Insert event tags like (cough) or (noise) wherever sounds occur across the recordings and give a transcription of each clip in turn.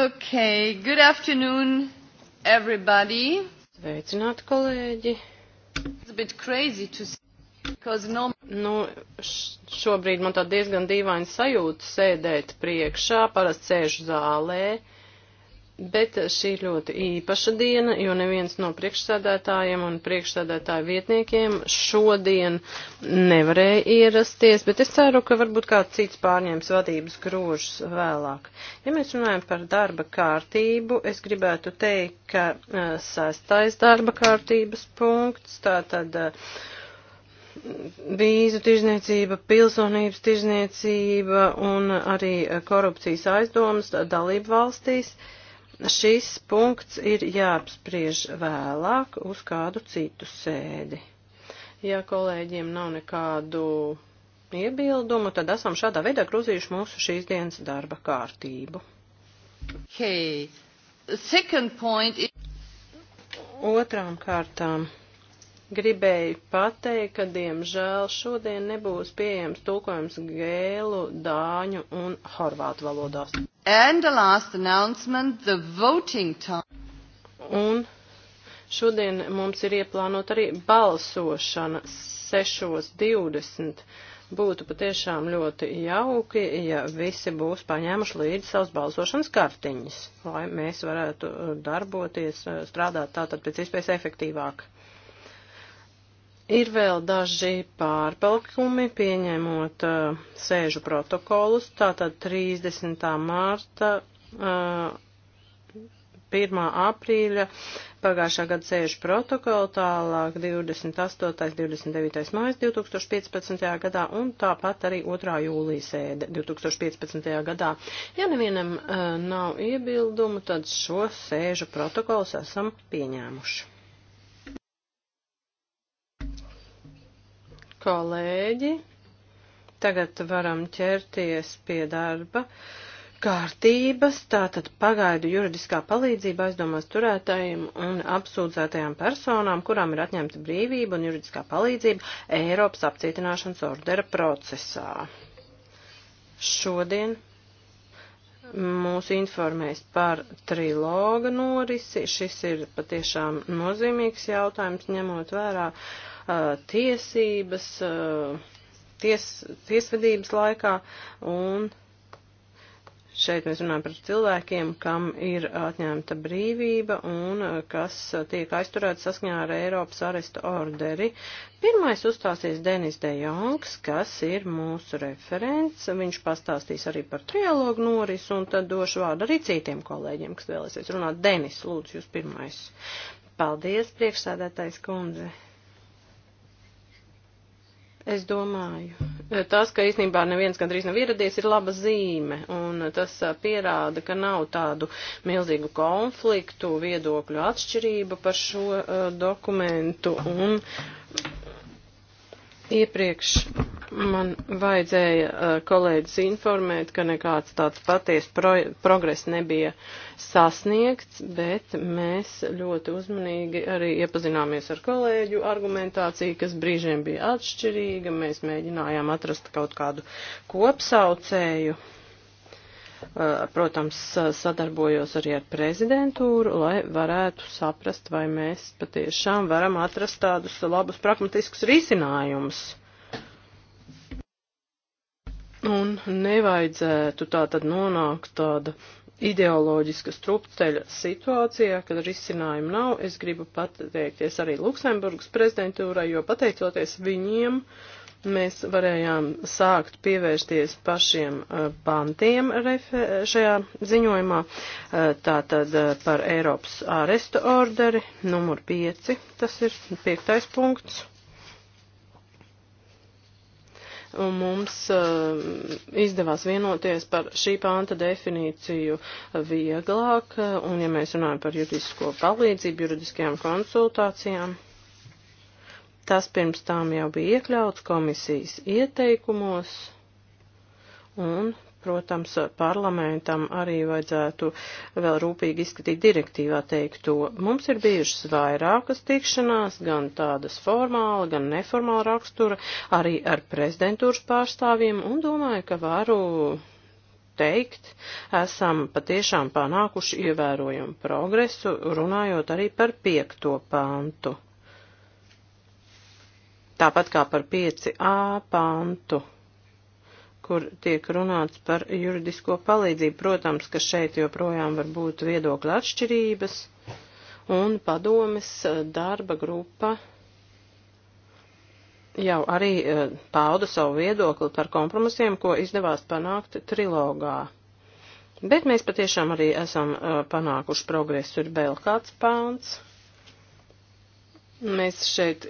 Okay, good afternoon, everybody. Sveicināti, kolēģi. It's a bit crazy to see. No... Nu, šobrīd man tā diezgan dīvaini sajūta sēdēt priekšā, parasti sēžu zālē, Bet šī ir ļoti īpaša diena, jo neviens no priekšsēdētājiem un priekšsēdētāju vietniekiem šodien nevarēja ierasties, bet es ceru, ka varbūt kāds cits pārņems vadības grožus vēlāk. Ja mēs runājam par darba kārtību, es gribētu teikt, ka sastais darba kārtības punkts, tātad vīzu tirzniecība, pilsonības tirzniecība un arī korupcijas aizdomas dalību valstīs. Uh, šis punkts ir jāapspriež vēlāk uz kādu citu sēdi. Ja kolēģiem nav nekādu iebildumu, tad esam šādā veidā grozījuši mūsu šīs dienas darba kārtību. Okay. Second point is... Otrām kārtām gribēju pateikt, ka diemžēl šodien nebūs pieejams tulkojums gēlu, dāņu un horvātu valodās. And the last announcement, the voting time. Un šodien mums ir ieplānot arī balsošana 6.20. Būtu patiešām ļoti jauki, ja visi būs paņēmuši līdzi savas balsošanas kartiņas, lai mēs varētu uh, darboties, uh, strādāt tātad pēc iespējas efektīvāk. Ir vēl daži pārpalikumi pieņemot uh, sēžu protokolus, tātad 30. mārta, uh, 1. aprīļa, pagājušā gada sēžu protokolu, tālāk 28. 29. mājas 2015. gadā un tāpat arī 2. jūlija sēde 2015. gadā. Ja nevienam uh, nav iebildumu, tad šo sēžu protokolus esam pieņēmuši. kolēģi, tagad varam ķerties pie darba kārtības, tātad pagaidu juridiskā palīdzība aizdomās turētājiem un apsūdzētajām personām, kurām ir atņemta brīvība un juridiskā palīdzība Eiropas apcietināšanas ordera procesā. Šodien mūs informēs par triloga norisi. Šis ir patiešām nozīmīgs jautājums, ņemot vērā uh, tiesības, ties, tiesvedības laikā, un šeit mēs runājam par cilvēkiem, kam ir atņemta brīvība un kas tiek aizturēts saskaņā ar Eiropas arestu orderi. Pirmais uzstāsies Denis De Jongs, kas ir mūsu referents. Viņš pastāstīs arī par trialogu noris un tad došu vārdu arī citiem kolēģiem, kas vēlēsies runāt. Denis, lūdzu, jūs pirmais. Paldies, priekšsēdētājs kundze. Es domāju, tas, ka īstenībā neviens gandrīz nav ieradies, ir laba zīme, un tas pierāda, ka nav tādu milzīgu konfliktu, viedokļu atšķirība par šo uh, dokumentu, un iepriekš Man vajadzēja uh, kolēģis informēt, ka nekāds tāds paties pro progress nebija sasniegts, bet mēs ļoti uzmanīgi arī iepazināmies ar kolēģu argumentāciju, kas brīžiem bija atšķirīga. Mēs mēģinājām atrast kaut kādu kopsaucēju eh, protams, eh, sadarbojos arī ar prezidentūru, lai varētu saprast, vai mēs patiešām varam atrast tādus labus pragmatiskus risinājumus. Un nevajadzētu tā tad nonākt tāda ideoloģiska strupceļa situācijā, kad risinājumu nav. Es gribu pateikties arī Luksemburgas prezidentūrai, jo pateicoties viņiem, mēs varējām sākt pievērsties pašiem pantiem eh, šajā ziņojumā, eh, tātad eh, par Eiropas ārestu orderi, numur 5, tas ir piektais punkts un mums uh, izdevās vienoties par šī panta definīciju vieglāk, eh, un ja mēs runājam par juridisko palīdzību, juridiskajām konsultācijām, tas pirms tām jau bija iekļauts komisijas ieteikumos, un Protams, parlamentam arī vajadzētu vēl rūpīgi izskatīt direktīvā teikto. Mums ir bijušas vairākas tikšanās, gan tādas formāla, gan neformāla rakstura, arī ar prezidentūras pārstāvjiem, un domāju, ka varu teikt, esam patiešām panākuši ievērojumu progresu, runājot arī par piekto pantu. Tāpat kā par 5a pantu kur tiek runāts par juridisko palīdzību. Protams, ka šeit joprojām var būt viedokļa atšķirības un padomis eh, darba grupa jau arī eh, pauda savu viedokli par kompromisiem, ko izdevās panākt trilogā. Bet mēs patiešām arī esam eh, panākuši progresu. Ir vēl kāds pāns. Mēs šeit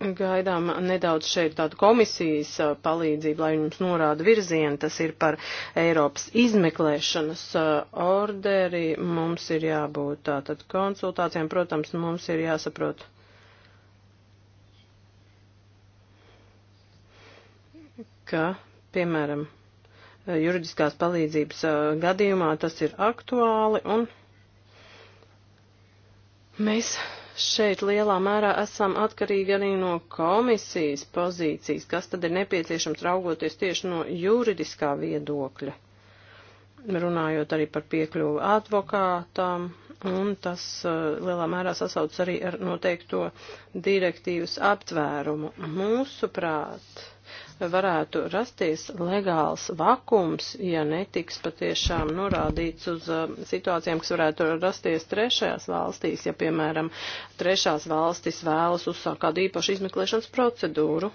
Gaidām nedaudz šeit tādu komisijas uh, palīdzību, lai jums norāda virzienu. Tas ir par Eiropas izmeklēšanas uh, orderi. Mums ir jābūt tātad konsultācijām. Protams, mums ir jāsaprot. ka, piemēram, juridiskās palīdzības uh, gadījumā tas ir aktuāli un mēs Šeit lielā mērā esam atkarīgi arī no komisijas pozīcijas, kas tad ir nepieciešams raugoties tieši no juridiskā viedokļa, runājot arī par piekļuvu advokātām, un tas eh, lielā mērā sasauc arī ar noteikto direktīvas aptvērumu. Mūsuprāt, varētu rasties legāls vakums, ja netiks patiešām norādīts uz um, situācijām, kas varētu rasties trešajās valstīs, ja, piemēram, trešās valstis vēlas uzsākt kādu īpašu izmeklēšanas procedūru.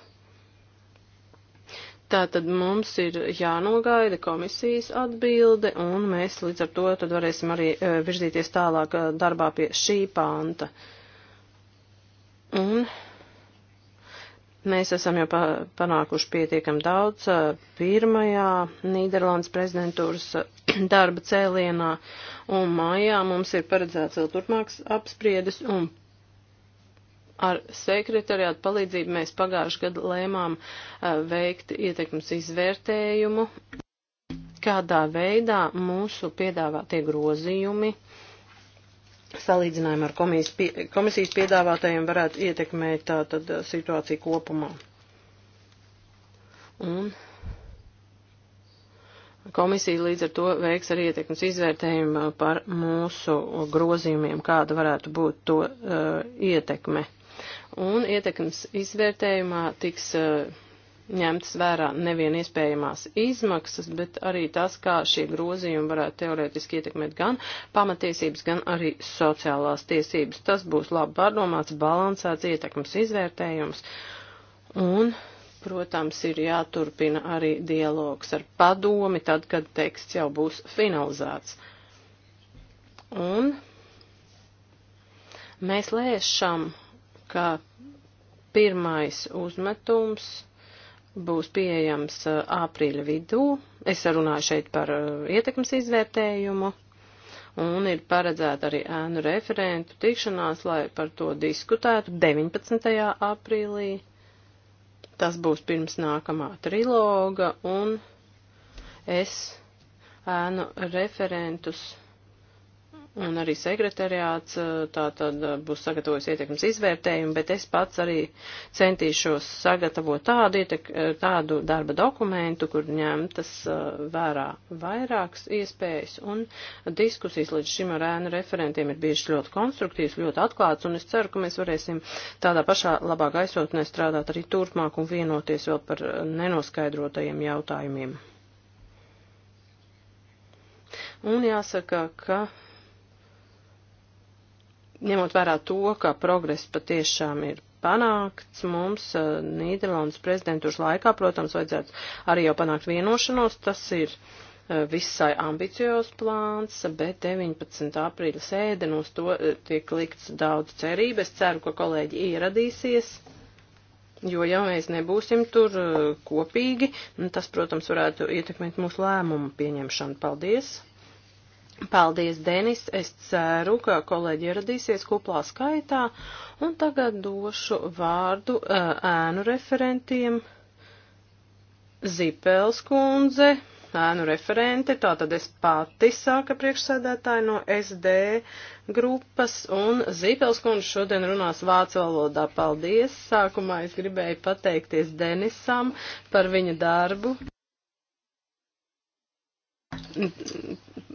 Tātad mums ir jānogaida komisijas atbilde, un mēs līdz ar to tad varēsim arī e, virzīties tālāk e, darbā pie šī panta. Un Mēs esam jau panākuši pietiekam daudz pirmajā Nīderlandes prezidentūras (clears throat) darba cēlienā, un mājā mums ir paredzēts vēl turpmāks apspriedes, un ar sekretariātu palīdzību mēs pagājuši gadu lēmām veikt ietekmes izvērtējumu, kādā veidā mūsu piedāvātie grozījumi uh, salīdzinājumu ar komisijas, pie, komisijas piedāvātajiem varētu ietekmēt tā, tad, situāciju kopumā. Un Komisija līdz ar to veiks arī ietekmes izvērtējumu par mūsu grozījumiem, kāda varētu būt to uh, ietekme. Un ietekmes izvērtējumā tiks uh, ņemtas vērā nevien iespējamās izmaksas, bet arī tas, kā šie grozījumi varētu teorētiski ietekmēt gan pamatiesības, gan arī sociālās tiesības. Tas būs labi pārdomāts, balansēts ietekmes izvērtējums. Un, protams, ir jāturpina arī dialogs ar padomi, tad, kad teksts jau būs finalizēts. Un mēs lēšam, ka pirmais uzmetums būs pieejams aprīļa uh, vidū. Es runāju šeit par uh, ietekmes izvērtējumu un ir paredzēta arī ēnu referentu tikšanās, lai par to diskutētu 19. aprīlī. Tas būs pirms nākamā triloga un es ēnu referentus un arī sekretariāts tā tad būs sagatavojis ietekmes izvērtējumu, bet es pats arī centīšos sagatavot tādu, ietek, tādu darba dokumentu, kur ņemtas vērā vairākas iespējas, un diskusijas līdz šim ar ēnu referentiem ir bijušas ļoti konstruktīvas, ļoti atklātas, un es ceru, ka mēs varēsim tādā pašā labā gaisotnē strādāt arī turpmāk un vienoties vēl par nenoskaidrotajiem jautājumiem. Un jāsaka, ka ņemot vērā to, ka progress patiešām ir panākts mums eh, Nīderlandes prezidentūras laikā, protams, vajadzētu arī jau panākt vienošanos, tas ir eh, visai ambiciozs plāns, bet 19. aprīļa sēde, un uz to eh, tiek likts daudz cerību. Es ceru, ka kolēģi ieradīsies, jo ja mēs nebūsim tur kopīgi, tas, protams, varētu ietekmēt mūsu lēmumu pieņemšanu. Paldies! Paldies, Denis. Es ceru, ka kolēģi ieradīsies kuplā skaitā. Un tagad došu vārdu uh, ēnu referentiem. Zipels kundze, ēnu referente, tā tad es pati sāka priekšsēdētāju no SD grupas, un Zipels kundze šodien runās vācu valodā. Paldies! Sākumā es gribēju pateikties Denisam par viņa darbu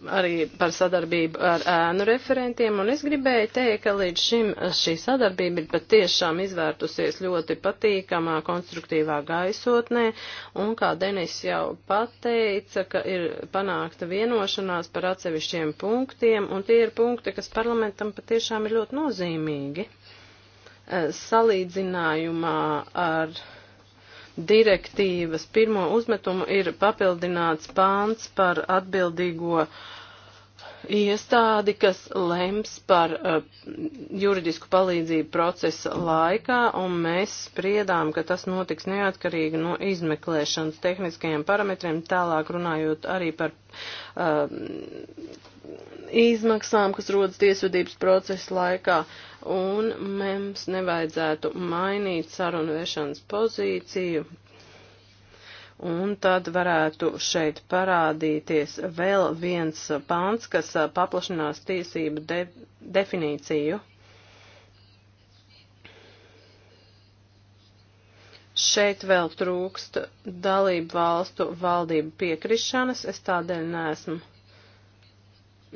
arī par sadarbību ar ēnu referentiem, un es gribēju teikt, ka līdz šim šī sadarbība ir patiešām izvērtusies ļoti patīkamā, konstruktīvā gaisotnē, un kā Denis jau pateica, ka ir panākta vienošanās par atsevišķiem punktiem, un tie ir punkti, kas parlamentam patiešām ir ļoti nozīmīgi eh, salīdzinājumā ar direktīvas pirmo uzmetumu ir papildināts pāns par atbildīgo uh, iestādi, kas lems par uh, juridisku palīdzību procesa laikā, un mēs spriedām, ka tas notiks neatkarīgi no izmeklēšanas tehniskajiem parametriem, tālāk runājot arī par uh, izmaksām, kas rodas tiesvedības procesa laikā, un mums nevajadzētu mainīt sarunu vešanas pozīciju Un tad varētu šeit parādīties vēl viens pāns, kas paplašinās tiesību de definīciju. Šeit vēl trūkst dalību valstu valdību piekrišanas, es tādēļ neesmu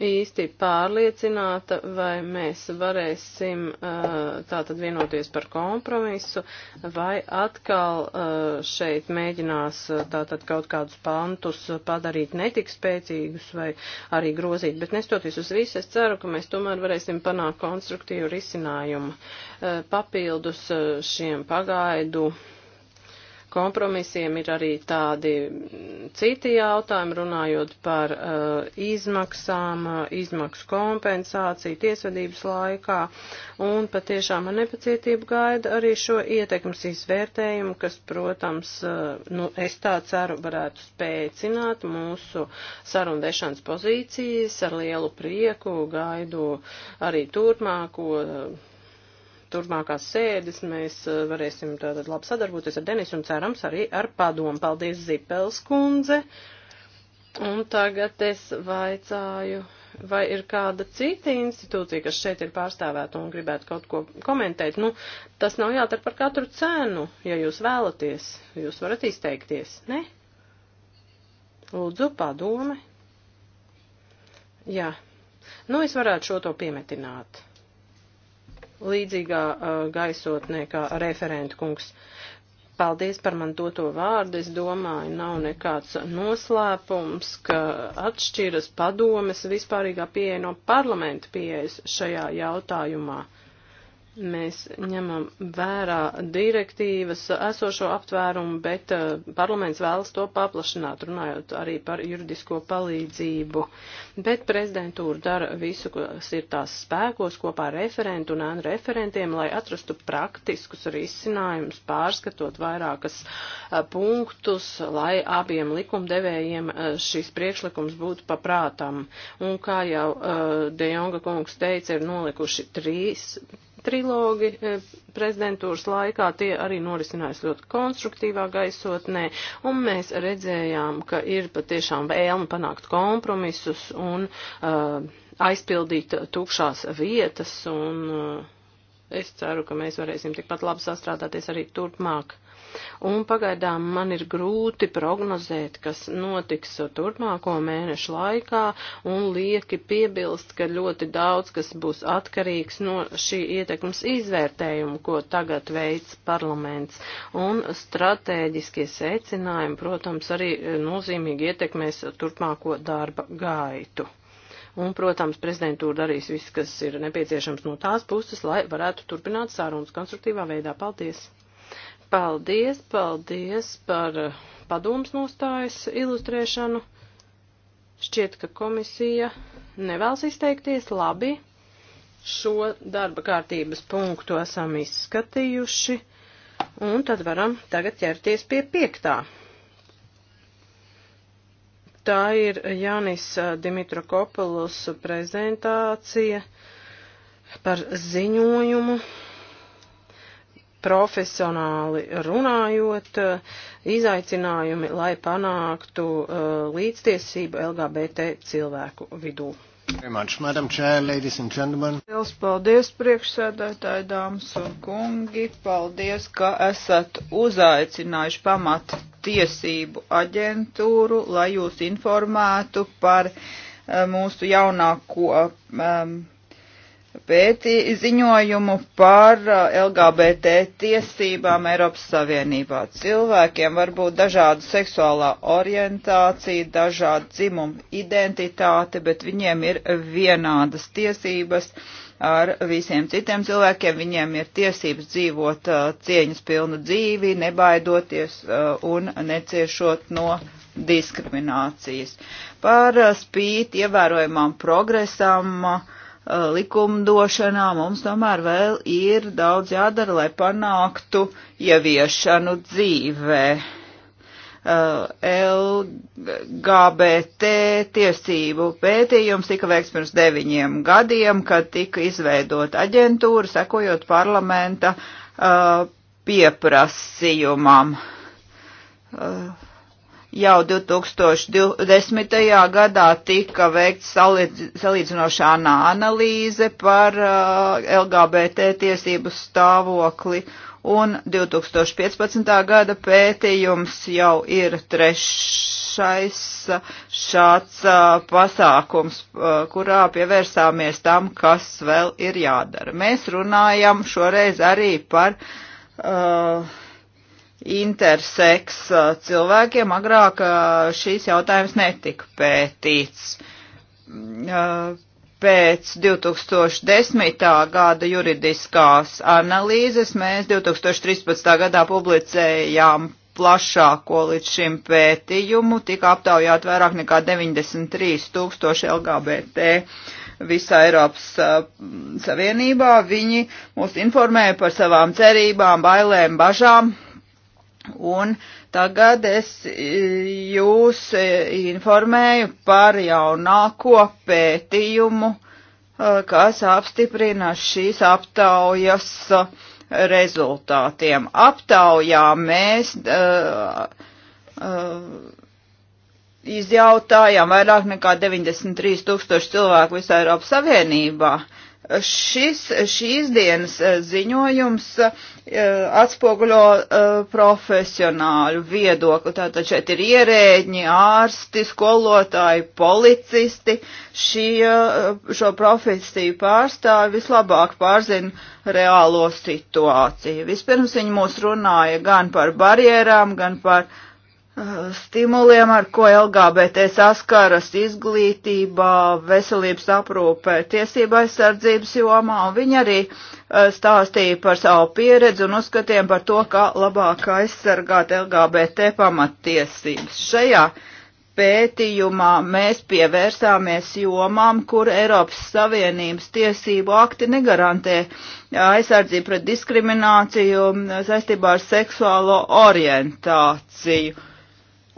īsti pārliecināta, vai mēs varēsim uh, tātad vienoties par kompromisu, vai atkal uh, šeit mēģinās uh, tātad kaut kādus pantus padarīt netik spēcīgus vai arī grozīt. Bet nestoties uz visu, es ceru, ka mēs tomēr varēsim panākt konstruktīvu risinājumu papildus šiem pagaidu kompromisiem ir arī tādi citi jautājumi, runājot par uh, izmaksām, uh, izmaksu kompensāciju tiesvedības laikā, un patiešām ar nepacietību gaida arī šo ietekmes izvērtējumu, kas, protams, uh, nu, es tā ceru, varētu spēcināt mūsu sarunvešanas pozīcijas, ar lielu prieku gaidu arī turpmāko. Uh, turpmākās sēdes mēs eh, varēsim tātad labi sadarboties ar Denisu un cerams arī ar padomu. Paldies, Zipels kundze. Un tagad es vaicāju, vai ir kāda cita institūcija, kas šeit ir pārstāvēta un gribētu kaut ko komentēt. Nu, tas nav jātara par katru cenu, ja jūs vēlaties. Jūs varat izteikties, ne? Lūdzu, padome. Jā. Nu, es varētu šo to piemetināt līdzīgā gaisotnē kā referenta kungs. Paldies par man doto vārdu. Es domāju, nav nekāds noslēpums, ka atšķiras padomes vispārīgā pieeja no parlamenta pieejas šajā jautājumā. Mēs ņemam vērā direktīvas esošo aptvērumu, bet uh, parlaments vēlas to paplašināt, runājot arī par juridisko palīdzību. Bet prezidentūra dara visu, kas ir tās spēkos kopā ar referentu un ēnu referentiem, lai atrastu praktiskus risinājumus, pārskatot vairākas uh, punktus, lai abiem likumdevējiem uh, šis priekšlikums būtu paprātam. Un kā jau De Jonga kungs teica, ir nolikuši trīs trilogi e, prezidentūras laikā tie arī norisinājās ļoti konstruktīvā gaisotnē, un mēs redzējām, ka ir patiešām vēlme panākt kompromisus un uh, aizpildīt tukšās vietas, un uh, es ceru, ka mēs varēsim tikpat labi sastrādāties arī turpmāk un pagaidām man ir grūti prognozēt, kas notiks turpmāko mēnešu laikā, un lieki piebilst, ka ļoti daudz kas būs atkarīgs no šī ietekmes izvērtējuma, ko tagad veids parlaments, un stratēģiskie secinājumi, protams, arī e, nozīmīgi ietekmēs turpmāko darba gaitu. Un, protams, prezidentūra darīs viss, kas ir nepieciešams no tās puses, lai varētu turpināt sārunas konstruktīvā veidā. Paldies! Paldies, paldies par eh, padoms nostājas ilustrēšanu. Šķiet, ka komisija nevēlas izteikties labi. Šo darba kārtības punktu esam izskatījuši, un tad varam tagad ķerties pie piektā. Tā ir Jānis eh, Dimitrokopulus prezentācija par ziņojumu profesionāli runājot, izaicinājumi, lai panāktu uh, līdztiesību LGBT cilvēku vidū. Liels paldies, priekšsēdētāji, dāmas un kungi. Paldies, ka esat uzaicinājuši pamat tiesību aģentūru, lai jūs informētu par eh, mūsu jaunāko um, pētī ziņojumu par eh, LGBT tiesībām Eiropas Savienībā. Cilvēkiem var būt dažāda seksuālā orientācija, dažāda dzimuma identitāte, bet viņiem ir vienādas tiesības ar visiem citiem cilvēkiem. Viņiem ir tiesības dzīvot eh, cieņas pilnu dzīvi, nebaidoties eh, un neciešot no diskriminācijas. Par spīti ievērojamām progresam uh, Uh, likumdošanā mums tomēr vēl ir daudz jādara, lai panāktu ieviešanu dzīvē. Uh, LGBT tiesību pētījums tika veikts pirms deviņiem gadiem, kad tika izveidota aģentūra, sekojot parlamenta uh, pieprasījumam. Uh, Jau 2010. gadā tika veikts salīdzinošā analīze par uh, LGBT tiesību stāvokli, un 2015. gada pētījums jau ir trešais šāds uh, pasākums, uh, kurā pievērsāmies tam, kas vēl ir jādara. Mēs runājam šoreiz arī par uh, interseks uh, cilvēkiem. Agrāk uh, šīs jautājums netika pētīts. Mm, uh, pēc 2010. gada juridiskās analīzes mēs 2013. gadā publicējām plašāko līdz šim pētījumu. Tika aptaujāt vairāk nekā 93 tūkstoši LGBT visā Eiropas uh, Savienībā. Viņi mūs informēja par savām cerībām, bailēm, bažām Un tagad es e, jūs e, informēju par jaunāko pētījumu, e, kas apstiprina šīs aptaujas rezultātiem. Aptaujā mēs uh, uh, izjautājām vairāk nekā 93 tūkstoši cilvēku visā Eiropas Savienībā. Uh, Šis, šīs dienas eh, ziņojums eh, atspoguļo eh, profesionāļu viedokli. Tātad šeit ir ierēģi, ārsti, skolotāji, policisti. Šie, šo profesiju pārstāvi vislabāk pārzina reālo situāciju. Vispirms viņi mūs runāja gan par barjerām, gan par uh, stimuliem, ar ko LGBT saskaras izglītībā, veselības aprūpē, tiesība aizsardzības jomā, un viņi arī e, stāstīja par savu pieredzi un uzskatiem par to, kā labāk aizsargāt LGBT pamattiesības. Šajā pētījumā mēs pievērsāmies jomām, kur Eiropas Savienības tiesību akti negarantē aizsardzību pret diskrimināciju saistībā ar seksuālo orientāciju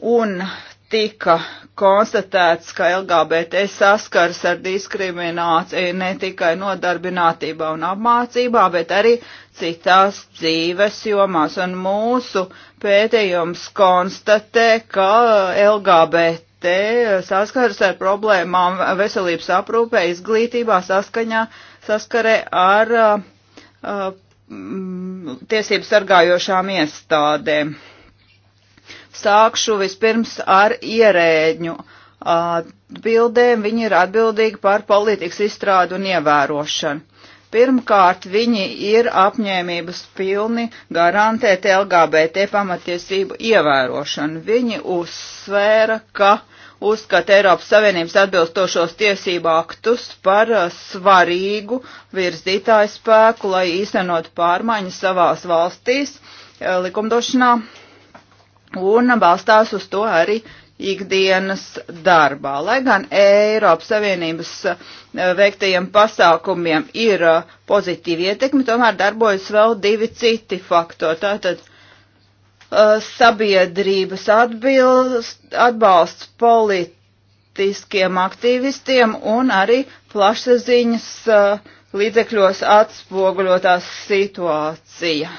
un tika konstatēts, ka LGBT saskars ar diskrimināciju ne tikai nodarbinātībā un apmācībā, bet arī citās dzīves jomās. Un mūsu pētījums konstatē, ka LGBT saskars ar problēmām veselības aprūpē, izglītībā saskaņā saskarē ar uh, uh tiesību sargājošām iestādēm. Sākšu vispirms ar ierēģu atbildēm. Viņi ir atbildīgi par politikas izstrādu un ievērošanu. Pirmkārt, viņi ir apņēmības pilni garantēt LGBT pamatiesību ievērošanu. Viņi uzsvēra, ka uzskata Eiropas Savienības atbilstošos tiesību aktus par uh, svarīgu virzītāju spēku, lai īstenot pārmaiņas savās valstīs uh, likumdošanā un balstās uz to arī ikdienas darbā. Lai gan Eiropas Savienības eh, veiktajiem pasākumiem ir eh, pozitīva ietekme, tomēr darbojas vēl divi citi faktori. Tātad eh, sabiedrības atbilst, atbalsts politiskiem aktīvistiem un arī plašsaziņas līdzekļos atspoguļotās situācija.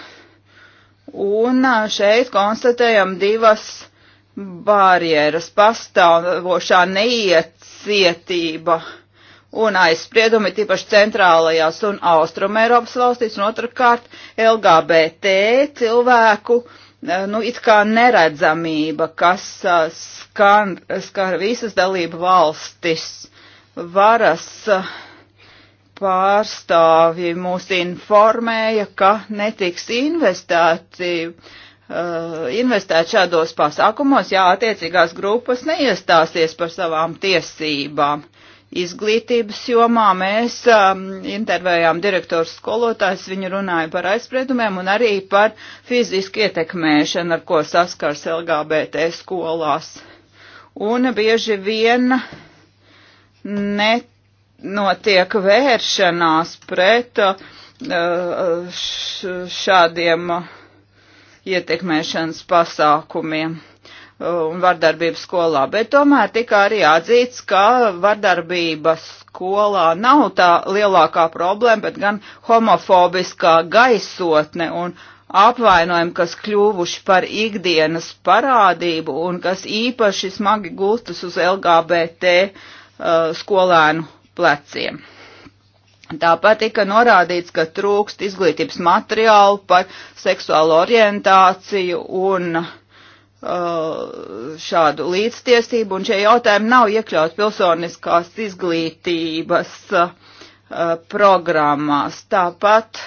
Un šeit konstatējam divas barjeras - pastāvošā neiecietība un aizspriedumi tīpaši centrālajās un austruma Eiropas valstīs, un otrkārt LGBT cilvēku, nu, it kā neredzamība, kas skan, skar visas dalību valstis varas uh, pārstāvji mūs informēja, ka netiks investēti, uh, investēt šādos pasākumos, ja attiecīgās grupas neiestāsies par savām tiesībām. Izglītības jomā mēs um, intervējām direktors skolotājs, viņi runāja par aizspriedumiem un arī par fizisku ietekmēšanu, ar ko saskars LGBT skolās. Un bieži vien net notiek vēršanās pret uh, šādiem uh, ietekmēšanas pasākumiem uh, un vardarbību skolā, bet tomēr tika arī atzīts, ka vardarbība skolā nav tā lielākā problēma, bet gan homofobiskā gaisotne un apvainojumi, kas kļuvuši par ikdienas parādību un kas īpaši smagi gulstas uz LGBT uh, skolēnu pleciem. Tāpat tika norādīts, ka trūkst izglītības materiālu par seksuālo orientāciju un uh, šādu līdztiesību, un šie jautājumi nav iekļauts pilsoniskās izglītības uh, programmās. Tāpat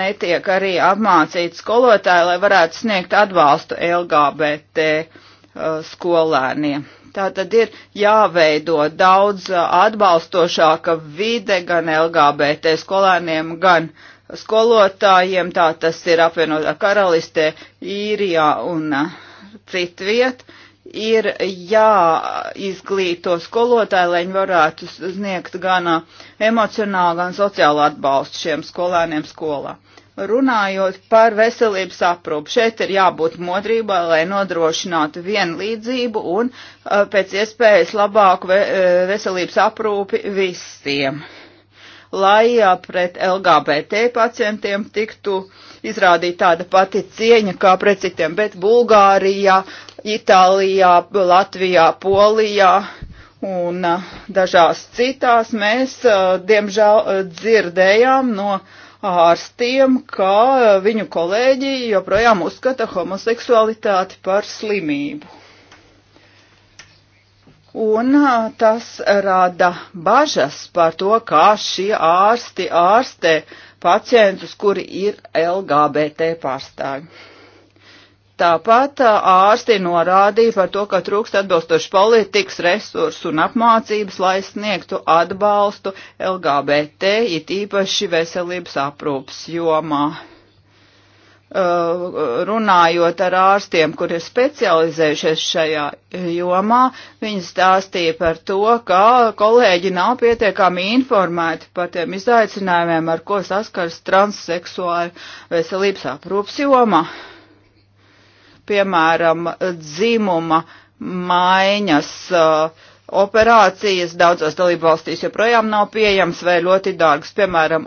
netiek arī apmācīti skolotāji, lai varētu sniegt atbalstu LGBT uh, skolēniem Tā tad ir jāveido daudz atbalstošāka vide gan LGBT skolēniem, gan skolotājiem. Tā tas ir apvienotā karalistē, īrijā un citviet. Ir jāizglīto skolotāji, lai viņi varētu sniegt gan emocionālu, gan sociālu atbalstu šiem skolēniem skolā runājot par veselības aprūpu. Šeit ir jābūt modrībai, lai nodrošinātu vienlīdzību un uh, pēc iespējas labāku uh, veselības aprūpi visiem. Lai uh, pret LGBT pacientiem tiktu izrādīta tāda pati cieņa kā pret citiem, bet Bulgārijā, Itālijā, Latvijā, Polijā un dažās citās mēs, diemžēl, dzirdējām no uh, ārstiem, ka viņu kolēģi joprojām uzskata homoseksualitāti par slimību. Un tas rada bažas par to, kā šie ārsti ārstē pacientus, kuri ir LGBT pārstāvi. Tāpat ārsti norādīja par to, ka trūkst atbilstoši politikas resursu un apmācības, lai sniegtu atbalstu LGBT, it īpaši veselības aprūpas jomā. Runājot ar ārstiem, kur ir specializējušies šajā jomā, viņi stāstīja par to, ka kolēģi nav pietiekami informēti par tiem izaicinājumiem, ar ko saskars transseksuāļu veselības aprūpas jomā piemēram, dzimuma maiņas uh, operācijas daudzos dalībvalstīs joprojām nav pieejams vai ļoti dārgas. Piemēram,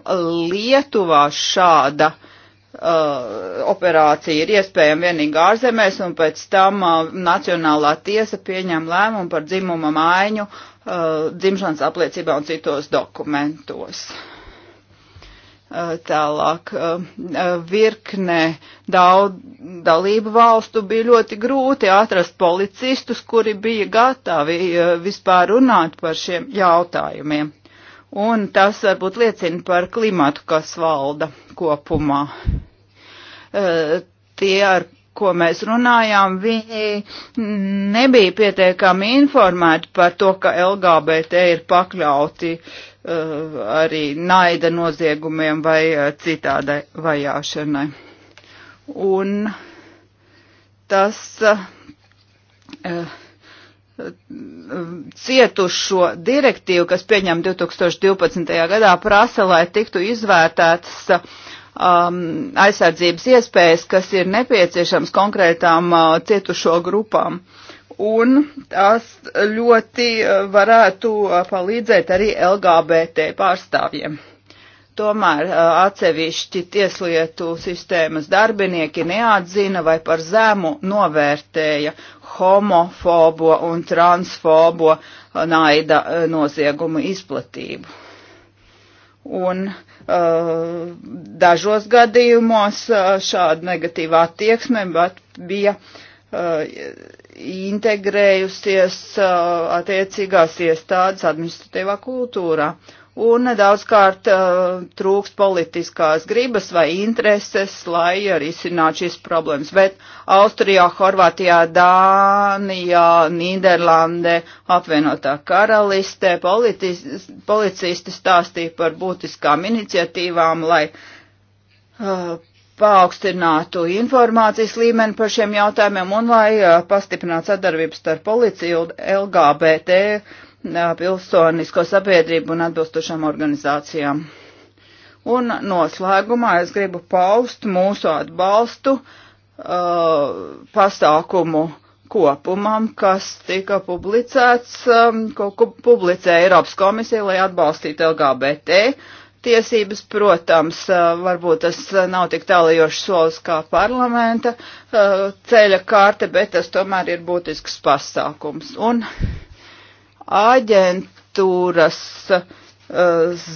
Lietuvā šāda uh, operācija ir iespējama vienīgi ārzemēs, un pēc tam uh, Nacionālā tiesa pieņem lēmumu par dzimuma maiņu uh, dzimšanas apliecībā un citos dokumentos. Uh, Eh, tālāk eh, eh, virknē daudz dalību valstu bija ļoti grūti atrast policistus, kuri bija gatavi vispār runāt par šiem jautājumiem. Un tas varbūt liecina par klimatu, kas valda kopumā. Tie, ar ko mēs runājām, viņi nebija pietiekami informēti par to, ka LGBT ir pakļauti uh, Eh, arī naida noziegumiem vai eh, citādai vajāšanai. Un tas eh, cietušo direktīvu, kas pieņem 2012. gadā, prasa, lai tiktu izvērtētas um, aizsardzības iespējas, kas ir nepieciešams konkrētām uh, cietušo grupām un tas ļoti eh, varētu eh, palīdzēt arī LGBT pārstāvjiem. Tomēr eh, atsevišķi tieslietu sistēmas darbinieki neatzina vai par zemu novērtēja homofobo un transfobo naida noziegumu izplatību. Un uh, dažos gadījumos šāda negatīvā attieksme bija uh, integrējusies uh, attiecīgās iestādes administratīvā kultūrā. Un daudzkārt uh, trūkst politiskās gribas vai intereses, lai arī izsinātu šīs problēmas. Bet Austrijā, Horvātijā, Dānijā, Nīderlandē, apvienotā karalistē politis, policisti stāstīja par būtiskām iniciatīvām, lai uh, paaugstinātu informācijas līmeni par šiem jautājumiem un lai pastiprinātu sadarbību starp policiju un LGBT pilsonisko sabiedrību un atbilstošām organizācijām. Un noslēgumā es gribu paust mūsu atbalstu uh, pasākumu kopumam, kas tika publicēts, um, ko publicēja Eiropas komisija, lai atbalstītu LGBT uh, tiesības, protams, varbūt tas nav tik tālajošs solis kā parlamenta ceļa kārte, bet tas tomēr ir būtisks pasākums. Un aģentūras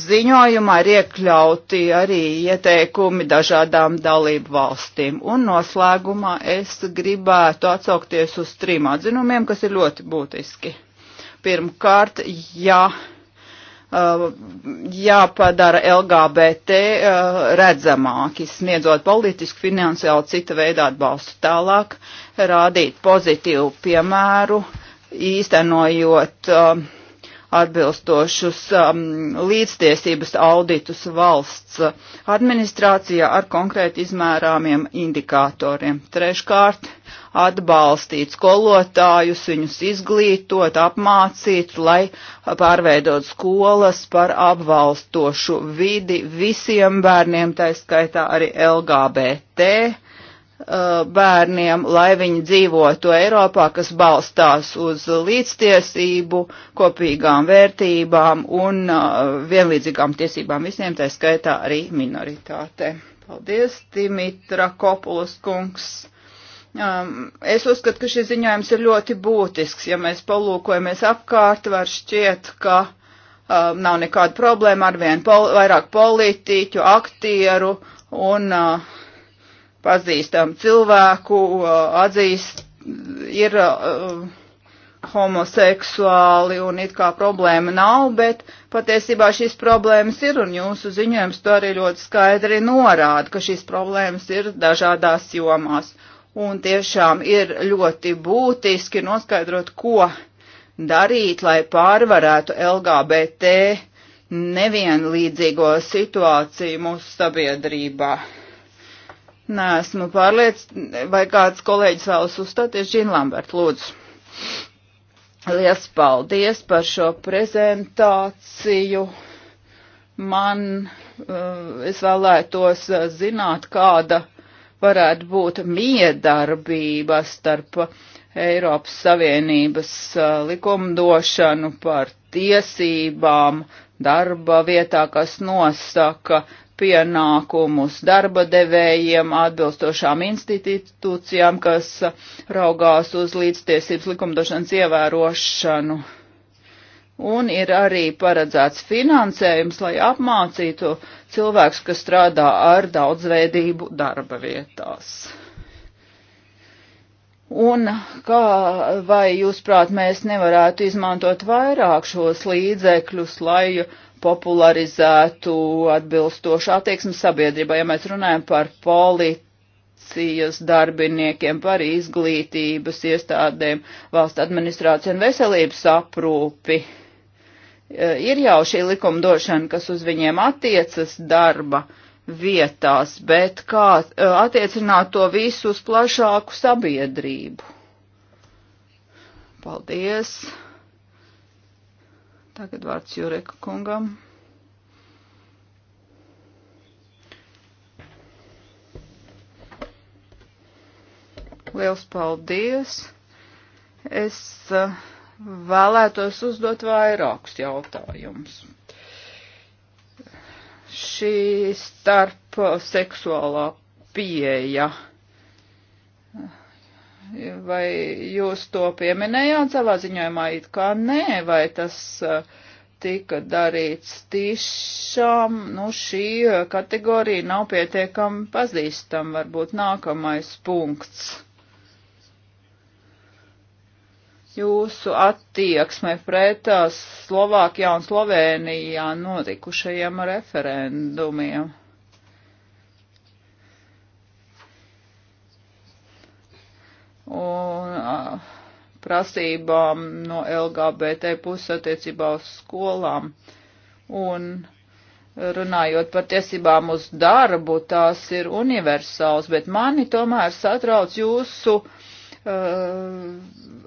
ziņojumā ir iekļauti arī ieteikumi dažādām dalību valstīm. Un noslēgumā es gribētu atsaukties uz trim atzinumiem, kas ir ļoti būtiski. Pirmkārt, ja Uh, jāpadara LGBT uh, redzamāki, sniedzot politisku, finansiālu, cita veida atbalstu tālāk, rādīt pozitīvu piemēru, īstenojot um, atbilstošus um, līdztiesības auditus valsts administrācijā ar konkrēti izmērāmiem indikatoriem. Treškārt, atbalstīt skolotājus, viņus izglītot, apmācīt, lai pārveidot skolas par apvalstošu vidi visiem bērniem, tā skaitā arī LGBT uh, bērniem, lai viņi dzīvotu Eiropā, kas balstās uz līdztiesību, kopīgām vērtībām un uh, vienlīdzīgām tiesībām visiem, tā skaitā arī minoritātē. Paldies, Dimitra Kopulas kungs. Um, es uzskatu, ka šis ziņojums ir ļoti būtisks. Ja mēs palūkojamies apkārt, var šķiet, ka um, nav nekāda problēma ar vien pol vairāk politiķu, aktieru un uh, pazīstam cilvēku uh, atzīst, ir uh, homoseksuāli un it kā problēma nav, bet patiesībā šīs problēmas ir un jūsu ziņojums to arī ļoti skaidri norāda, ka šīs problēmas ir dažādās jomās Un tiešām ir ļoti būtiski noskaidrot, ko darīt, lai pārvarētu LGBT nevienlīdzīgo situāciju mūsu sabiedrībā. Nē, esmu pārliecināts, vai kāds kolēģis vēlas uzstāties, Džina Lambert, lūdzu. Liels paldies par šo prezentāciju. Man, uh, es vēlētos uh, zināt, kāda varētu būt miedarbība starp Eiropas Savienības uh, likumdošanu par tiesībām darba vietā, kas nosaka pienākumus darba devējiem, atbilstošām institūcijām, kas raugās uz līdztiesības likumdošanas ievērošanu. Un ir arī paredzēts finansējums, lai apmācītu cilvēks, kas strādā ar daudzveidību darba vietās. Un kā vai jūs prāt mēs nevarētu izmantot vairāk šos līdzekļus, lai popularizētu atbilstošu attieksmi sabiedrībā, ja mēs runājam par policijas darbiniekiem, par izglītības iestādēm, valsts administrāciju un veselības aprūpi? Uh, Eh, ir jau šī likumdošana, kas uz viņiem attiecas darba vietās, bet kā eh, attiecināt to visu uz plašāku sabiedrību. Paldies. Tagad vārds Jureka kungam. Liels paldies. Es uh, vēlētos uzdot vairākus jautājumus. Šī starp seksuālā pieeja. Vai jūs to pieminējāt savā ziņojumā, it kā nē, vai tas uh, tika darīts tiešām, nu šī kategorija nav pietiekami pazīstama, varbūt nākamais punkts jūsu attieksme pret uh, Slovākijā un Slovēnijā notikušajiem referendumiem? Un uh, prasībām no LGBT puses attiecībā uz skolām. Un runājot par tiesībām uz darbu, tās ir universāls, bet mani tomēr satrauc jūsu uh, Uh,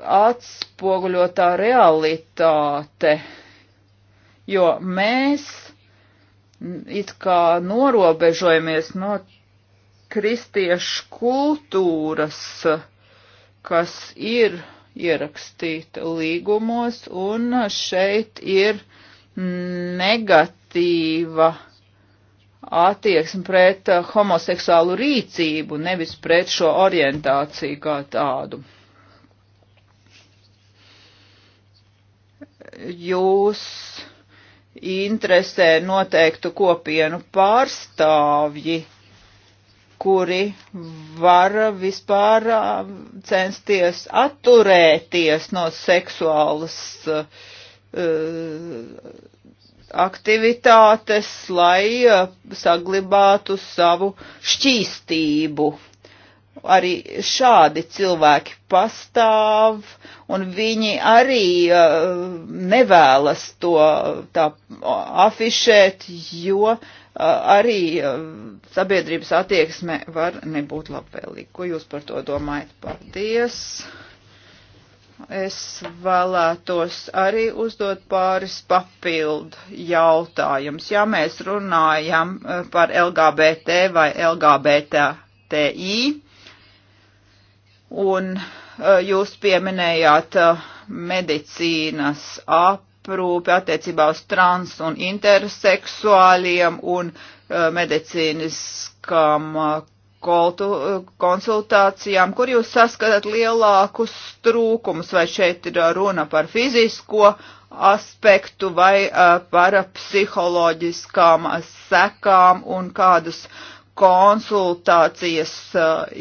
atspoguļotā realitāte, jo mēs it kā norobežojamies no kristiešu kultūras, kas ir ierakstīta līgumos, un šeit ir negatīva attieksmi pret eh, homoseksuālu rīcību, nevis pret šo orientāciju kā tādu. Jūs interesē noteiktu kopienu pārstāvji, kuri var vispār eh, censties atturēties no seksuālas eh, Uh, aktivitātes, lai uh, saglabātu savu šķīstību. Arī šādi cilvēki pastāv, un viņi arī uh, nevēlas to tā afišēt, jo arī sabiedrības attieksme var nebūt labvēlīga. Ko jūs par to domājat? Paldies! es vēlētos arī uzdot pāris papildu jautājumus. Ja mēs runājam eh, par LGBT vai LGBTI, un eh, jūs pieminējāt eh, medicīnas aprūpi attiecībā uz trans un interseksuāliem un medicīniskām Eh, konsultācijām, kur jūs saskatāt lielākus trūkumus, vai šeit ir eh, runa par fizisko aspektu vai eh, par psiholoģiskām sekām un kādas konsultācijas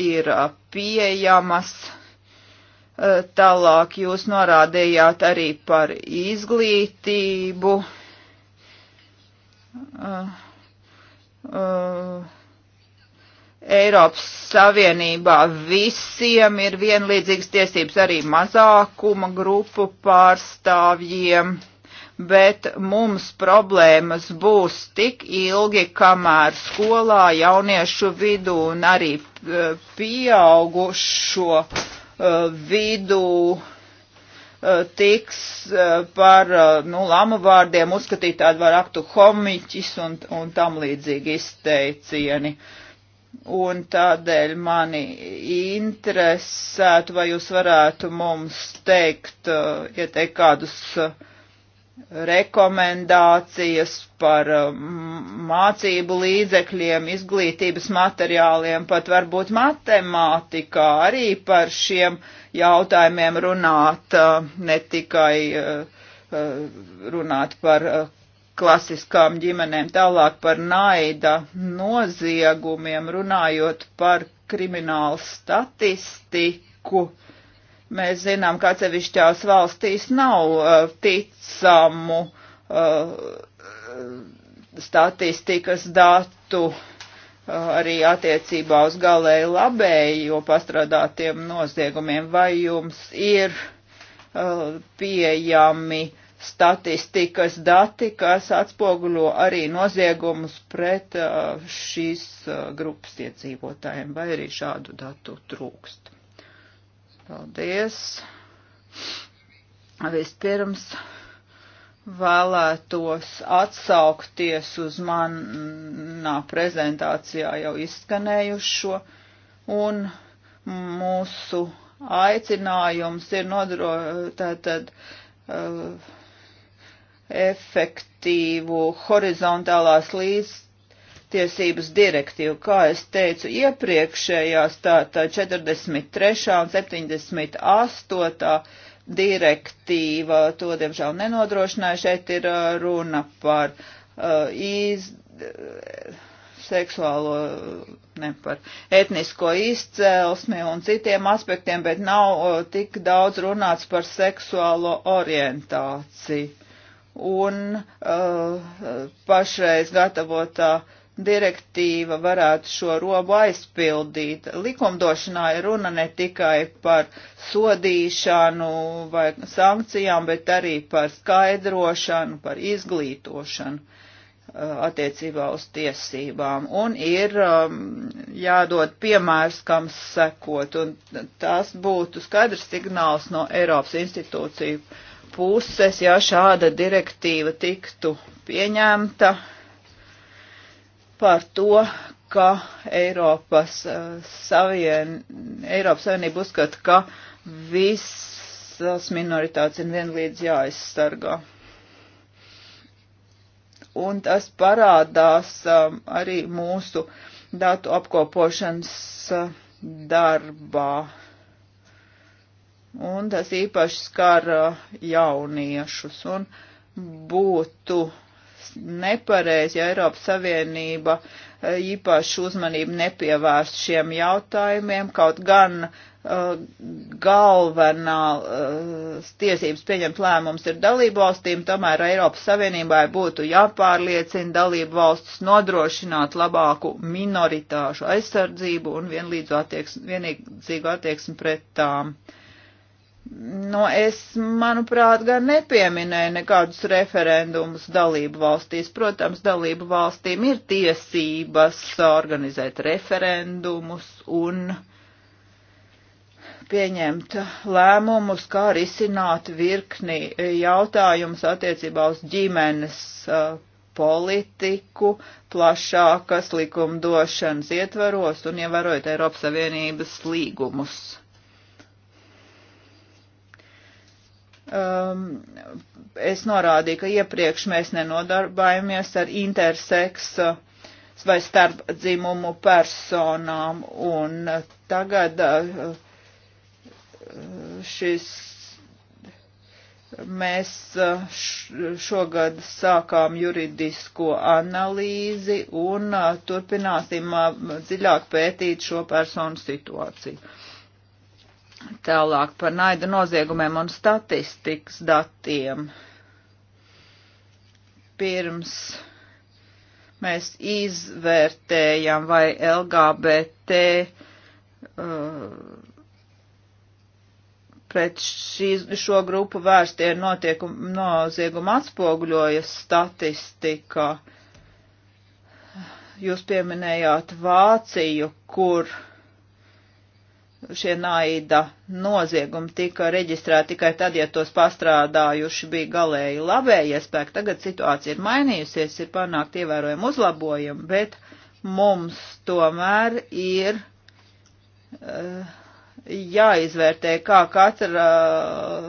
ir pieejamas. Tālāk jūs norādījāt arī par izglītību. Uh, uh, Eiropas Savienībā visiem ir vienlīdzīgas tiesības arī mazākuma grupu pārstāvjiem, bet mums problēmas būs tik ilgi, kamēr skolā jauniešu vidū un arī e, pieaugušo e, vidū e, tiks par nu, lamu vārdiem uzskatīt tādu var aktu homiķis un, un tam līdzīgi izteicieni. Uh, un tādēļ mani interesētu, vai jūs varētu mums teikt, eh, ja teikt kādus eh, rekomendācijas par eh, mācību līdzekļiem, izglītības materiāliem, pat varbūt matemātikā arī par šiem jautājumiem runāt, ne tikai runāt par klasiskām ģimenēm, tālāk par naida noziegumiem, runājot par kriminālu statistiku. Mēs zinām, ka atsevišķās valstīs nav uh, ticamu uh, statistikas datu uh, arī attiecībā uz galēji labējo pastrādātiem noziegumiem. Vai jums ir uh, pieejami uh, statistikas dati, kas atspoguļo arī noziegumus pret uh, šīs uh, grupas iedzīvotājiem, vai arī šādu datu trūkst. Paldies! Vispirms vēlētos atsaukties uz manā prezentācijā jau izskanējušo, un mūsu aicinājums ir nodro, tātad, uh, efektīvu horizontālās līdztiesības direktīvu. Kā es teicu, iepriekšējās tātad 43. un 78. direktīva to diemžēl nenodrošināja. Šeit ir uh, runa par uh, iz, seksuālo, ne par etnisko izcelsmi un citiem aspektiem, bet nav uh, tik daudz runāts par seksuālo orientāciju un uh, pašreiz gatavotā direktīva varētu šo robu aizpildīt. Likumdošanā ir runa ne tikai par sodīšanu vai sankcijām, bet arī par skaidrošanu, par izglītošanu uh, attiecībā uz tiesībām. Un ir um, jādod piemērs, kam sekot, un tas būtu skaidrs signāls no Eiropas institūciju puses, ja šāda direktīva tiktu pieņemta par to, ka Eiropas, eh, savien, Eiropas Savienība uzskata, ka visas minoritātes ir vienlīdz jāaizsargā. Un tas parādās eh, arī mūsu datu apkopošanas eh, darbā un tas īpaši skar uh, jauniešus. Un būtu nepareizi, ja Eiropas Savienība uh, īpašu uzmanību nepievērst šiem jautājumiem, kaut gan uh, galvenā uh, tiesības pieņemt lēmums ir dalību valstīm, tomēr Eiropas Savienībai būtu jāpārliecina dalību valstis nodrošināt labāku minoritāšu aizsardzību un vienlīdzīgu attieksmi, attieksmi pret tām. Uh, Nu, es, manuprāt, gan nepieminēju nekādus referendumus dalību valstīs. Protams, dalību valstīm ir tiesības organizēt referendumus un pieņemt lēmumus, kā risināt virkni jautājumus attiecībā uz ģimenes politiku plašākas likumdošanas ietvaros un ievērojot Eiropas Savienības līgumus um, es norādīju, ka iepriekš mēs nenodarbojamies ar interseksu uh, vai starp dzimumu personām, un tagad uh, šis mēs uh, šogad sākām juridisko analīzi un uh, turpināsim uh, dziļāk pētīt šo personu situāciju. Tālāk par naida noziegumiem un statistikas datiem. Pirms mēs izvērtējam, vai LGBT uh, pret šīs, šo grupu vērstie notiekumi, noziegumi atspoguļojas statistikā. Jūs pieminējāt Vāciju, kur uh, šie naida noziegumi tika reģistrēti tikai tad, ja tos pastrādājuši bija galēji labējie spēki. Tagad situācija ir mainījusies, ir panākt ievērojami uzlabojumi, bet mums tomēr ir uh, jāizvērtē, kā katra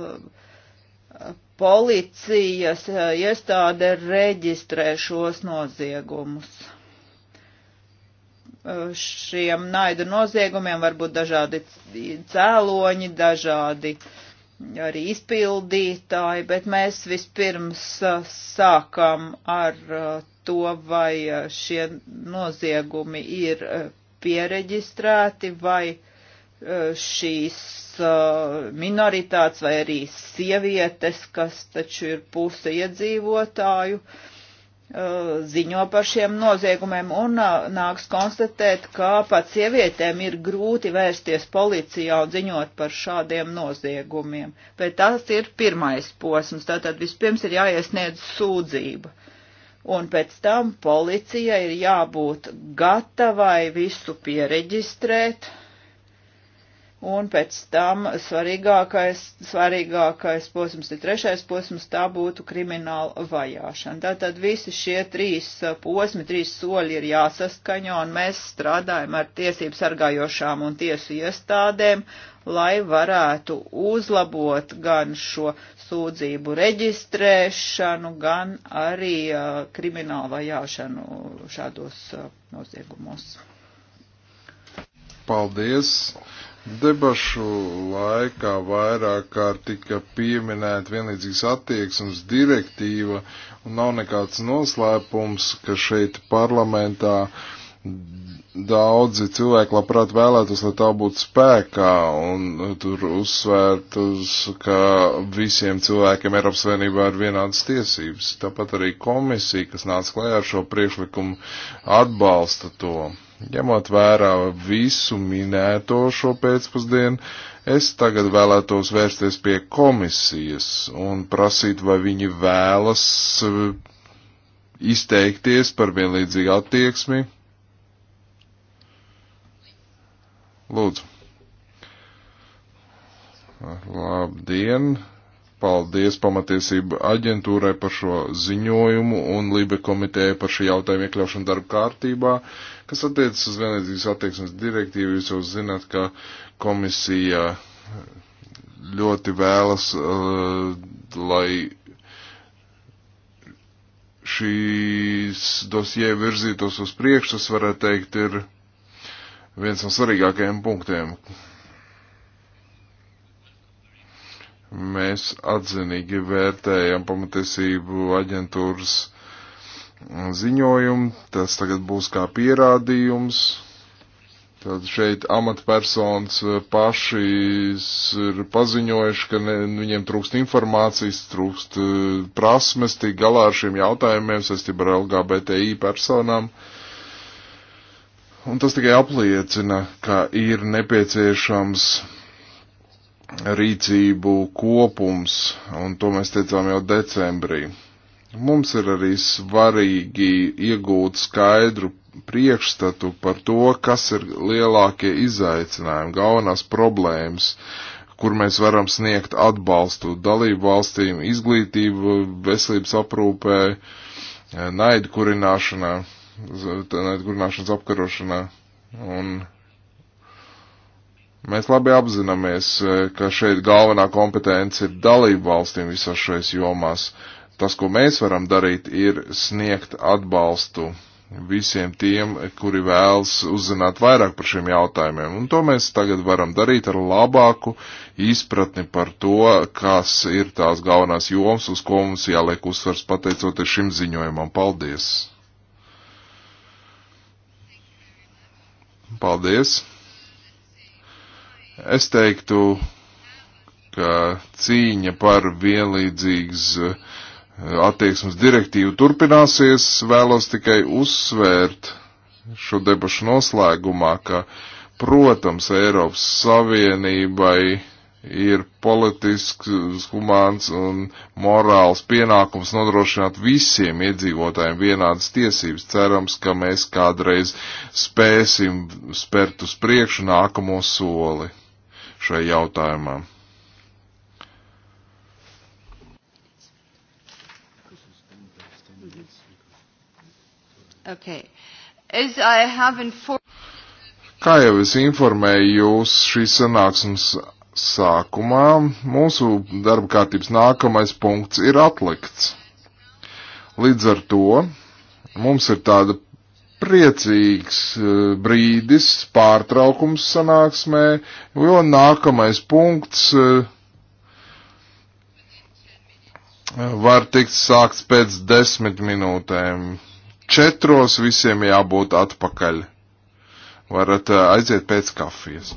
uh, policijas uh, iestāde reģistrē šos noziegumus. Eh, šiem naida noziegumiem var būt dažādi cēloņi, dažādi arī izpildītāji, bet mēs vispirms eh, sākam ar eh, to, vai šie noziegumi ir piereģistrēti, vai šīs minoritātes, vai arī sievietes, kas taču ir puse iedzīvotāju, uh, Uh, ziņo par šiem noziegumiem un uh, nāks konstatēt, ka pat sievietēm ir grūti vērsties policijā un ziņot par šādiem noziegumiem. Bet tas ir pirmais posms, tātad vispirms ir jāiesniedz sūdzība. Un pēc tam policija ir jābūt gatavai visu piereģistrēt, Un pēc tam svarīgākais, svarīgākais posms ir trešais posms, tā būtu krimināla vajāšana. Tātad visi šie trīs uh, posmi, trīs soļi ir jāsaskaņo, un mēs strādājam ar tiesību sargājošām un tiesu iestādēm, lai varētu uzlabot gan šo sūdzību reģistrēšanu, gan arī uh, kriminālu vajāšanu šādos uh, noziegumos. Paldies! Debašu laikā vairāk kārt tika pieminēta vienlīdzīgas attieksmes direktīva, un nav nekāds noslēpums, ka šeit parlamentā daudzi cilvēki labprāt vēlētos, lai tā būtu spēkā, un tur uzsvērtus, ka visiem cilvēkiem Eiropas Savienībā ir vienādas tiesības. Tāpat arī komisija, kas nāca klajā ar šo priekšlikumu, atbalsta to. Ņemot vērā visu minēto šo pēcpusdienu, es tagad vēlētos vērsties pie komisijas un prasīt, vai viņi vēlas eh, izteikties par vienlīdzīgu attieksmi. Lūdzu. Labdien! Paldies pamatiesību aģentūrai par šo ziņojumu un Lībe komiteja par šī jautājuma iekļaušanu darba kārtībā. Kas attiecas uz vienlīdzības attieksmes direktīvu, jūs jau zināt, ka komisija ļoti vēlas, uh, lai šīs dosie virzītos uz priekšu, tas varētu teikt, ir viens no svarīgākajiem punktiem, Mēs atzinīgi vērtējam pamatiesību aģentūras ziņojumu, tas tagad būs kā pierādījums. Tad šeit amatpersonas pašas ir paziņojuši, ka ne, viņiem trūkst informācijas, trūkst eh, prasmes tik galā ar šiem jautājumiem saistībā ar LGBTI personām. Un tas tikai apliecina, ka ir nepieciešams rīcību kopums, un to mēs teicām jau decembrī. Mums ir arī svarīgi iegūt skaidru priekšstatu par to, kas ir lielākie izaicinājumi, galvenās problēmas, kur mēs varam sniegt atbalstu dalību valstīm, izglītību, veselības aprūpē, naidu kurināšanā, naidu kurināšanas apkarošanā un Mēs labi apzināmies, e, ka šeit galvenā kompetence ir dalību valstīm visās šajās jomās. Tas, ko mēs varam darīt, ir sniegt atbalstu visiem tiem, kuri vēlas uzzināt vairāk par šiem jautājumiem. Un to mēs tagad varam darīt ar labāku izpratni par to, kas ir tās galvenās jomas, uz ko mums jāliek uzsvars pateicoties šim ziņojumam. Paldies! Paldies! Es teiktu, ka cīņa par vienlīdzīgas eh, attieksmes direktīvu turpināsies. Vēlos tikai uzsvērt šo debašu noslēgumā, ka, protams, Eiropas Savienībai ir politisks, humāns un morāls pienākums nodrošināt visiem iedzīvotājiem vienādas tiesības. Cerams, ka mēs kādreiz spēsim spērt uz priekšu nākamo soli šajā jautājumā. Okay. Kā jau es informēju jūs šīs sanāksmes sākumā, mūsu darba kārtības nākamais punkts ir atlikts. Līdz ar to mums ir tāda priecīgs eh, brīdis, pārtraukums sanāksmē, jo nākamais punkts eh, var tikt sākts pēc desmit minūtēm. Četros visiem jābūt atpakaļ. Varat eh, aiziet pēc kafijas.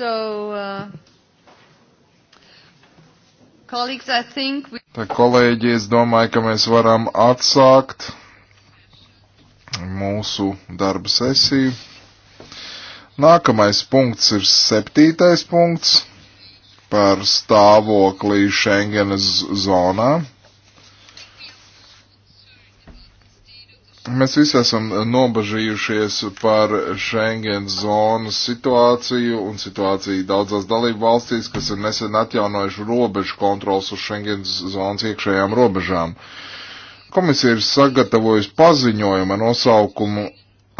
So, uh, colleagues, I think we... Tā kolēģi, es domāju, ka mēs varam atsākt mūsu darba sesiju. Nākamais punkts ir septītais punkts par stāvoklī Schengenas zonā. Mēs visi esam eh, nobažījušies par Schengen zonas situāciju un situāciju daudzās dalību valstīs, kas ir nesen atjaunojuši robežu kontrols uz Schengen zonas iekšējām robežām. Komisija ir sagatavojusi paziņojumu nosaukumu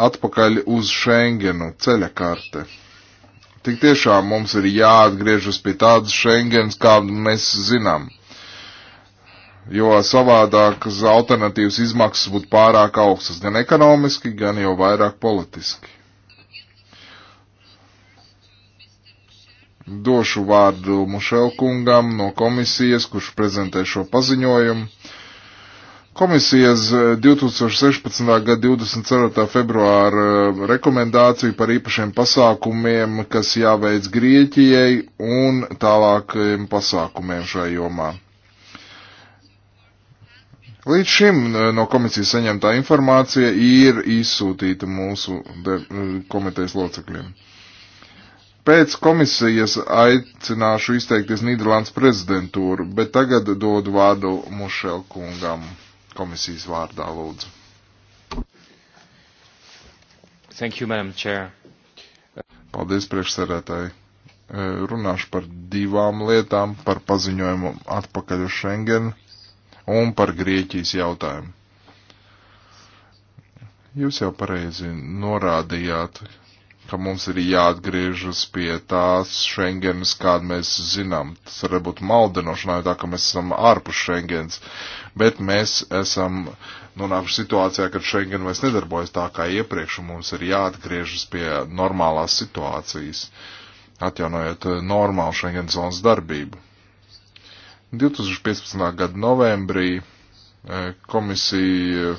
atpakaļ uz Schengenu ceļa karte. Tik tiešām mums ir jāatgriežas pie tādas Schengens, kādu mēs zinām jo savādāk alternatīvas izmaksas būtu pārāk augstas gan ekonomiski, gan jau vairāk politiski. Došu vārdu Mušelkungam no komisijas, kurš prezentē šo paziņojumu. Komisijas 2016. Eh, gada 24. februāra eh, rekomendāciju par īpašiem pasākumiem, kas jāveic Grieķijai un tālākiem pasākumiem šajā jomā. Līdz šim eh, no komisijas saņemtā informācija ir izsūtīta mūsu eh, komitejas locekļiem. Pēc komisijas aicināšu izteikties Nīderlandes prezidentūru, bet tagad dodu vārdu Mušel kungam komisijas vārdā, lūdzu. Thank you, Madam Chair. Paldies, priekšsarētāji. Eh, runāšu par divām lietām, par paziņojumu atpakaļ uz Schengenu un par Grieķijas jautājumu. Jūs jau pareizi norādījāt, ka mums ir jāatgriežas pie tās Schengenas, kādu mēs zinām. Tas var būt maldinoši, nav tā, ka mēs esam ārpus Schengens, bet mēs esam nonākuši situācijā, kad Schengen vairs nedarbojas tā kā iepriekš, un mums ir jāatgriežas pie normālās situācijas, atjaunojot normālu Schengen zonas darbību. 2015. gada novembrī e, komisija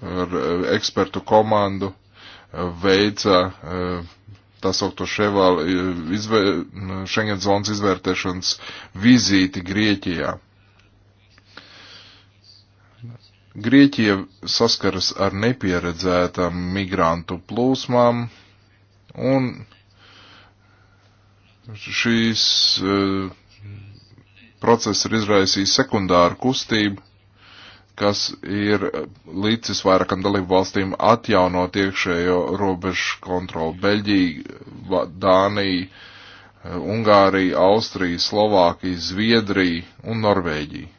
ar e, ekspertu komandu e, veica tā saukto Schengen zonas izvērtēšanas vizīti Grieķijā. Grieķija saskaras ar nepieredzētām migrantu plūsmām un šīs uh, process ir izraisījis sekundāru kustību, kas ir līdzis vairākam dalību valstīm atjaunot iekšējo robežu kontroli. Beļģija, Dānija, Ungārija, Austrija, Slovākija, Zviedrija un Norvēģija.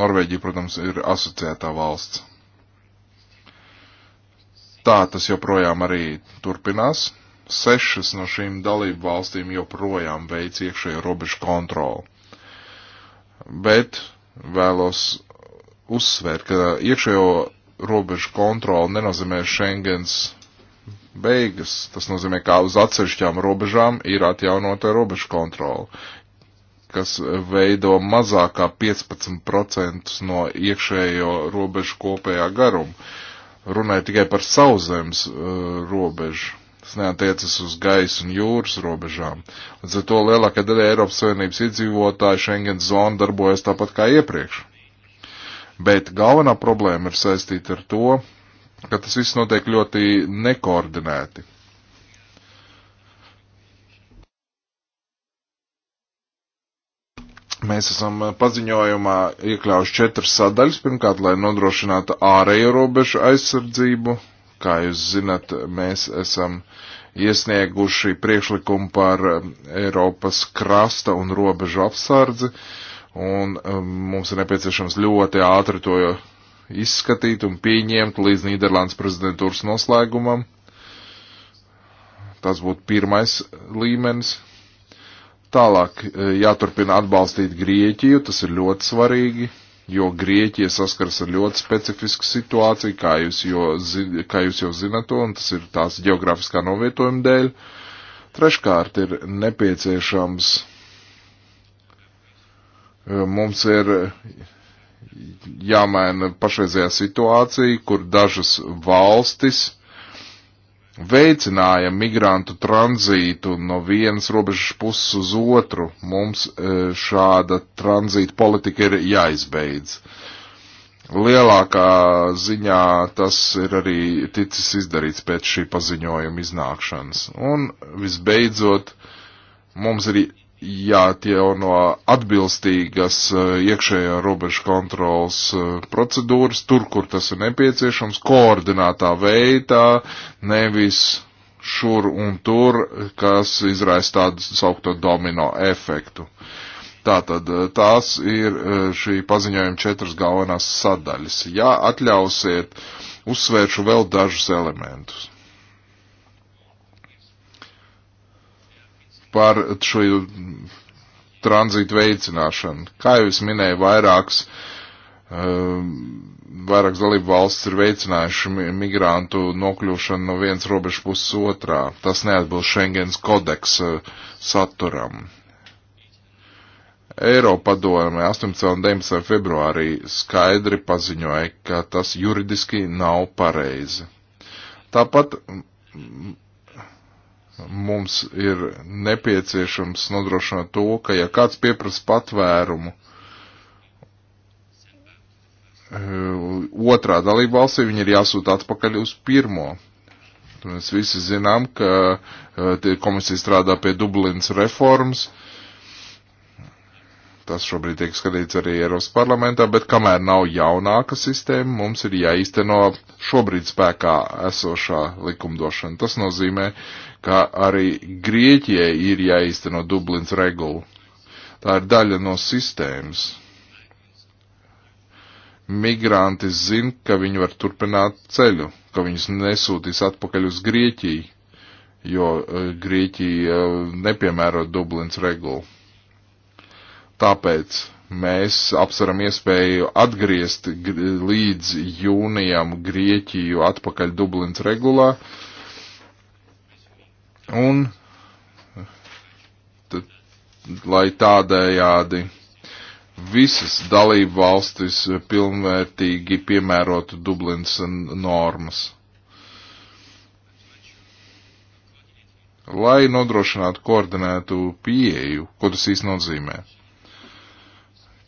Norvēģija, protams, ir asociētā valsts. Tā tas joprojām arī turpinās sešas no šīm dalību valstīm joprojām veic iekšējo robežu kontroli. Bet vēlos uzsvērt, ka iekšējo robežu kontroli nenozīmē Schengens beigas. Tas nozīmē, ka uz atsevišķām robežām ir atjaunota robežu kontrola, kas veido mazākā 15% no iekšējo robežu kopējā garuma. Runāja tikai par sauzemes uh, eh, robežu Tas neatiecas uz gaisa un jūras robežām. Līdz ar to lielākā daļa Eiropas Savienības iedzīvotāju Schengens zona darbojas tāpat kā iepriekš. Bet galvenā problēma ir saistīta ar to, ka tas viss notiek ļoti nekoordinēti. Mēs esam paziņojumā iekļāvuši četras sadaļas. Pirmkārt, lai nodrošinātu ārējo robežu aizsardzību, Kā jūs zinat, mēs esam iesnieguši priekšlikumu par um, Eiropas krasta un robežu apsardzi, un um, mums ir nepieciešams ļoti ātri to izskatīt un pieņemt līdz Nīderlandes prezidentūras noslēgumam. Tas būtu pirmais līmenis. Tālāk eh, jāturpina atbalstīt Grieķiju, tas ir ļoti svarīgi jo Grieķija saskaras ar ļoti specifisku situāciju, kā jūs, jo, kā jūs jau zinat, to, un tas ir tās geogrāfiskā novietojuma dēļ. Treškārt ir nepieciešams, e, mums ir jāmaina pašreizējā situācija, kur dažas valstis veicināja migrantu tranzītu no vienas robežas puses uz otru, mums e, šāda tranzīta politika ir jāizbeidz. Lielākā ziņā tas ir arī ticis izdarīts pēc šī paziņojuma iznākšanas. Un visbeidzot, mums ir jāatjauno atbilstīgas eh, iekšējā robežu kontrolas eh, procedūras, tur, kur tas ir nepieciešams, koordinātā veidā, nevis šur un tur, kas izraisa tādu saukto domino efektu. Tātad eh, tās ir šī paziņojuma četras galvenās sadaļas. Ja atļausiet, uzsvēršu vēl dažus elementus. par šo tranzītu veicināšanu. Kā jau es minēju, vairāks, um, vairāks dalību valsts ir veicinājuši migrantu nokļūšanu no vienas robežas puses otrā. Tas neatbilst Schengens kodeksa uh, saturam. Eiropadome 18. un 19. februārī skaidri paziņoja, ka tas juridiski nav pareizi. Tāpat mums ir nepieciešams nodrošināt to, ka ja kāds pieprasa patvērumu eh, otrā dalība valstī, viņi ir jāsūta atpakaļ uz pirmo. Mēs visi zinām, ka eh, komisija strādā pie Dublinas reformas. Tas šobrīd tiek skatīts arī Eiropas parlamentā, bet kamēr nav jaunāka sistēma, mums ir jāīsteno šobrīd spēkā esošā likumdošana. Tas nozīmē, ka arī Grieķijai ir jāīsteno Dublins regula. Tā ir daļa no sistēmas. Migranti zin, ka viņi var turpināt ceļu, ka viņus nesūtīs atpakaļ uz Grieķiju, jo eh, Grieķija eh, nepiemēro Dublins regulu. Tāpēc mēs apsveram iespēju atgriezt līdz jūnijam Grieķiju atpakaļ Dublins regulā. Un lai tādējādi visas dalību valstis pilnvērtīgi piemērotu Dublins normas. Lai nodrošinātu koordinētu pieeju, ko tas īsti nozīmē.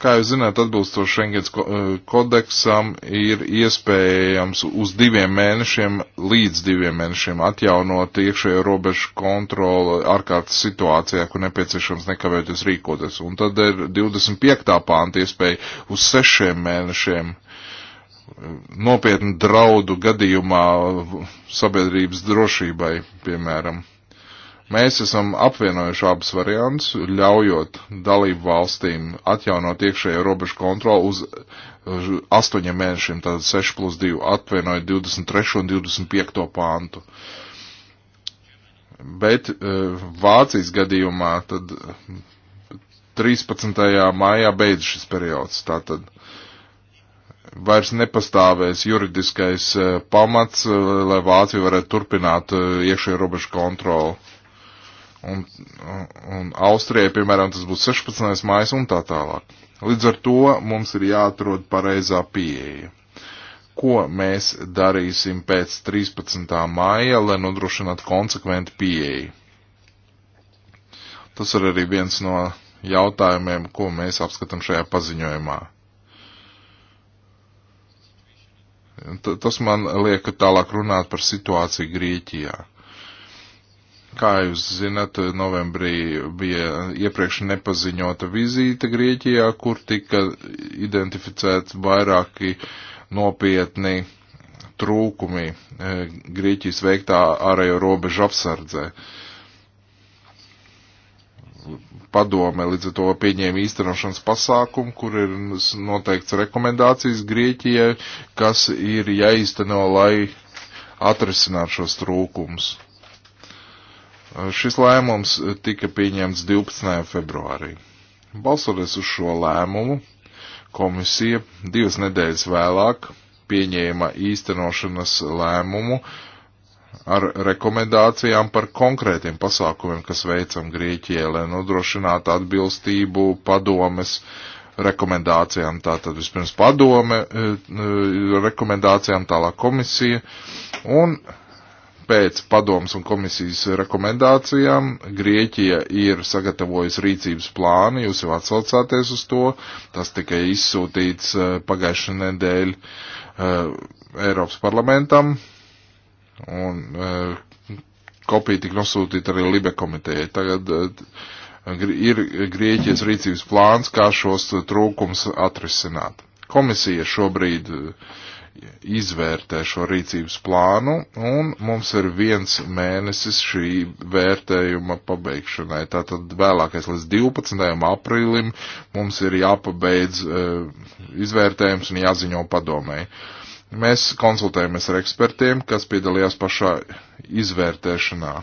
Kā jūs zināt, atbilstoši Schengens eh, kodeksam ir iespējams uz diviem mēnešiem līdz diviem mēnešiem atjaunot iekšējo robežu kontroli ārkārtas situācijā, kur nepieciešams nekavējoties rīkoties. Un tad ir 25. pānta iespēja uz sešiem mēnešiem eh, nopietnu draudu gadījumā sabiedrības drošībai, piemēram. Mēs esam apvienojuši abus variants, ļaujot dalību valstīm atjaunot iekšējo robežu kontroli uz astoņiem mēnešiem, tātad 6 plus 2, atvienojot 23 un 25 pāntu. Bet e, Vācijas gadījumā tad 13. maijā beidz šis periods, tātad vairs nepastāvēs juridiskais e, pamats, e, lai Vācija varētu turpināt iekšējo robežu kontroli un, un Austrijai, piemēram, tas būs 16. mājas un tā tālāk. Līdz ar to mums ir jāatrod pareizā pieeja. Ko mēs darīsim pēc 13. māja, lai nodrošinātu konsekventu pieeju? Tas ir arī viens no jautājumiem, ko mēs apskatām šajā paziņojumā. T tas man liek tālāk runāt par situāciju Grieķijā. Kā jūs zinat, novembrī bija iepriekš nepaziņota vizīte Grieķijā, kur tika identificēts vairāki nopietni trūkumi e, Grieķijas veiktā ārējo robežu apsardzē. Padome līdz ar to pieņēma īstenošanas pasākumu, kur ir noteikts rekomendācijas Grieķijai, kas ir jāīsteno, lai atrisinātu šos trūkumus. Šis lēmums tika pieņemts 12. februārī. Balsoties uz šo lēmumu, komisija divas nedēļas vēlāk pieņēma īstenošanas lēmumu ar rekomendācijām par konkrētiem pasākumiem, kas veicam Grieķijai, lai nodrošinātu atbilstību padomes rekomendācijām. Tātad vispirms padome rekomendācijām, tālāk komisija. Un pēc padoms un komisijas rekomendācijām Grieķija ir sagatavojusi rīcības plānu, jūs jau atsaucāties uz to, tas tika izsūtīts eh, pagājušajā nedēļ uh, eh, Eiropas parlamentam, un uh, kopija tika nosūtīta arī Libe komitejai. Tagad uh, ir Grieķijas rīcības plāns, kā šos trūkums atrisināt. Komisija šobrīd uh, izvērtē šo rīcības plānu, un mums ir viens mēnesis šī vērtējuma pabeigšanai. Tātad vēlākais līdz 12. aprīlim mums ir jāpabeidz eh, izvērtējums un jāziņo padomēji. Mēs konsultējamies ar ekspertiem, kas piedalījās pašā izvērtēšanā.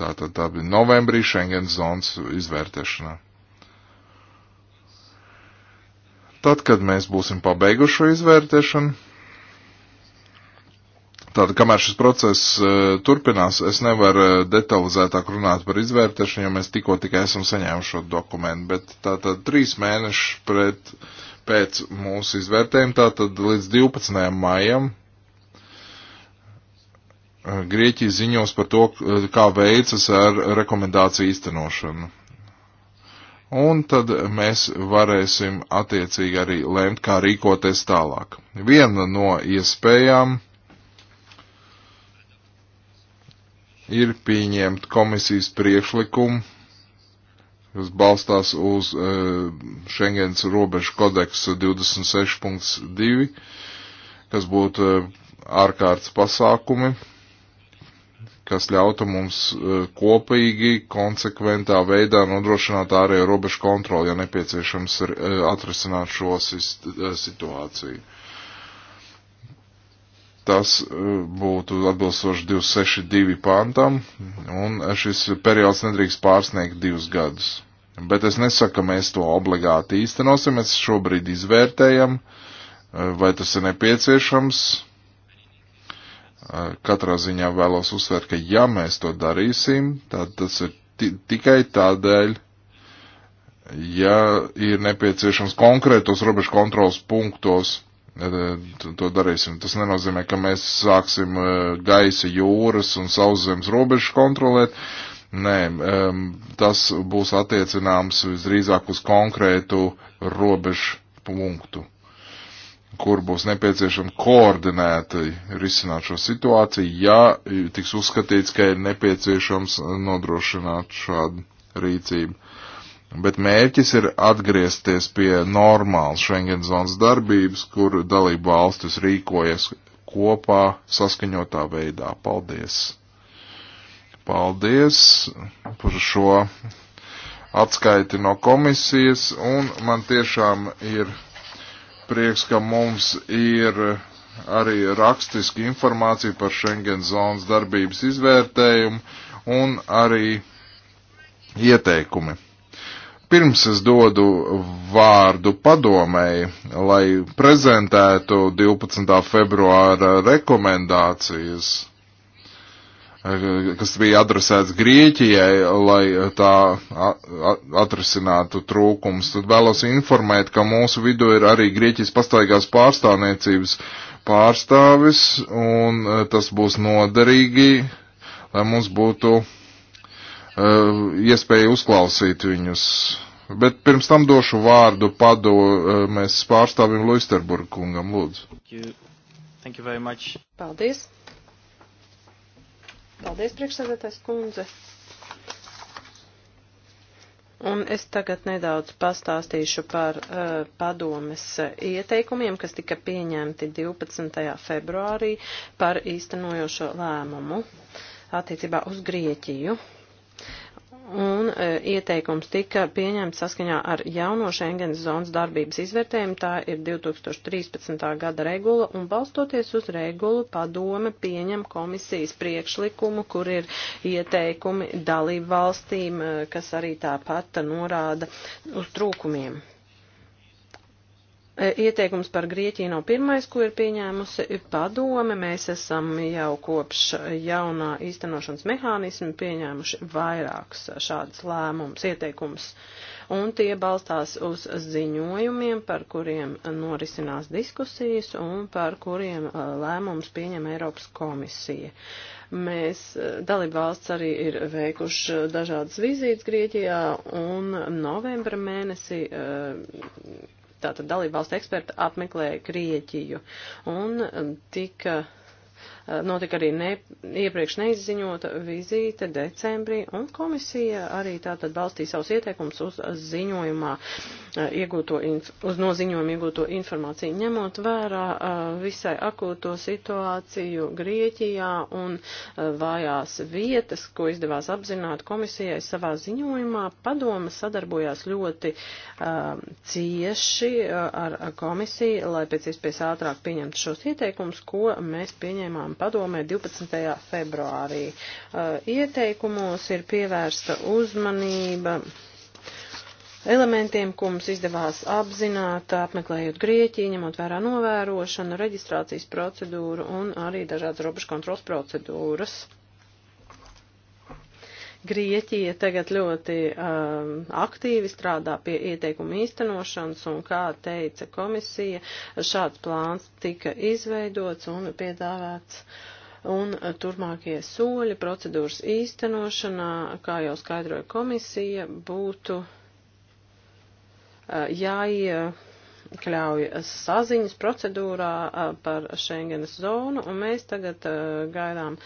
Tātad tā bija novembrī Schengen zonas izvērtēšanā. Tad, kad mēs būsim pabeiguši šo izvērtēšanu, Tātad, kamēr šis process uh, turpinās, es nevaru e, detalizētāk runāt par izvērtēšanu, jo mēs tikko tikai esam saņēmuši šo dokumentu, bet tātad trīs mēneši pret, pēc mūsu izvērtējuma, tātad līdz 12. maijam e, Grieķija ziņos par to, kā veicas ar rekomendāciju īstenošanu. Un tad mēs varēsim attiecīgi arī lemt, kā rīkoties tālāk. Viena no iespējām ir pieņemt komisijas priekšlikumu, kas balstās uz uh, Schengens robežu kodeksa 26.2, kas būtu uh, ārkārtas pasākumi, kas ļautu mums uh, kopīgi, konsekventā veidā nodrošināt ārējo robežu kontroli, ja nepieciešams ir uh, atrisināt šo situāciju tas eh, būtu atbilstoši 262 pantam, un šis periods nedrīkst pārsniegt divus gadus. Bet es nesaku, ka mēs to obligāti īstenosim, mēs šobrīd izvērtējam, eh, vai tas ir nepieciešams. Eh, katrā ziņā vēlos uzsvērt, ka ja mēs to darīsim, tad tas ir tikai tādēļ, ja ir nepieciešams konkrētos robežu kontrols punktos Eh, to darīsim. Tas nenozīmē, ka mēs sāksim eh, gaisa, jūras un sauszemes robežu kontrolēt. Nē, tas būs attiecināms visdrīzāk uz konkrētu robežu punktu, kur būs nepieciešama koordinēti risināt šo situāciju, ja tiks uzskatīts, ka ir nepieciešams nodrošināt šādu rīcību. Bet mērķis ir atgriezties pie normālas Schengen zonas darbības, kur dalību valstis rīkojas kopā saskaņotā veidā. Paldies! Paldies par šo atskaiti no komisijas, un man tiešām ir prieks, ka mums ir arī rakstiski informācija par Schengen zonas darbības izvērtējumu un arī ieteikumi pirms es dodu vārdu padomēji, lai prezentētu 12. februāra rekomendācijas, kas bija adresēts Grieķijai, lai tā atrisinātu trūkums, tad vēlos informēt, ka mūsu vidu ir arī Grieķijas pastaigās pārstāvniecības pārstāvis, un tas būs noderīgi, lai mums būtu Eh, iespēju uzklausīt viņus. Bet pirms tam došu vārdu padu eh, mēs pārstāvim Luisterburgu kungam, lūdzu. Thank you. Thank you very much. Paldies. Paldies, priekšsēdētājs kundze. Un es tagad nedaudz pastāstīšu par uh, padomes ieteikumiem, kas tika pieņemti 12. februārī par īstenojošo lēmumu attiecībā uz Grieķiju. Uh, un e, ieteikums tika pieņemts saskaņā ar jauno Schengens zonas darbības izvērtējumu, tā ir 2013. gada regula, un balstoties uz regulu padome pieņem komisijas priekšlikumu, kur ir ieteikumi dalību valstīm, e, kas arī tāpat norāda uz trūkumiem. E, ieteikums par Grieķiju nav pirmais, ko ir pieņēmusi padome. Mēs esam jau kopš jaunā īstenošanas mehānisma pieņēmuši vairākus šādus lēmumus, ieteikumus, un tie balstās uz ziņojumiem, par kuriem norisinās diskusijas un par kuriem e, lēmumus pieņem Eiropas komisija. Mēs, e, dalība valsts arī ir veikuši dažādas vizītes Grieķijā, un novembra mēnesī tātad dalībvalstu eksperti apmeklēja Grieķiju un um, tika Notika arī ne, iepriekš neizziņota vizīte decembrī, un komisija arī tātad balstīja savus ieteikumus uz ziņojumā e, iegūto, uz noziņojumu iegūto informāciju, ņemot vērā e, visai akūto situāciju Grieķijā un e, vājās vietas, ko izdevās apzināt komisijai savā ziņojumā. Padoma sadarbojās ļoti cieši ar komisiju, lai pēc iespējas ātrāk pieņemtu šos ieteikumus, ko mēs pieņēmām padomē 12. februārī. Uh, ieteikumos ir pievērsta uzmanība elementiem, ko mums izdevās apzināt, apmeklējot Grieķiju, ņemot vērā novērošanu, reģistrācijas procedūru un arī dažādas robežu kontrols procedūras. Grieķija tagad ļoti um, aktīvi strādā pie ieteikumu īstenošanas, un, kā teica komisija, šāds plāns tika izveidots un piedāvāts. Un turmākie soļi procedūras īstenošanā, kā jau skaidroja komisija, būtu uh, jāiekļauj saziņas procedūrā uh, par Schengenas zonu, un mēs tagad uh, gaidām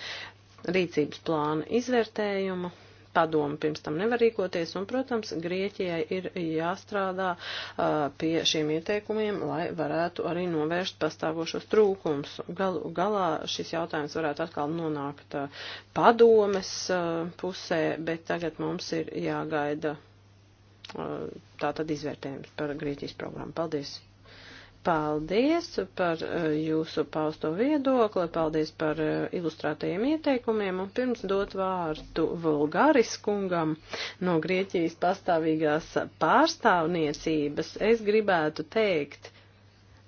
rīcības plāna izvērtējumu padomu pirms tam nevar rīkoties, un, protams, Grieķijai ir jāstrādā uh, pie šiem ieteikumiem, lai varētu arī novērst pastāvošos trūkums. Gal, galā šis jautājums varētu atkal nonākt uh, padomes uh, pusē, bet tagad mums ir jāgaida uh, tātad izvērtējums par Grieķijas programmu. Paldies! Paldies par eh, jūsu pausto viedokli, paldies par eh, ilustrētajiem ieteikumiem un pirms dot vārdu Vulgaris kungam no Grieķijas pastāvīgās pārstāvniecības, es gribētu teikt,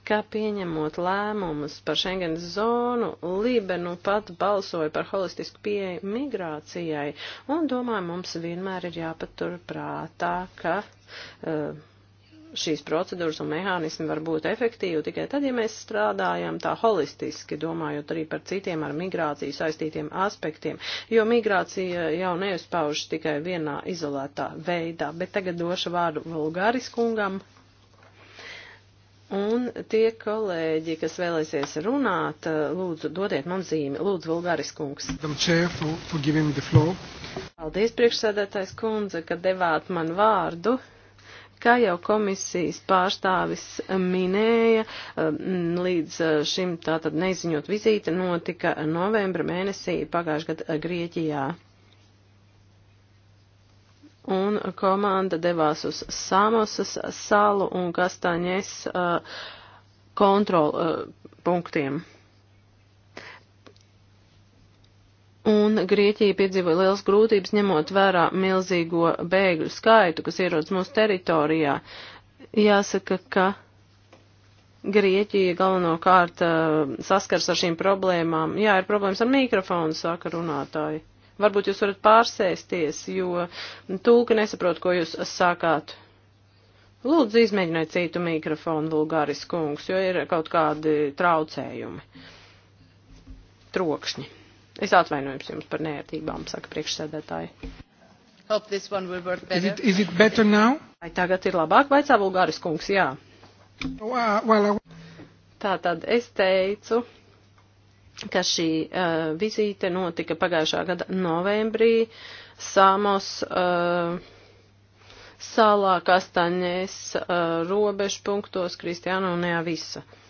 ka pieņemot lēmumus par Schengens zonu, Libe nu pat balsoja par holistisku pieeju migrācijai un domāju, mums vienmēr ir jāpatur prātā, ka. Uh, šīs procedūras un mehānismi var būt efektīvi tikai tad, ja mēs strādājam tā holistiski, domājot arī par citiem ar migrāciju saistītiem aspektiem, jo migrācija jau neuzpauž tikai vienā izolētā veidā, bet tagad došu vārdu Vulgāris kungam. Un tie kolēģi, kas vēlēsies runāt, lūdzu, dodiet man zīmi. Lūdzu, Vulgāris kungs. Paldies, priekšsēdētājs kundze, ka devāt man vārdu. Kā jau komisijas pārstāvis minēja, um, līdz uh, šim tātad neziņot vizīte notika novembra mēnesī pagājušajā gadā Grieķijā. Un komanda devās uz Samosas salu un Kastaņes uh, kontrolu uh, punktiem. Un Grieķija piedzīvoja liels grūtības, ņemot vērā milzīgo bēgļu skaitu, kas ierodas mūsu teritorijā. Jāsaka, ka Grieķija galvenokārt uh, saskars ar šīm problēmām. Jā, ir problēmas ar mikrofonu, saka runātāji. Varbūt jūs varat pārsēsties, jo tulka nesaprot, ko jūs sākāt. Lūdzu, izmēģiniet citu mikrofonu, Vulgāris kungs, jo ir kaut kādi traucējumi. Trokšņi. Es atvainojos jums par nērtībām, saka priekšsēdētāji. Is it, is it better now? Vai tagad ir labāk, vai cā Bulgāris kungs? Jā. Oh, ah, Tā tad es teicu, ka šī uh, vizīte notika pagājušā gada novembrī Samos. Uh, salā, kastaņēs, uh, eh, robežpunktos, Kristiāna un Jāvisa. Uh,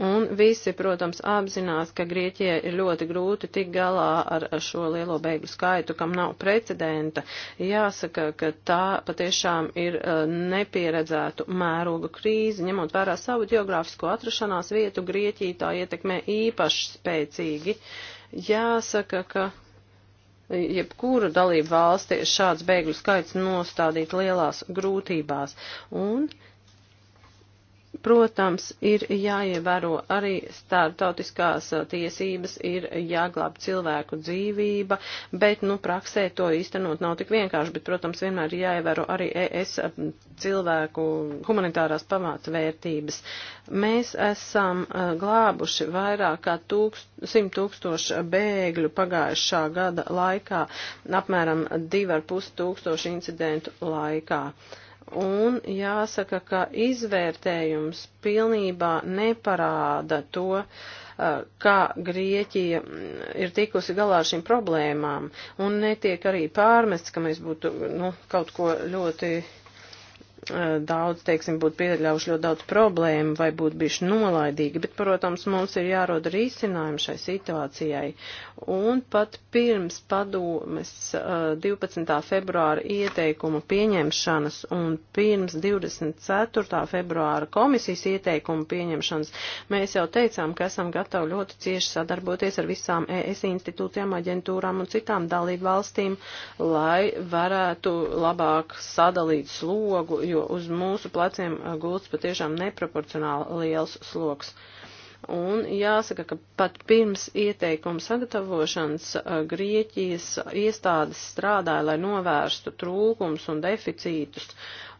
Un visi, protams, apzinās, ka Grieķijai ir ļoti grūti tik galā ar šo lielo bēgļu skaitu, kam nav precedenta. Jāsaka, ka tā patiešām ir e, nepieredzētu mēroga krīze, ņemot vērā savu geogrāfisko atrašanās vietu, Grieķija tā ietekmē īpaši spēcīgi. Jāsaka, ka jebkuru dalību valsti šāds bēgļu skaits nostādīt lielās grūtībās. Un Protams, ir jāievēro arī starptautiskās tiesības, ir jāglāb cilvēku dzīvība, bet, nu, praksē to īstenot nav tik vienkārši, bet, protams, vienmēr ir jāievēro arī ES cilvēku humanitārās pamāca vērtības. Mēs esam glābuši vairāk kā 100 tūkstoši bēgļu pagājušā gada laikā, apmēram 2,5 tūkstoši incidentu laikā. Uh, un jāsaka, ka izvērtējums pilnībā neparāda to, eh, kā Grieķija mm, ir tikusi galā ar šīm problēmām, un netiek arī pārmests, ka mēs būtu nu, kaut ko ļoti daudz, teiksim, būtu pieļaujuši ļoti daudz problēmu vai būtu bijuši nolaidīgi, bet, protams, mums ir jāroda risinājumi šai situācijai. Un pat pirms padomes 12. februāra ieteikuma pieņemšanas un pirms 24. februāra komisijas ieteikuma pieņemšanas mēs jau teicām, ka esam gatavi ļoti cieši sadarboties ar visām ES institūcijām, aģentūrām un citām dalību valstīm, lai varētu labāk sadalīt slogu, jo uz mūsu pleciem uh, gults patiešām neproporcionāli liels sloks. Un jāsaka, ka pat pirms ieteikuma sagatavošanas uh, Grieķijas iestādes strādāja, lai novērstu trūkums un deficītus.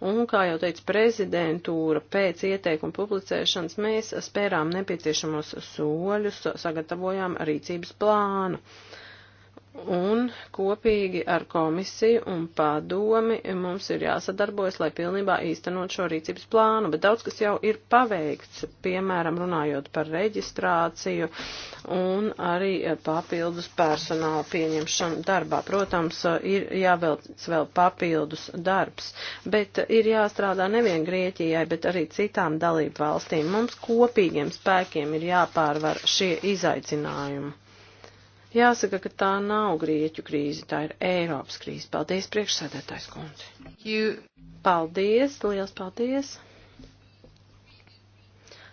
Un, kā jau teica prezidentūra, pēc ieteikuma publicēšanas mēs spērām nepieciešamos soļus, sagatavojām rīcības plānu. Uh, Un kopīgi ar komisiju un padomi mums ir jāsadarbojas, lai pilnībā īstenot šo rīcības plānu, bet daudz kas jau ir paveikts, piemēram, runājot par reģistrāciju un arī papildus personāla pieņemšanu darbā. Protams, ir jāvelc vēl papildus darbs, bet ir jāstrādā nevien Grieķijai, bet arī citām dalību valstīm. Mums kopīgiem spēkiem ir jāpārvar šie izaicinājumi. Jāsaka, ka tā nav Grieķu krīze, tā ir Eiropas krīze. Paldies, priekšsēdētājs kundze. You... Paldies, liels paldies.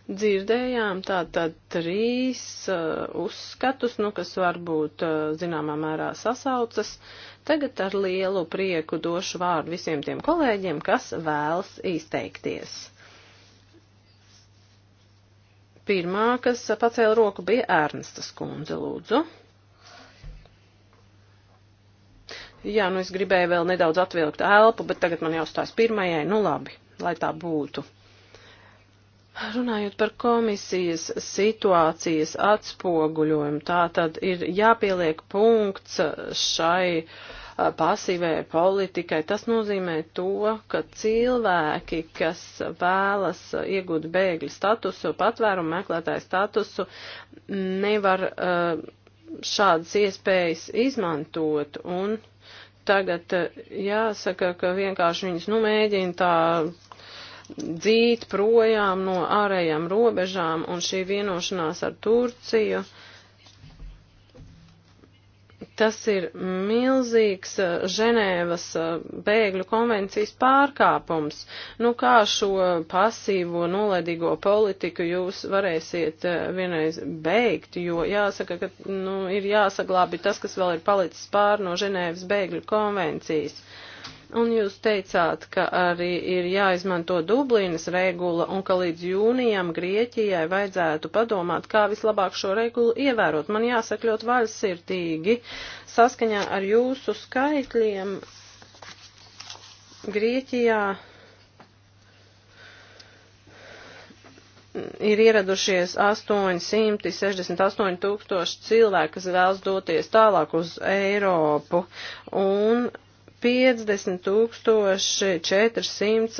Dzirdējām tātad tā, trīs uh, uzskatus, nu, kas varbūt uh, zināmā mērā sasaucas. Tagad ar lielu prieku došu vārdu visiem tiem kolēģiem, kas vēlas izteikties. Pirmā, kas pacēla roku, bija Ērnsta skundze, lūdzu. Jā, nu es gribēju vēl nedaudz atvilkt elpu, bet tagad man jāuzstās pirmajai. Nu labi, lai tā būtu. Runājot par komisijas situācijas atspoguļojumu, tā tad ir jāpieliek punkts šai pasīvai politikai. Tas nozīmē to, ka cilvēki, kas vēlas iegūt bēgļu statusu, patvērumu meklētāju statusu, nevar šādas iespējas izmantot un tagad eh, jāsaka, ka vienkārši viņas nu mēģina tā dzīt projām no ārējām robežām, un šī vienošanās ar Turciju uh, Tas ir milzīgs uh, Ženēvas uh, bēgļu konvencijas pārkāpums. Nu, kā šo pasīvo, nolaidīgo politiku jūs varēsiet uh, vienreiz beigt, jo jāsaka, ka nu, ir jāsaglābi tas, kas vēl ir palicis pār no Ženēvas bēgļu konvencijas. Uh, Un jūs teicāt, ka arī ir jāizmanto Dublīnas regula un ka līdz jūnijam Grieķijai vajadzētu padomāt, kā vislabāk šo regulu ievērot. Man jāsaka ļoti vaļsirdīgi, saskaņā ar jūsu skaitļiem Grieķijā ir ieradušies 868 tūkstoši cilvēki, kas vēlas doties tālāk uz Eiropu. Un 50,411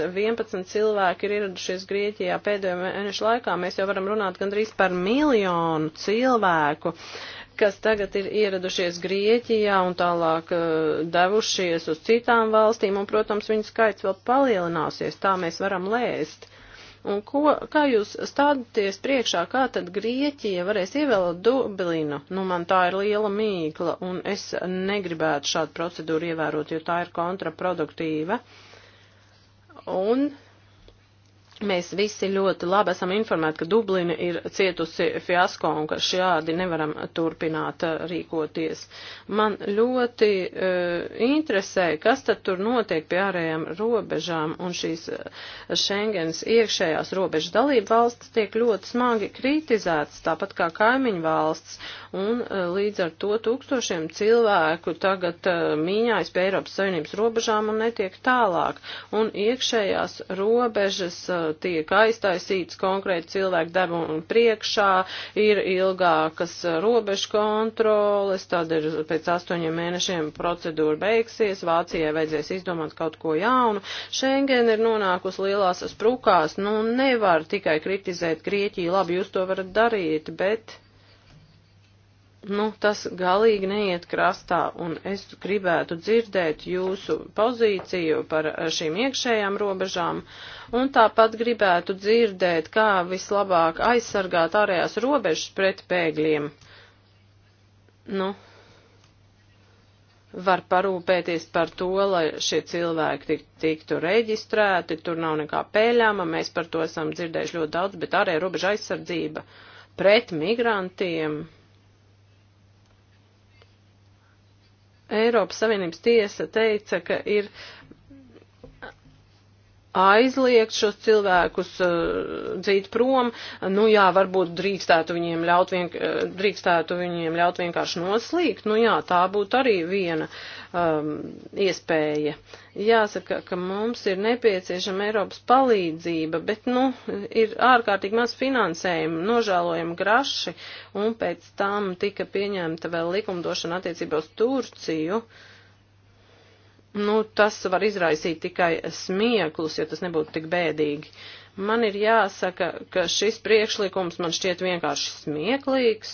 cilvēki ir ieradušies Grieķijā pēdējo mēnešu laikā. Mēs jau varam runāt gandrīz par miljonu cilvēku, kas tagad ir ieradušies Grieķijā un tālāk uh, devušies uz citām valstīm, un, protams, viņu skaits vēl palielināsies, tā mēs varam lēst. Un ko, kā jūs stādaties priekšā, kā tad Grieķija varēs ievēlēt Dublinu? Nu, man tā ir liela mīkla, un es negribētu šādu procedūru ievērot, jo tā ir kontraproduktīva. Un Mēs visi ļoti labi esam informēti, ka Dublina ir cietusi fiasko un ka šādi nevaram turpināt eh, rīkoties. Man ļoti uh, interesē, kas tad tur notiek pie ārējām robežām un šīs eh, Schengens iekšējās robežas dalība valsts tiek ļoti smagi kritizētas, tāpat kā kaimiņu valsts, un uh, līdz ar to tūkstošiem cilvēku tagad uh, mīņājas pie Eiropas Savienības robežām un netiek tālāk. Un iekšējās robežas uh, tiek aiztaisīts konkrēti cilvēku devumu priekšā, ir ilgākas robežu kontroles, tad ir pēc astoņiem mēnešiem procedūra beigsies, Vācijai vajadzēs izdomāt kaut ko jaunu. Schengen ir nonākusi lielās sprukās, nu nevar tikai kritizēt Grieķiju, labi, jūs to varat darīt, bet nu, tas galīgi neiet krastā, un es gribētu dzirdēt jūsu pozīciju par šīm iekšējām robežām, un tāpat gribētu dzirdēt, kā vislabāk aizsargāt ārējās robežas pret pēgļiem. Nu, var parūpēties par to, lai šie cilvēki tik, tiktu reģistrēti, tur nav nekā pēļāma, mēs par to esam dzirdējuši ļoti daudz, bet ārējā robeža aizsardzība pret migrantiem Eiropas Savienības tiesa teica, ka ir aizliegt šos cilvēkus uh, dzīt prom, nu jā, varbūt drīkstētu viņiem ļaut, vienk uh, drīkstētu viņiem ļaut vienkārši noslīgt, nu jā, tā būtu arī viena um, iespēja. Jāsaka, ka mums ir nepieciešama Eiropas palīdzība, bet, nu, ir ārkārtīgi maz finansējuma, nožēlojama graši, un pēc tam tika pieņemta vēl likumdošana attiecībā uz Turciju. Uh, nu, tas var izraisīt tikai smieklus, ja tas nebūtu tik bēdīgi. Man ir jāsaka, ka šis priekšlikums man šķiet vienkārši smieklīgs.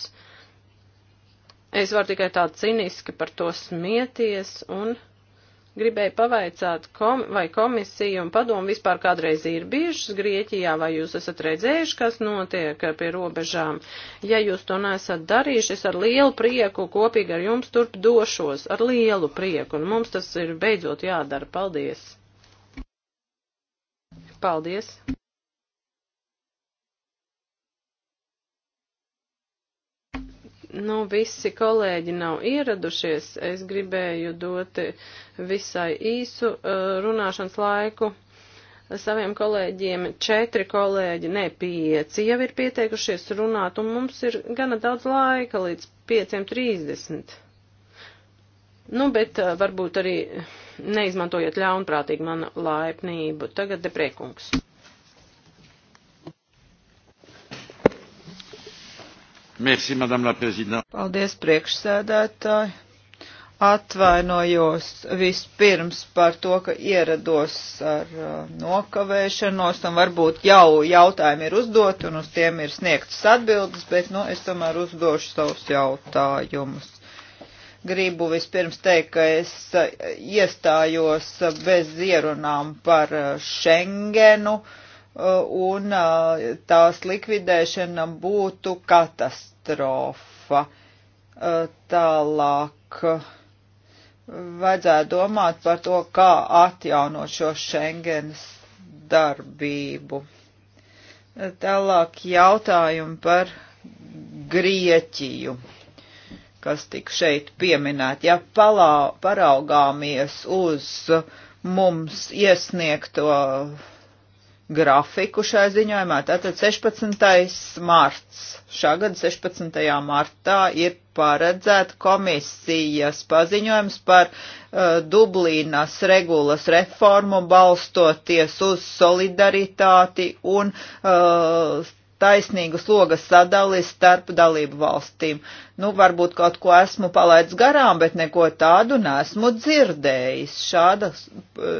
Es varu tikai tā ciniski par to smieties un. Gribēju pavaicāt, kom, vai komisija un padomu vispār kādreiz ir bijušas Grieķijā, vai jūs esat redzējuši, kas notiek pie robežām. Ja jūs to nesat darījuši, es ar lielu prieku kopīgi ar jums turp došos, ar lielu prieku, un mums tas ir beidzot jādara. Paldies! Paldies! Nu, visi kolēģi nav ieradušies. Es gribēju dot visai īsu uh, runāšanas laiku saviem kolēģiem četri kolēģi, ne pieci, jau ir pieteikušies runāt, un mums ir gana daudz laika līdz 5.30. Nu, bet uh, varbūt arī neizmantojiet ļaunprātīgi manu laipnību. Tagad depriekungs. Merci, Madame la Présidente. Paldies, priekšsēdētāji. Atvainojos vispirms par to, ka ierados ar uh, nokavēšanos, un varbūt jau jautājumi ir uzdoti, un uz tiem ir sniegtas atbildes, bet, nu, es tomēr uzdošu savus jautājumus gribu vispirms teikt, ka es uh, iestājos bez ierunām par uh, Schengenu. Uh, un tās likvidēšana būtu katastrofa. Tālāk vajadzētu domāt par to, kā atjaunot šo Schengenas darbību. Tālāk jautājumi par Grieķiju, kas tik šeit pieminēt. Ja palā, paraugāmies uz mums iesniegto uh, grafiku šai ziņojumā. Tātad 16. marts, šā gada 16. martā ir paredzēta komisijas paziņojums par uh, Dublīnas regulas reformu balstoties uz solidaritāti un uh, taisnīgas logas sadalis starp dalību valstīm. Nu, varbūt kaut ko esmu palaidis garām, bet neko tādu nesmu dzirdējis. Šāda eh,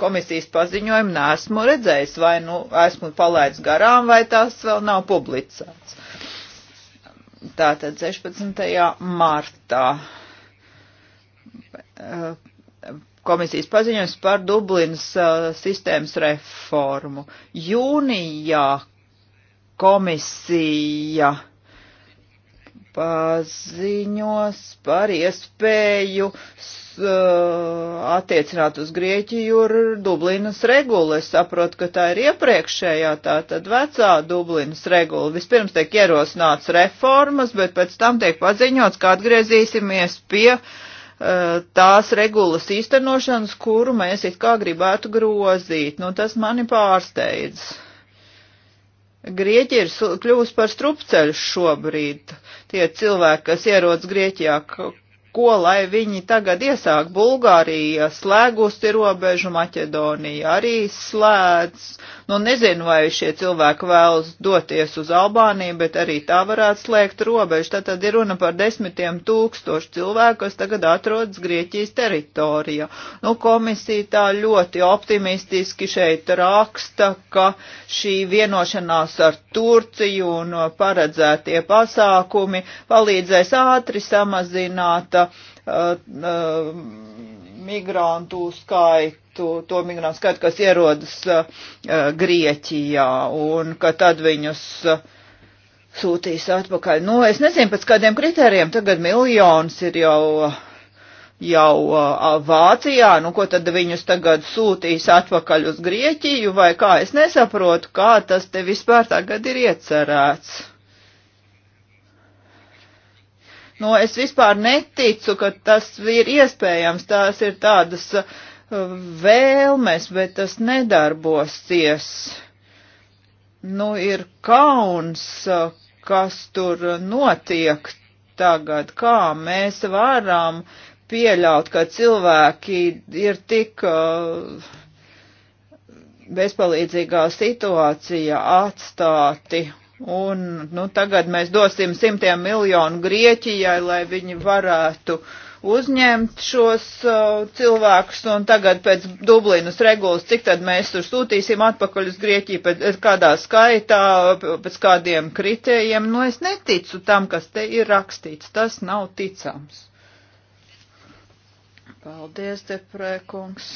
komisijas paziņojuma nesmu redzējis, vai nu esmu palaidis garām, vai tas vēl nav publicēts. Tātad 16. martā eh, komisijas paziņojums par Dublinas eh, sistēmas reformu. Jūnijā komisija paziņos par iespēju uh, attiecināt uz Grieķiju ir Dublinas regula. Es saprotu, ka tā ir iepriekšējā, tā tad vecā Dublinas regula. Vispirms tiek ierosināts reformas, bet pēc tam tiek paziņots, ka atgriezīsimies pie uh, tās regulas īstenošanas, kuru mēs it kā gribētu grozīt. Nu, tas mani pārsteidz. Grieķija ir kļuvusi par strupceļu šobrīd. Tie cilvēki, kas ierodas Grieķijā ko lai viņi tagad iesāk. Bulgārija slēgusi robežu, Maķedonija arī slēdz. Nu, nezinu, vai šie cilvēki vēlas doties uz Albāniju, bet arī tā varētu slēgt robežu. Tad, tad ir runa par desmitiem tūkstošu cilvēku, kas tagad atrodas Grieķijas teritorijā. Nu, komisija tā ļoti optimistiski šeit raksta, ka šī vienošanās ar Turciju un paredzētie pasākumi palīdzēs ātri samazināt samazināta uh, uh, migrantu skaitu, to migrantu skaitu, kas ierodas uh, uh, Grieķijā, un ka tad viņus uh, sūtīs atpakaļ. Nu, es nezinu, pēc kādiem kritērijiem tagad miljons ir jau. Uh, jau uh, Vācijā, nu ko tad viņus tagad sūtīs atpakaļ uz Grieķiju vai kā, es nesaprotu, kā tas te vispār tagad ir iecerēts. Nu, es vispār neticu, ka tas ir iespējams. Tās ir tādas uh, vēlmes, bet tas nedarbosies. Nu, ir kauns, uh, kas tur notiek tagad, kā mēs varam pieļaut, ka cilvēki ir tik uh, bezpalīdzīgā situācijā atstāti Un, nu, tagad mēs dosim simtiem miljonu Grieķijai, lai viņi varētu uzņemt šos uh, cilvēkus, un tagad pēc Dublinas regulas, cik tad mēs tur sūtīsim atpakaļ uz Grieķiju, pēc, pēc eh, kādā skaitā, pēc kādiem kritējiem. Nu, es neticu tam, kas te ir rakstīts. Tas nav ticams. Paldies, Deprēkungs.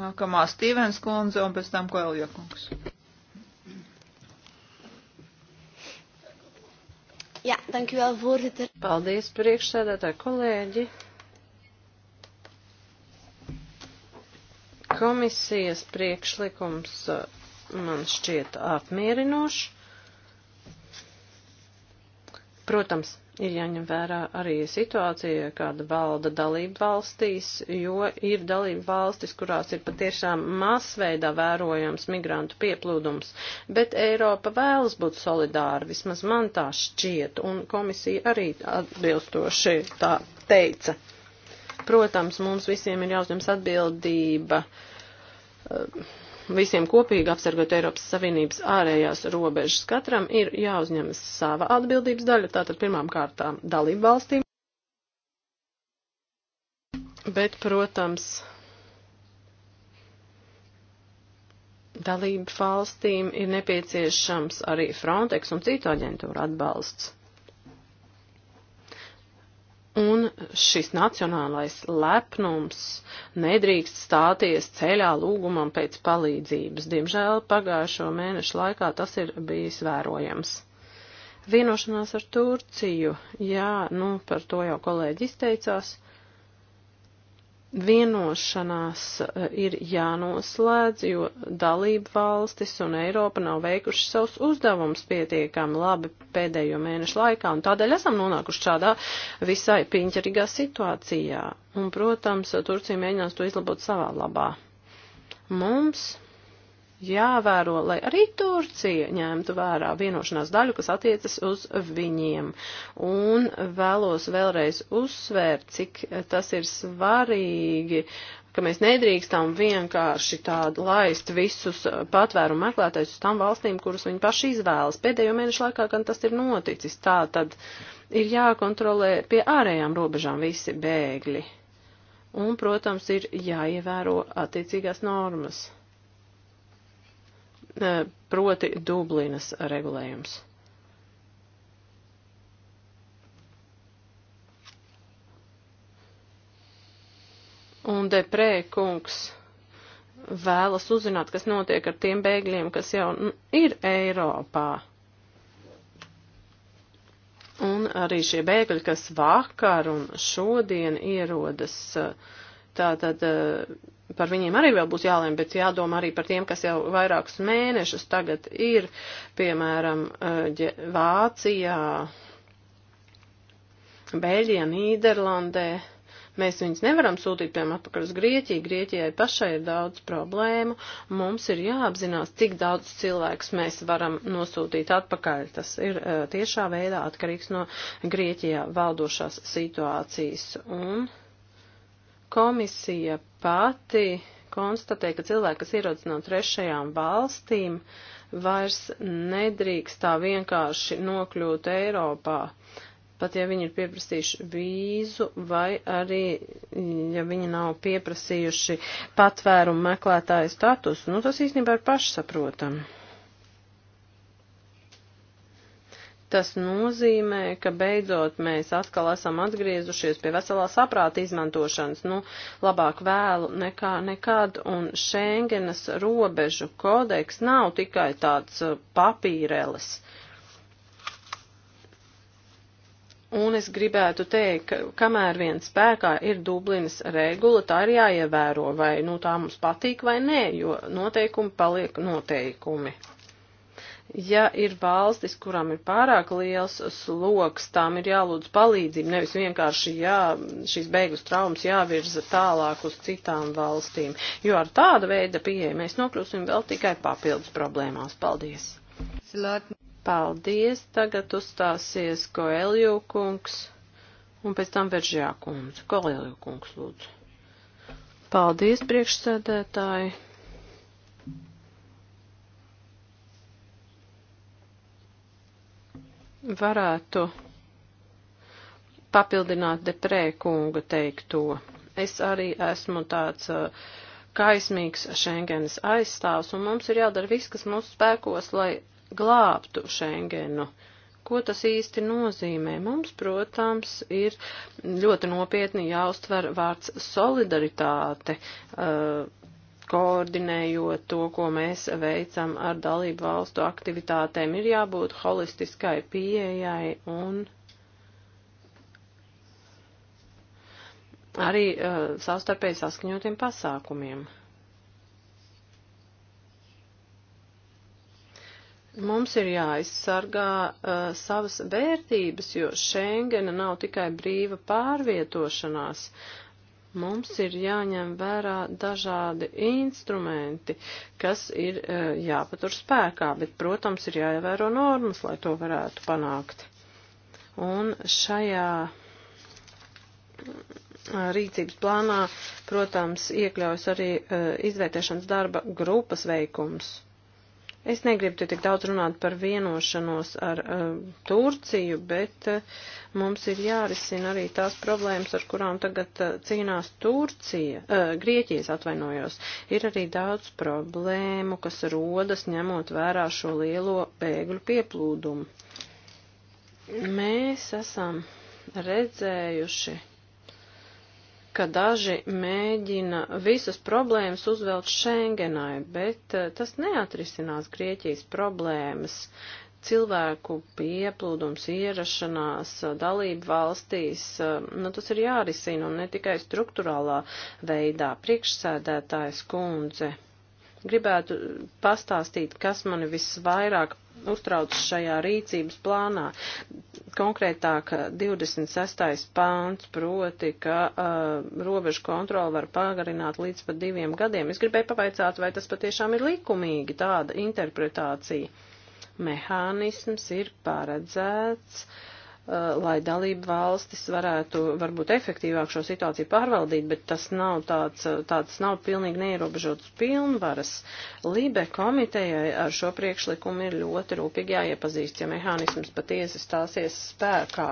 Nākamā Stīvens kundze un pēc tam Koelija kungs. Jā, dank u vēl, voorzitter. Paldies, priekšsēdētāji kolēģi. Komisijas priekšlikums uh, man šķiet apmierinošs. Protams, ir jāņem vērā arī situācija, kāda valda dalību valstīs, jo ir dalību valstis, kurās ir patiešām masveidā vērojams migrantu pieplūdums, bet Eiropa vēlas būt solidāra, vismaz man tā šķiet, un komisija arī atbilstoši tā teica. Protams, mums visiem ir jāuzņems atbildība. Uh, visiem kopīgi apsargot Eiropas Savienības ārējās robežas. Katram ir jāuzņemas sava atbildības daļa, tātad pirmām kārtām dalību valstīm. Bet, protams, dalību valstīm ir nepieciešams arī Frontex un citu aģentūru atbalsts. Un šis nacionālais lepnums nedrīkst stāties ceļā lūgumam pēc palīdzības. Diemžēl pagājušo mēnešu laikā tas ir bijis vērojams. Vienošanās ar Turciju, jā, nu par to jau kolēģi izteicās vienošanās eh, ir jānoslēdz, jo dalība valstis un Eiropa nav veikuši savus uzdevumus pietiekami labi pēdējo mēnešu laikā, un tādēļ esam nonākuši šādā visai piņķerīgā situācijā. Un, protams, Turcija mēģinās to izlabot savā labā. Mums jāvēro, lai arī Turcija ņemtu vērā vienošanās daļu, kas attiecas uz viņiem. Un vēlos vēlreiz uzsvērt, cik tas ir svarīgi, ka mēs nedrīkstam vienkārši tādu laist visus patvērumu meklētājus uz tām valstīm, kuras viņi paši izvēlas. Pēdējo mēnešu laikā gan tas ir noticis. Tā tad ir jākontrolē pie ārējām robežām visi bēgļi. Un, protams, ir jāievēro attiecīgās normas proti Dublinas regulējums. Un deprē kungs vēlas uzzināt, kas notiek ar tiem bēgļiem, kas jau ir Eiropā. Un arī šie bēgļi, kas vakar un šodien ierodas, tātad par viņiem arī vēl būs jālēm, bet jādomā arī par tiem, kas jau vairākus mēnešus tagad ir, piemēram, eh, Vācijā, Beļģijā, Nīderlandē. Mēs viņus nevaram sūtīt, piemēram, atpakaļ uz Grieķiju. Grieķijai pašai ir daudz problēmu. Mums ir jāapzinās, cik daudz cilvēkus mēs varam nosūtīt atpakaļ. Tas ir uh, tiešā veidā atkarīgs no Grieķijā valdošās situācijas. Un, uh, Komisija pati konstatē, ka cilvēki, kas ierodas no trešajām valstīm, vairs nedrīkst tā vienkārši nokļūt Eiropā, pat ja viņi ir pieprasījuši vīzu vai arī, ja viņi nav pieprasījuši patvērumu meklētāju statusu. Nu, tas īstenībā ir pašsaprotami. Tas nozīmē, ka beidzot mēs atkal esam atgriezušies pie veselā saprāta izmantošanas, nu, labāk vēlu nekā nekad, un Šengenas robežu kodeks nav tikai tāds uh, papīrelis. Un es gribētu teikt, ka kamēr vien spēkā ir Dublinas regula, tā ir jāievēro, vai nu tā mums patīk vai nē, jo noteikumi paliek noteikumi ja ir valstis, kurām ir pārāk liels sloks, tām ir jālūdz palīdzību, nevis vienkārši jā, šīs beigus traumas jāvirza tālāk uz citām valstīm, jo ar tādu veidu pieeja mēs nokļūsim vēl tikai papildus problēmās. Paldies! Paldies! Tagad uzstāsies Koelju kungs un pēc tam Veržjā kungs. Koelju kungs, lūdzu. Paldies, priekšsēdētāji! varētu papildināt deprē kunga teikto. Es arī esmu tāds uh, kaismīgs Schengenas aizstāvs, un mums ir jādara viss, kas mūsu spēkos, lai glābtu Schengenu. Ko tas īsti nozīmē? Mums, protams, ir ļoti nopietni jāuztver vārds solidaritāte. Uh, koordinējot to, ko mēs veicam ar dalību valstu aktivitātēm, ir jābūt holistiskai pieejai un arī uh, savstarpēji saskaņotiem pasākumiem. Mums ir jāaizsargā uh, savas vērtības, jo Schengena nav tikai brīva pārvietošanās. Uh, mums ir jāņem vērā dažādi instrumenti, kas ir e, jāpatur spēkā, bet, protams, ir jāievēro normas, lai to varētu panākt. Un šajā rīcības plānā, protams, iekļaujas arī e, izvērtēšanas darba grupas veikums. Es negribu te tik daudz runāt par vienošanos ar uh, Turciju, bet uh, mums ir jārisina arī tās problēmas, ar kurām tagad uh, cīnās Turcija, uh, Grieķijas atvainojos. Ir arī daudz problēmu, kas rodas ņemot vērā šo lielo bēgļu pieplūdumu. Mēs esam redzējuši ka daži mēģina visas problēmas uzvelt Schengenai, bet eh, tas neatrisinās Grieķijas problēmas. Cilvēku pieplūdums, ierašanās eh, dalību valstīs, eh, nu tas ir jārisina un ne tikai struktūrālā veidā. Priekšsēdētājs kundze gribētu pastāstīt, kas mani visvairāk uztrauc šajā rīcības plānā. Konkrētāk 26. pāns proti, ka uh, robežu kontroli var pagarināt līdz pat diviem gadiem. Es gribēju pavaicāt, vai tas patiešām ir likumīgi tāda interpretācija. Mehānisms ir paredzēts. Uh, Uh, lai dalību valstis varētu varbūt efektīvāk šo situāciju pārvaldīt, bet tas nav tāds, uh, tāds nav pilnīgi neierobežots pilnvaras. Lībe komitejai ar šo priekšlikumu ir ļoti rūpīgi jāiepazīst, ja mehānisms patiesi stāsies spēkā.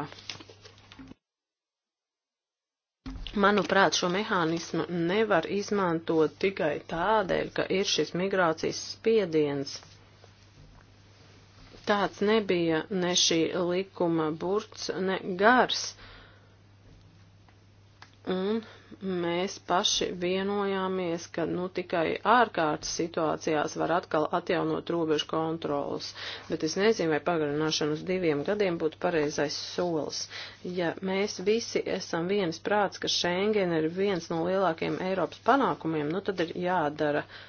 Manuprāt, šo mehānismu nevar izmantot tikai tādēļ, ka ir šis migrācijas spiediens tāds nebija ne šī likuma burts, ne gars. Un mēs paši vienojāmies, ka nu tikai ārkārtas situācijās var atkal atjaunot robežu kontrolas, bet es nezinu, vai pagarināšana uz diviem gadiem būtu pareizais solis. Ja mēs visi esam viens prāts, ka Schengen ir viens no lielākiem Eiropas panākumiem, nu tad ir jādara uh,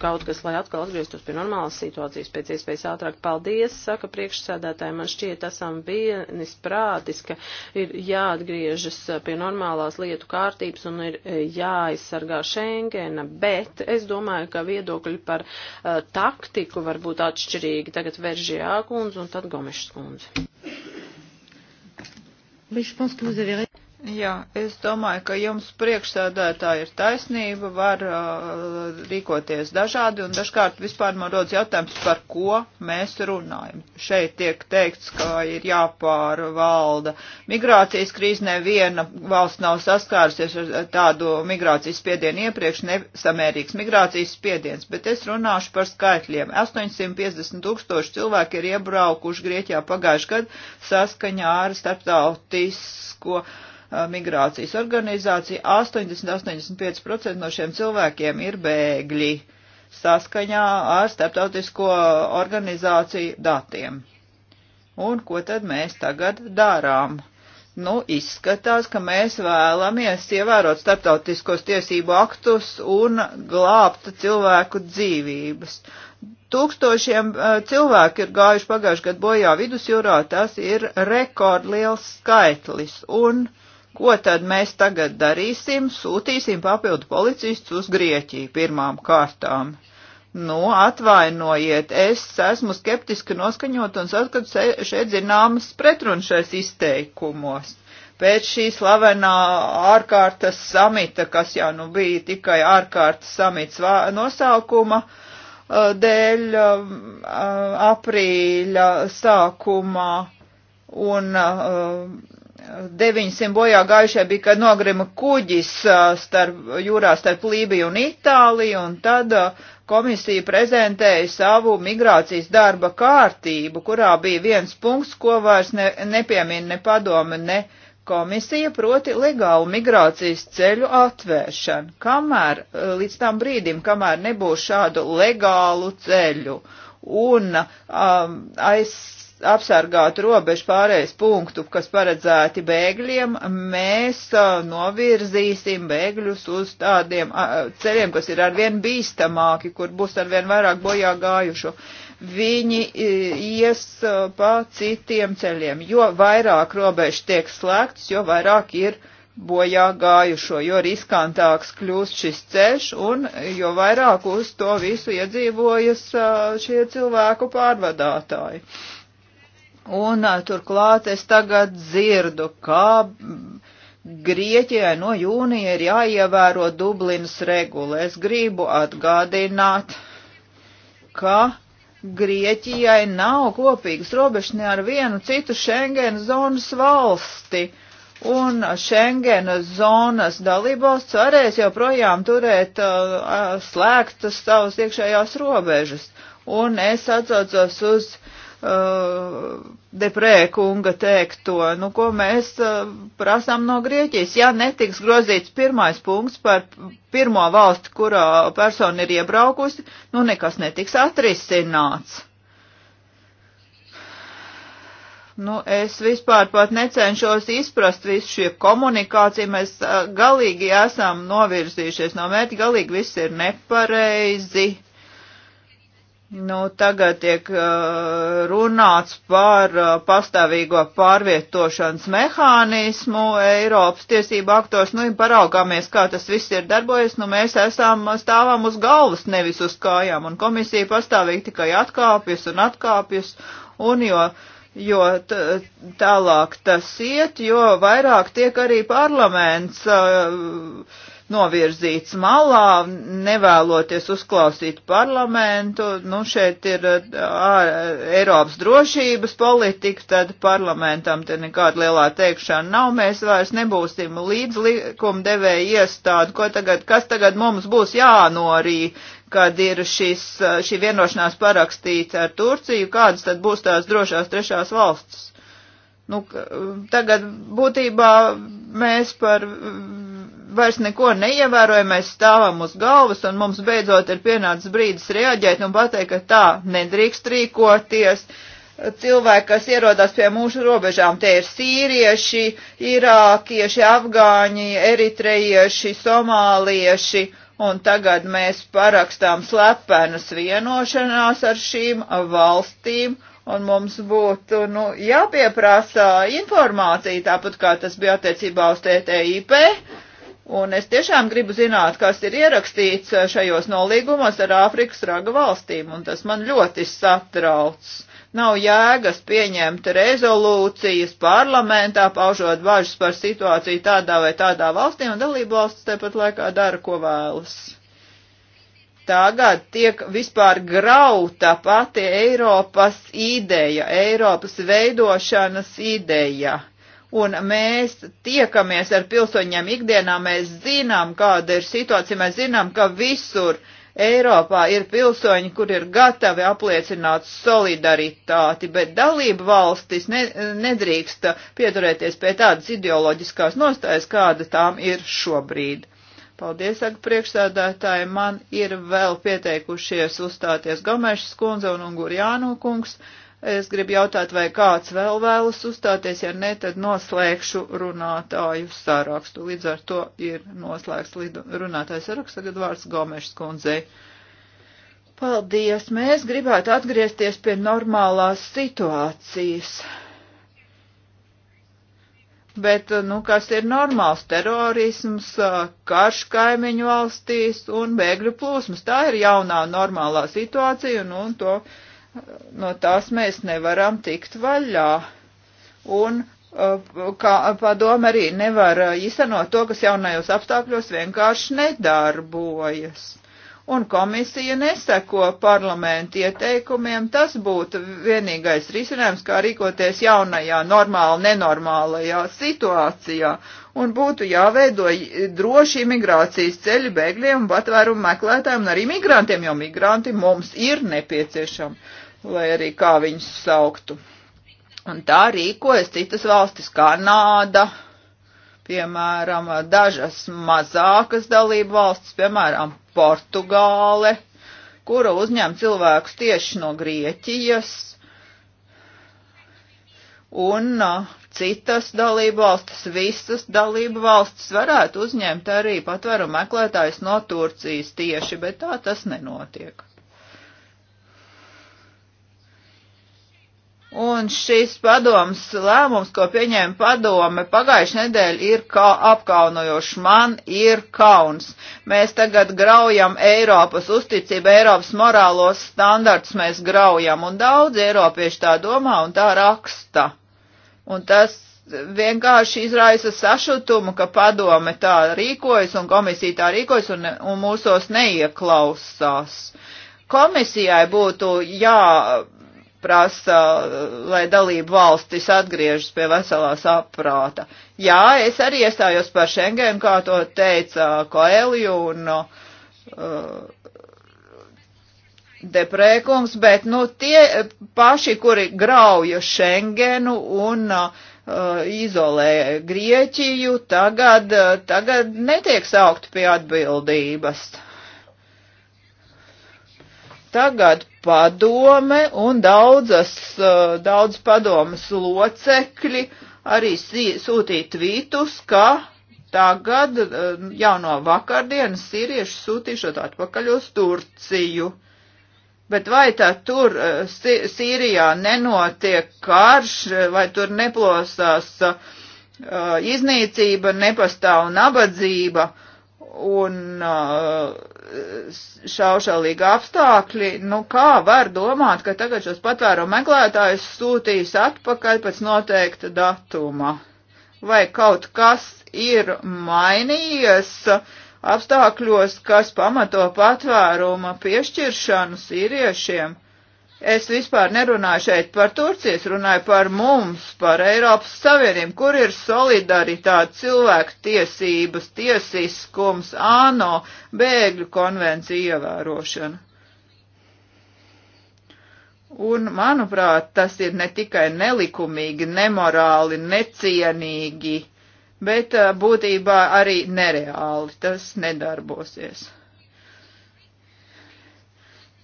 kaut kas, lai atkal atgrieztos pie normālas situācijas pēc iespējas ātrāk. Paldies, saka priekšsēdētāji, man šķiet esam vienis prātis, ka ir jāatgriežas pie normālās lietu kārtības un ir eh, jāaizsargā Schengena, bet es domāju, ka viedokļi par uh, taktiku var būt atšķirīgi. Tagad veržījā kundze un tad Gomešs kundze. Mais je pense que vous avez raison. Jā, es domāju, ka jums priekšsēdētāji ir taisnība, var uh, rīkoties dažādi, un dažkārt vispār man rodas jautājums, par ko mēs runājam. Šeit tiek teikts, ka ir jāpārvalda migrācijas krīze, neviena valsts nav saskārusies ar tādu migrācijas spiedienu iepriekš, nesamērīgs migrācijas spiediens, bet es runāšu par skaitļiem. 850 tūkstoši cilvēki ir iebraukuši Grieķijā pagājuši gadu saskaņā ar starptautisko. Uh, migrācijas organizācija. 80-85% no šiem cilvēkiem ir bēgļi saskaņā ar starptautisko organizāciju datiem. Un ko tad mēs tagad darām? Nu, izskatās, ka mēs vēlamies ievērot starptautiskos tiesību aktus un glābt cilvēku dzīvības. Tūkstošiem e, cilvēku ir gājuši pagājuši gadu bojā vidusjūrā, tas ir rekordliels skaitlis. Un uh, Ko tad mēs tagad darīsim? Sūtīsim papildu policistus uz Grieķiju pirmām kārtām. Nu, atvainojiet, es esmu skeptiski noskaņot un saskatu šeit zināmas pretrunšais izteikumos. Pēc šī slavenā ārkārtas samita, kas jau nu bija tikai ārkārtas samits nosaukuma, uh, dēļ um, uh, aprīļa sākumā un uh, 900 bojā gājušie bija, kad nogrima kuģis starp, jūrā starp Lībiju un Itāliju, un tad komisija prezentēja savu migrācijas darba kārtību, kurā bija viens punkts, ko vairs ne, nepiemina ne padome, ne komisija, proti legālu migrācijas ceļu atvēršanu. Kamēr, līdz tam brīdim, kamēr nebūs šādu legālu ceļu un um, aiz apsargātu robežu pārējais punktu, kas paredzēti bēgļiem, mēs novirzīsim bēgļus uz tādiem ceļiem, kas ir arvien bīstamāki, kur būs arvien vairāk bojā gājušo. Viņi ies pa citiem ceļiem, jo vairāk robežu tiek slēgts, jo vairāk ir bojā gājušo, jo riskantāks kļūst šis ceļš un jo vairāk uz to visu iedzīvojas šie cilvēku pārvadātāji. Uh, Un turklāt es tagad dzirdu, kā Grieķijai no jūnija ir jāievēro Dublinas regula. Es gribu atgādināt, ka Grieķijai nav kopīgas robežas ne ar vienu citu Schengen zonas valsti, un Schengen zonas dalībvalsts varēs joprojām turēt uh, slēgtas savas iekšējās robežas. Un es atsaucos uz uh, deprē kunga teikto, nu, ko mēs uh, prasām no Grieķijas. Ja netiks grozīts pirmais punkts par pirmo valsti, kurā persona ir iebraukusi, nu, nekas netiks atrisināts. Nu, es vispār pat necenšos izprast visu šie komunikāciju, mēs uh, galīgi esam novirzījušies no mērķa, galīgi viss ir nepareizi. Uh, Nu, tagad tiek uh, runāts par uh, pastāvīgo pārvietošanas mehānismu Eiropas tiesību aktos. Nu, ja paraugāmies, kā tas viss ir darbojies, nu, mēs esam uh, stāvam uz galvas, nevis uz kājām, un komisija pastāvīgi tikai atkāpjas un atkāpjas, un jo, jo tālāk tas iet, jo vairāk tiek arī parlaments. Uh, novirzīts malā, nevēloties uzklausīt parlamentu. Nu, šeit ir ā, Eiropas drošības politika, tad parlamentam te nekāda lielā teikšana nav. Mēs vairs nebūsim līdz likumdevēja iestādi, ko tagad, kas tagad mums būs jānorī, kad ir šis, šī vienošanās parakstīta ar Turciju, kādas tad būs tās drošās trešās valsts. Nu, tagad būtībā mēs par vairs neko neievērojam, mēs stāvam uz galvas un mums beidzot ir pienācis brīdis reaģēt un pateikt, ka tā nedrīkst rīkoties. Cilvēki, kas ierodas pie mūsu robežām, tie ir sīrieši, irākieši, afgāņi, eritreieši, somālieši, un tagad mēs parakstām slepenas vienošanās ar šīm valstīm, un mums būtu nu, jāpieprasa informācija, tāpat kā tas bija attiecībā uz TTIP, Un es tiešām gribu zināt, kas ir ierakstīts eh, šajos nolīgumos ar Āfrikas raga valstīm, un tas man ļoti satrauc. Nav jēgas pieņemt rezolūcijas parlamentā, paužot bažas par situāciju tādā vai tādā valstī, un dalību valsts tepat laikā dara, ko vēlas. Tagad tiek vispār grauta pati Eiropas ideja, Eiropas veidošanas ideja un mēs tiekamies ar pilsoņiem ikdienā, mēs zinām, kāda ir situācija, mēs zinām, ka visur Eiropā ir pilsoņi, kur ir gatavi apliecināt solidaritāti, bet dalību valstis ne, nedrīkst pieturēties pie tādas ideoloģiskās nostājas, kāda tām ir šobrīd. Paldies, saka priekšsēdētāji, man ir vēl pieteikušies uzstāties Gomešas kundze un Ungurjānu kungs. Un Es gribu jautāt, vai kāds vēl vēlas uzstāties, ja ne, tad noslēgšu runātāju sārakstu. Līdz ar to ir noslēgts runātāju saraksts, tagad vārds Gomešs kundzei. Paldies! Mēs gribētu atgriezties pie normālās situācijas. Bet, nu, kas ir normāls terorisms, karš kaimiņu valstīs un bēgļu plūsmas? Tā ir jaunā normālā situācija, un, un to no tās mēs nevaram tikt vaļā. Un uh, kā padoma arī nevar uh, īstenot to, kas jaunajos apstākļos vienkārši nedarbojas. Un komisija neseko parlamentu ieteikumiem, tas būtu vienīgais risinājums, kā rīkoties jaunajā normāla, nenormālajā situācijā. Un būtu jāveido droši imigrācijas ceļi bēgļiem, patvērumu meklētājiem un arī migrantiem, jo migranti mums ir nepieciešami vai arī kā viņus sauktu. Un tā rīkojas citas valstis, Kanāda, piemēram, dažas mazākas dalību valstis, piemēram, Portugāle, kura uzņem cilvēkus tieši no Grieķijas, un citas dalību valstis, visas dalību valstis varētu uzņemt arī patvēru meklētājs no Turcijas tieši, bet tā tas nenotiek. Un šis padoms lēmums, ko pieņēma padome pagājušajā nedēļā, ir kā apkaunojošs. Man ir kauns. Mēs tagad graujam Eiropas uzticību, Eiropas morālos standarts mēs graujam, un daudz eiropieši tā domā un tā raksta. Un tas vienkārši izraisa sašutumu, ka padome tā rīkojas un komisija tā rīkojas un, un mūsos neieklausās. Komisijai būtu jā prasa, uh, lai dalību valstis atgriežas pie veselās aprāta. Jā, es arī iestājos par Schengen, kā to teica Koeliju un uh, deprēkums, bet, nu, tie paši, kuri grauja Schengenu un uh, izolē Grieķiju, tagad, uh, tagad netiek saukt pie atbildības. Tagad padome un daudzas, uh, daudz padomas locekļi arī sūtīja tvītus, ka tagad uh, jau no vakardienas sīrieši sūtīšot atpakaļ uz Turciju. Bet vai tā tur uh, Sīrijā nenotiek karš, vai tur neplosās uh, iznīcība, nepastāv nabadzība un uh, šaušalīgi apstākļi, nu kā var domāt, ka tagad šos patvēru meklētājus sūtīs atpakaļ pēc noteikta datuma? Vai kaut kas ir mainījies apstākļos, kas pamato patvēruma piešķiršanu sīriešiem? Es vispār nerunāju šeit par Turciju, es runāju par mums, par Eiropas Savienību, kur ir solidaritāte, cilvēku tiesības, tiesiskums, ANO, bēgļu konvenciju ievērošana. Un, manuprāt, tas ir ne tikai nelikumīgi, nemorāli, necienīgi, bet būtībā arī nereāli. Tas nedarbosies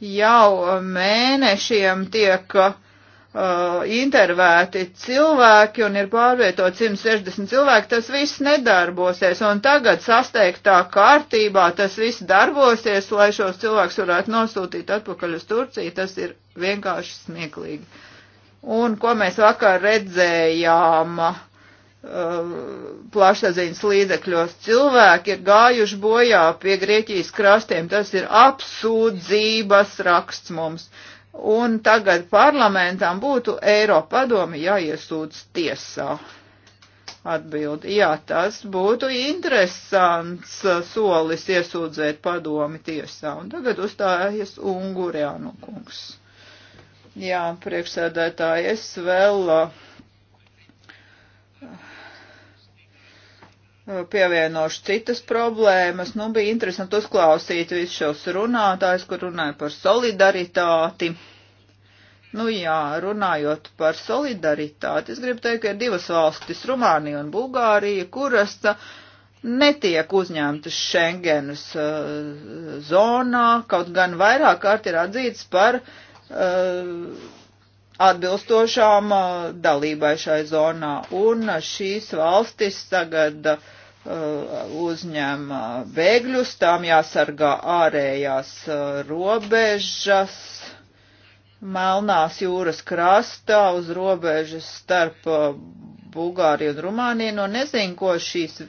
jau mēnešiem tiek uh, intervēti cilvēki un ir pārvietot 160 cilvēki, tas viss nedarbosies. Un tagad sasteigtā kārtībā tas viss darbosies, lai šos cilvēkus varētu nosūtīt atpakaļ uz Turciju. Tas ir vienkārši smieklīgi. Un ko mēs vakar redzējām? Uh, Um, plašsaziņas līdzekļos cilvēki ir gājuši bojā pie Grieķijas krastiem. Tas ir apsūdzības raksts mums. Un tagad parlamentam būtu Eiropa padomi jāiesūdz tiesā. Atbildi, jā, tas būtu interesants solis iesūdzēt padomi tiesā. Un tagad uzstājas Ungurēnu kungs. Jā, priekšsēdētāji, es vēl uh, pievienošu citas problēmas. Nu, bija interesanti uzklausīt visus šos runātājus, kur runāja par solidaritāti. Nu jā, runājot par solidaritāti, es gribu teikt, ka ir divas valstis, Rumānija un Bulgārija, kuras uh, netiek uzņemtas Schengenas uh, zonā, kaut gan vairāk kārt ir atzīts par uh, atbilstošām uh, dalībai šai zonā. Un šīs valstis tagad uh, Uh, uzņem uh, bēgļus, tām jāsargā ārējās uh, robežas, Melnās jūras krastā uz robežas starp Bulgāriju un Rumāniju. Nu, nezinu, ko šīs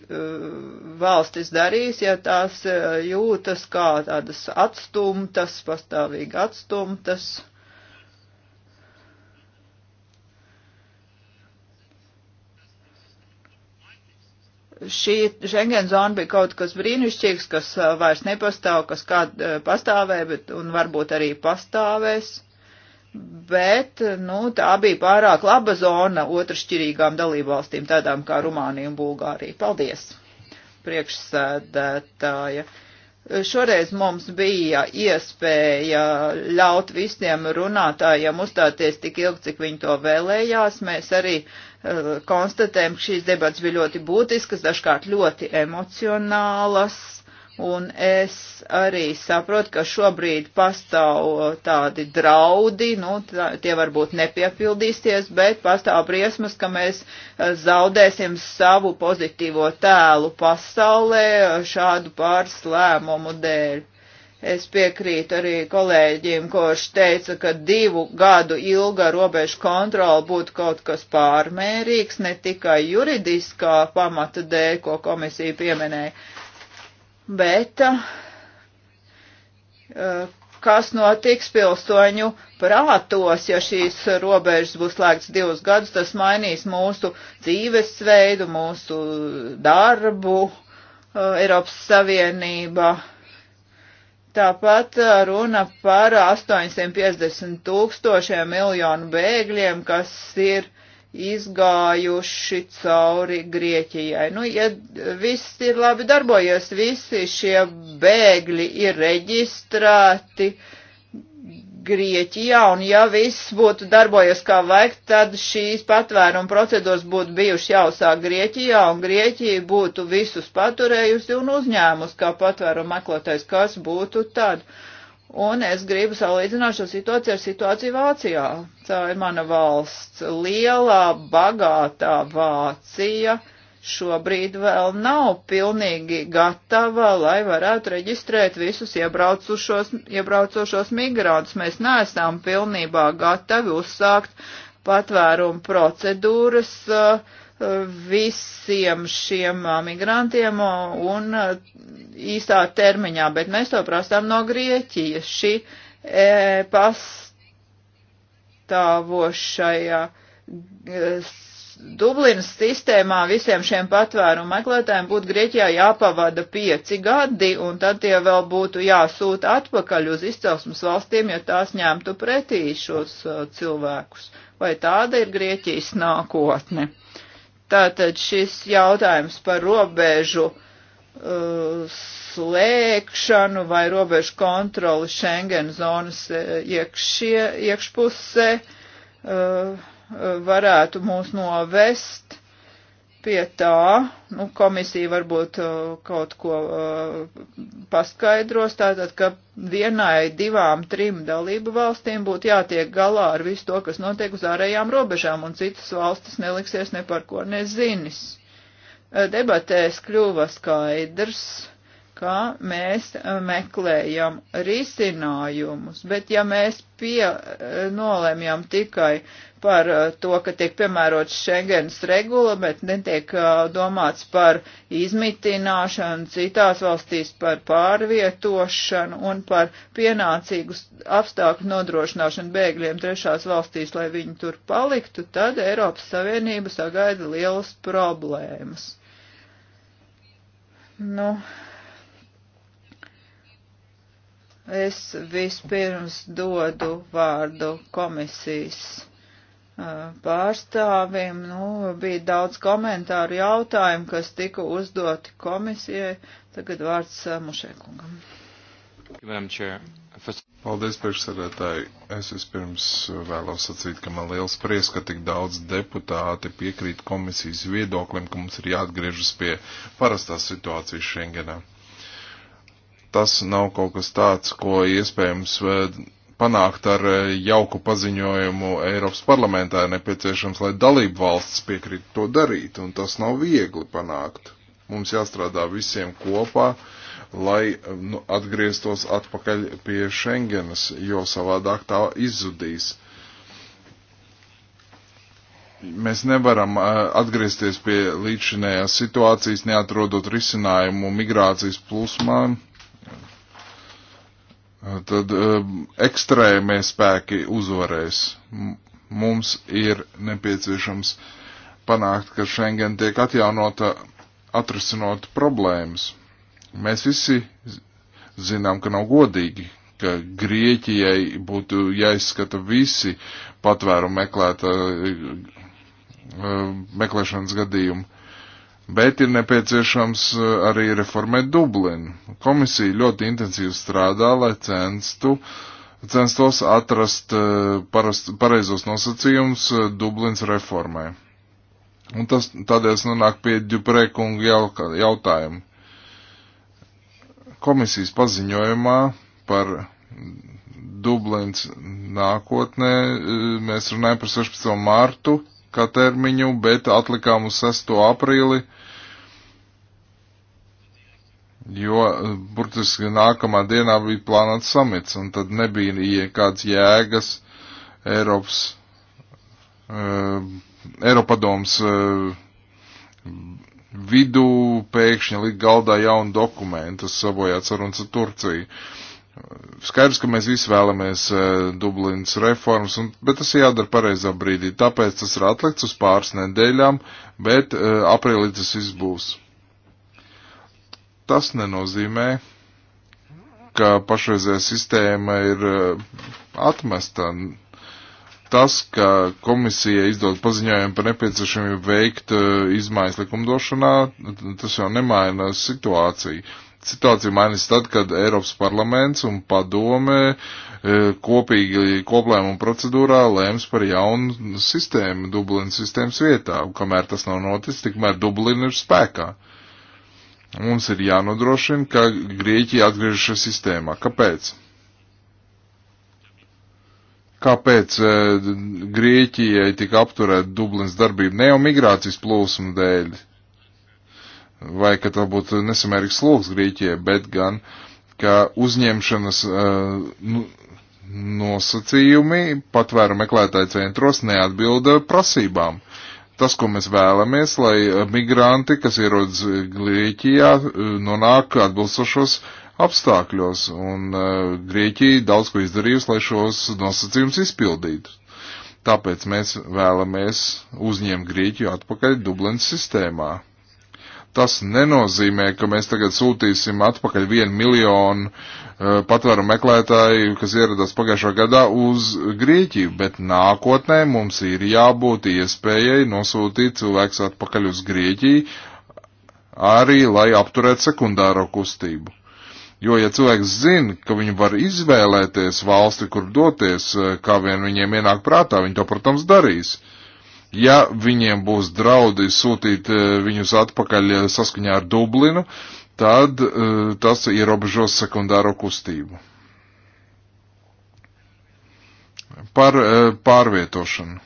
valstis darīs, ja tās jūtas kā tādas atstumtas, pastāvīgi atstumtas. šī Schengen zona bija kaut kas brīnišķīgs, kas uh, vairs nepastāv, kas kād uh, pastāvēja, bet un varbūt arī pastāvēs. Bet, nu, tā bija pārāk laba zona otršķirīgām dalībvalstīm, tādām kā Rumānija un Bulgārija. Paldies, priekšsēdētāja. Šoreiz mums bija iespēja ļaut visiem runātājiem uzstāties tik ilgi, cik viņi to vēlējās. Mēs arī uh, Eh, konstatējam, ka šīs debats bija ļoti būtiskas, dažkārt ļoti emocionālas, un es arī saprotu, ka šobrīd pastāv eh, tādi draudi, nu, tā, tie varbūt nepiepildīsies, bet pastāv briesmas, ka mēs eh, zaudēsim savu pozitīvo tēlu pasaulē šādu pārslēmumu dēļ. Es piekrītu arī kolēģiem, kurš teica, ka divu gadu ilga robežu kontrola būtu kaut kas pārmērīgs, ne tikai juridiskā pamata dēļ, ko komisija pieminēja, bet uh, kas notiks pilsoņu prātos, ja šīs robežas būs slēgts divus gadus, tas mainīs mūsu dzīvesveidu, mūsu darbu, uh, Eiropas Savienība Tāpat runa par 850 tūkstošiem miljonu bēgļiem, kas ir izgājuši cauri Grieķijai. Nu, ja viss ir labi darbojies, visi šie bēgļi ir reģistrēti, Grieķijā, un ja viss būtu darbojies kā vajag, tad šīs patvēruma procedūras būtu bijušas jāuzsāk Grieķijā, un Grieķija būtu visus paturējusi un uzņēmusi kā patvēruma meklētais, kas būtu tad. Un es gribu salīdzināt šo situāciju ar situāciju Vācijā. Tā ir mana valsts, lielā, bagātā Vācija. Uh, šobrīd vēl nav pilnīgi gatava, lai varētu reģistrēt visus iebraucošos migrantus. Mēs neesam pilnībā gatavi uzsākt patvērumu procedūras uh, visiem šiem uh, migrantiem uh, un īsā termiņā, bet mēs to prasām no Grieķijas. Šī e, pastāvošajā e, Dublinas sistēmā visiem šiem patvērumu meklētājiem būtu Grieķijā jāpavada pieci gadi, un tad tie vēl būtu jāsūta atpakaļ uz izcelsmes valstīm, ja tās ņemtu pretī šos uh, cilvēkus. Vai tāda ir Grieķijas nākotne? Tātad šis jautājums par robežu uh, slēgšanu vai robežu kontroli Schengen zonas uh, iekšie, iekšpusē. Uh, varētu mūs novest pie tā, nu, komisija varbūt uh, kaut ko uh, paskaidros, tātad, ka vienai, divām, trim dalību valstīm būtu jātiek galā ar visu to, kas notiek uz ārējām robežām, un citas valstis neliksies ne par ko nezinis. Debatēs kļuva skaidrs ka mēs eh, meklējam risinājumus, bet ja mēs pie, eh, nolemjam tikai par eh, to, ka tiek piemērots Schengens regula, bet netiek domāts par izmitināšanu citās valstīs, par pārvietošanu un par pienācīgu apstākļu nodrošināšanu bēgļiem trešās valstīs, lai viņi tur paliktu, tad Eiropas Savienība sagaida lielas problēmas. Nu, Es vispirms dodu vārdu komisijas pārstāvim. Nu, bija daudz komentāru jautājumu, kas tika uzdoti komisijai. Tagad vārds Mušēkungam. Paldies, priekšsarētāji. Es vispirms vēlos sacīt, ka man liels prieks, ka tik daudz deputāti piekrīt komisijas viedoklim, ka mums ir jāatgriežas pie parastās situācijas Schengenā tas nav kaut kas tāds, ko iespējams e, panākt ar e, jauku paziņojumu Eiropas parlamentā ir nepieciešams, lai dalību valsts piekrīt to darīt, un tas nav viegli panākt. Mums jāstrādā visiem kopā, lai e, nu, atgrieztos atpakaļ pie Schengenas, jo savādāk tā izzudīs. Mēs nevaram atgriezties pie līdzinējās situācijas, neatrodot risinājumu migrācijas plūsmām tad um, ekstrēmie spēki uzvarēs. Mums ir nepieciešams panākt, ka Schengen tiek atjaunota, atrisinot problēmas. Mēs visi zinām, ka nav godīgi, ka Grieķijai būtu jāizskata visi patvēru meklēta, um, meklēšanas gadījumi bet ir nepieciešams e, arī reformēt Dublinu. Komisija ļoti intensīvi strādā, lai censtu, censtos atrast e, parast, pareizos nosacījumus e, Dublins reformai. Un tas tādēļ nonāk pie Džuprēkunga jautājumu. Komisijas paziņojumā par Dublins nākotnē mēs runājam par 16. mārtu kā termiņu, bet atlikām uz 6. aprīli jo eh, burtiski nākamā dienā bija plānots samits, un tad nebija nekāds jēgas Eiropas, uh, Eiropadoms uh, vidū pēkšņi likt galdā jaunu dokumentu, tas sabojāts sarunas ar Turciju. Skaidrs, ka mēs visi vēlamies uh, Dublinas reformas, un, bet tas jādara pareizā brīdī. Tāpēc tas ir atlikts uz pāris nedēļām, bet uh, aprīlī tas viss būs tas nenozīmē, ka pašreizējā sistēma ir eh, atmesta. Tas, ka komisija izdod paziņojumu par nepieciešamību veikt eh, izmaiņas likumdošanā, tas jau nemaina situāciju. Situācija mainās tad, kad Eiropas parlaments un padome eh, kopīgi koplēmuma procedūrā lēms par jaunu sistēmu Dublinas sistēmas vietā, un kamēr tas nav noticis, tikmēr Dublina ir spēkā. Uh, Mums ir jānodrošina, ka Grieķija atgriežas sistēmā. Kāpēc? Kāpēc e, Grieķijai tika apturēta Dublinas darbība? Ne jau migrācijas plūsmu dēļ, vai ka tā būtu nesamērīgs sloks Grieķijai, bet gan, ka uzņemšanas e, nu, nosacījumi patvēru meklētāju centros neatbilda prasībām. Uh, tas, ko mēs vēlamies, lai eh, migranti, kas ierodas eh, Grieķijā, eh, nonāk atbilstošos apstākļos, un Grieķija daudz ko izdarījusi, lai šos nosacījumus izpildītu. Tāpēc mēs vēlamies uzņemt Grieķiju atpakaļ Dublinas sistēmā. Tas nenozīmē, ka mēs tagad sūtīsim atpakaļ vienu miljonu Eh, patvēru meklētāji, kas ieradās pagājušā gadā uz Grieķiju, bet nākotnē mums ir jābūt iespējai nosūtīt cilvēks atpakaļ uz Grieķiju, arī lai apturētu sekundāro kustību. Jo, ja cilvēks zina, ka viņi var izvēlēties valsti, kur doties, eh, kā vien viņiem ienāk prātā, viņi to, protams, darīs. Ja viņiem būs draudi sūtīt eh, viņus atpakaļ saskaņā ar Dublinu, uh, tad e, tas ierobežos sekundāro kustību. Par e, pārvietošanu.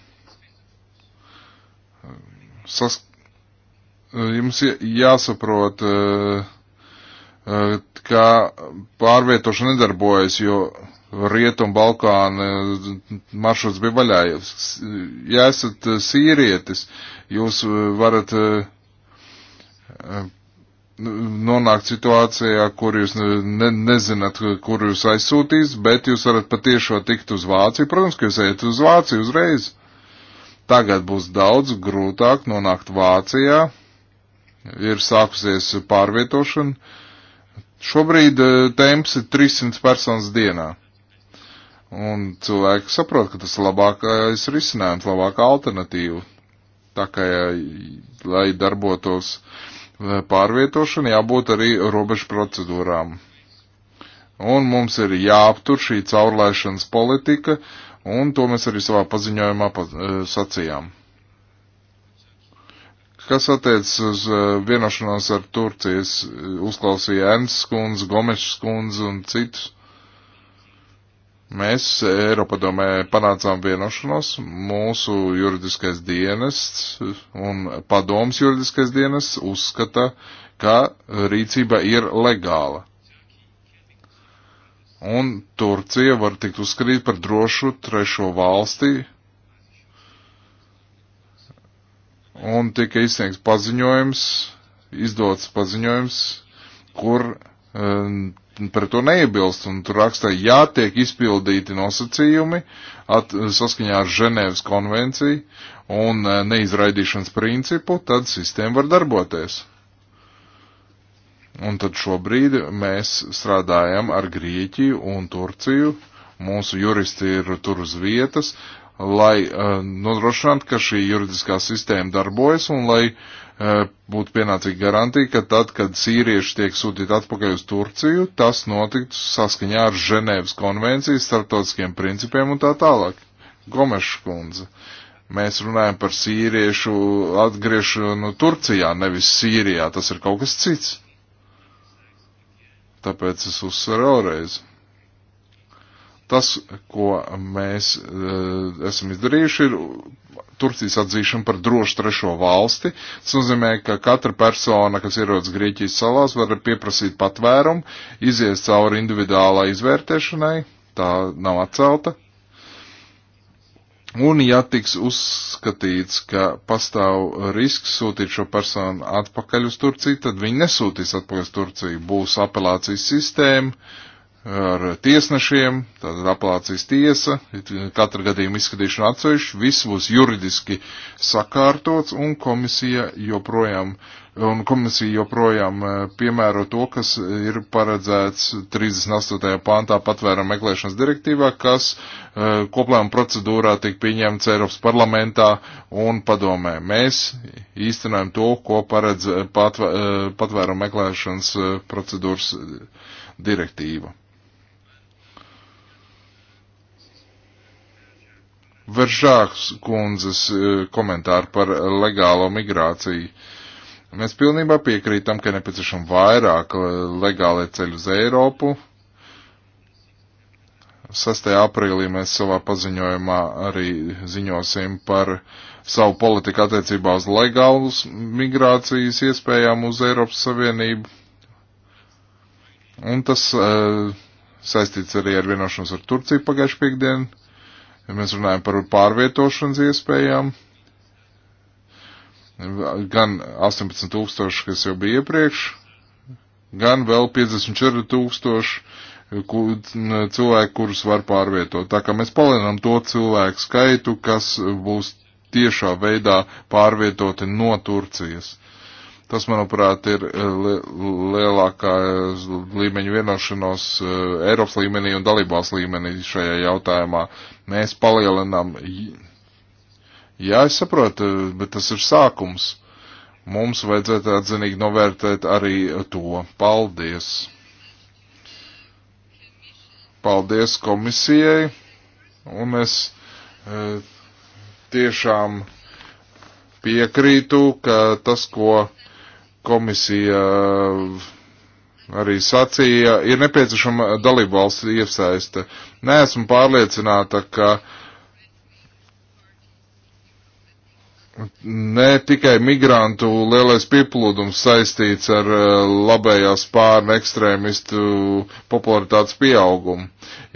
Sas, e, jums jāsaprot, ka pārvietošana nedarbojas, jo Rietum Balkāna maršruts bija vaļā. Ja esat sīrietis, jūs varat nonākt situācijā, kur jūs ne, nezināt, kur jūs aizsūtīs, bet jūs varat patiešo tikt uz Vāciju. Protams, ka jūs ejat uz Vāciju uzreiz. Tagad būs daudz grūtāk nonākt Vācijā. Ir sākusies pārvietošana. Šobrīd eh, temps ir 300 personas dienā. Un cilvēki saprot, ka tas ir labākais risinājums, labākā alternatīva. Tā kā, lai darbotos uh, Eh, pārvietošana, jābūt arī robežu procedūrām. Un mums ir jāaptur šī caurlaišanas politika, un to mēs arī savā paziņojumā eh, sacījām. Kas attiecas uz eh, vienošanos ar Turcijas, uzklausīja Ernsts kundze, Gomešs kundze un citus. Mēs Eiropadomē panācām vienošanos, mūsu juridiskais dienests un padoms juridiskais dienests uzskata, ka rīcība ir legāla. Un Turcija var tikt uzskatīt par drošu trešo valsti. Un tika izsniegts paziņojums, izdots paziņojums, kur Ehm, par to neiebilst, un tur rakstā jātiek izpildīti nosacījumi at, saskaņā ar Ženēvas konvenciju un e, neizraidīšanas principu, tad sistēma var darboties. Un tad šobrīd mēs strādājam ar Grieķiju un Turciju, mūsu juristi ir tur uz vietas, lai uh, nodrošinātu, ka šī juridiskā sistēma darbojas un lai uh, Eh, būtu pienācīga garantija, ka tad, kad sīrieši tiek sūtīti atpakaļ uz Turciju, tas notiktu saskaņā ar Ženēvas konvencijas starptautiskiem principiem un tā tālāk. Gomeša kundze. Mēs runājam par sīriešu atgriešanu Turcijā, nevis Sīrijā. Tas ir kaut kas cits. Tāpēc es uzsveru vēlreiz tas, ko mēs uh, esam izdarījuši, ir Turcijas atzīšanu par drošu trešo valsti. Tas nozīmē, ka katra persona, kas ierodas Grieķijas salās, var pieprasīt patvērumu, izies cauri individuālai izvērtēšanai, tā nav atcelta. Un, ja tiks uzskatīts, ka pastāv risks sūtīt šo personu atpakaļ uz Turciju, tad viņi nesūtīs atpakaļ uz Turciju. Būs apelācijas sistēma, ar tiesnešiem, tātad apelācijas tiesa, katra gadījuma izskatīšana atsevišķi, viss būs juridiski sakārtots un komisija joprojām, un komisija joprojām e, piemēro to, kas ir paredzēts 38. pāntā patvēra meklēšanas direktīvā, kas e, koplējuma procedūrā tika pieņemts Eiropas parlamentā un padomē. Mēs īstenojam to, ko paredz e, patvēra meklēšanas procedūras direktīva. Veržāks kundzes e, komentāru par legālo migrāciju. Mēs pilnībā piekrītam, ka nepieciešam vairāk e, legālai ceļu uz Eiropu. 6. aprīlī mēs savā paziņojumā arī ziņosim par savu politiku attiecībā uz legālus migrācijas iespējām uz Eiropas Savienību. Un tas uh, saistīts arī ar vienošanos ar Turciju pagājušajā piekdienā ja mēs runājam par pārvietošanas iespējām, gan 18 tūkstoši, kas jau bija iepriekš, gan vēl 54 tūkstoši cilvēku, kurus var pārvietot. Tā kā mēs palielinām to cilvēku skaitu, kas būs tiešā veidā pārvietoti no Turcijas. Tas, manuprāt, ir eh, lielākā eh, līmeņa vienošanos eh, Eiropas līmenī un dalībās līmenī šajā jautājumā. Mēs palielinām. Jā, es saprotu, bet tas ir sākums. Mums vajadzētu atzinīgi novērtēt arī to. Paldies! Paldies komisijai! Un es e, tiešām piekrītu, ka tas, ko komisija eh, arī sacīja, ir nepieciešama dalību valsts iesaiste. Neesmu pārliecināta, ka ne tikai migrantu lielais pieplūdums saistīts ar eh, labējās pārne ekstrēmistu popularitātes pieaugumu.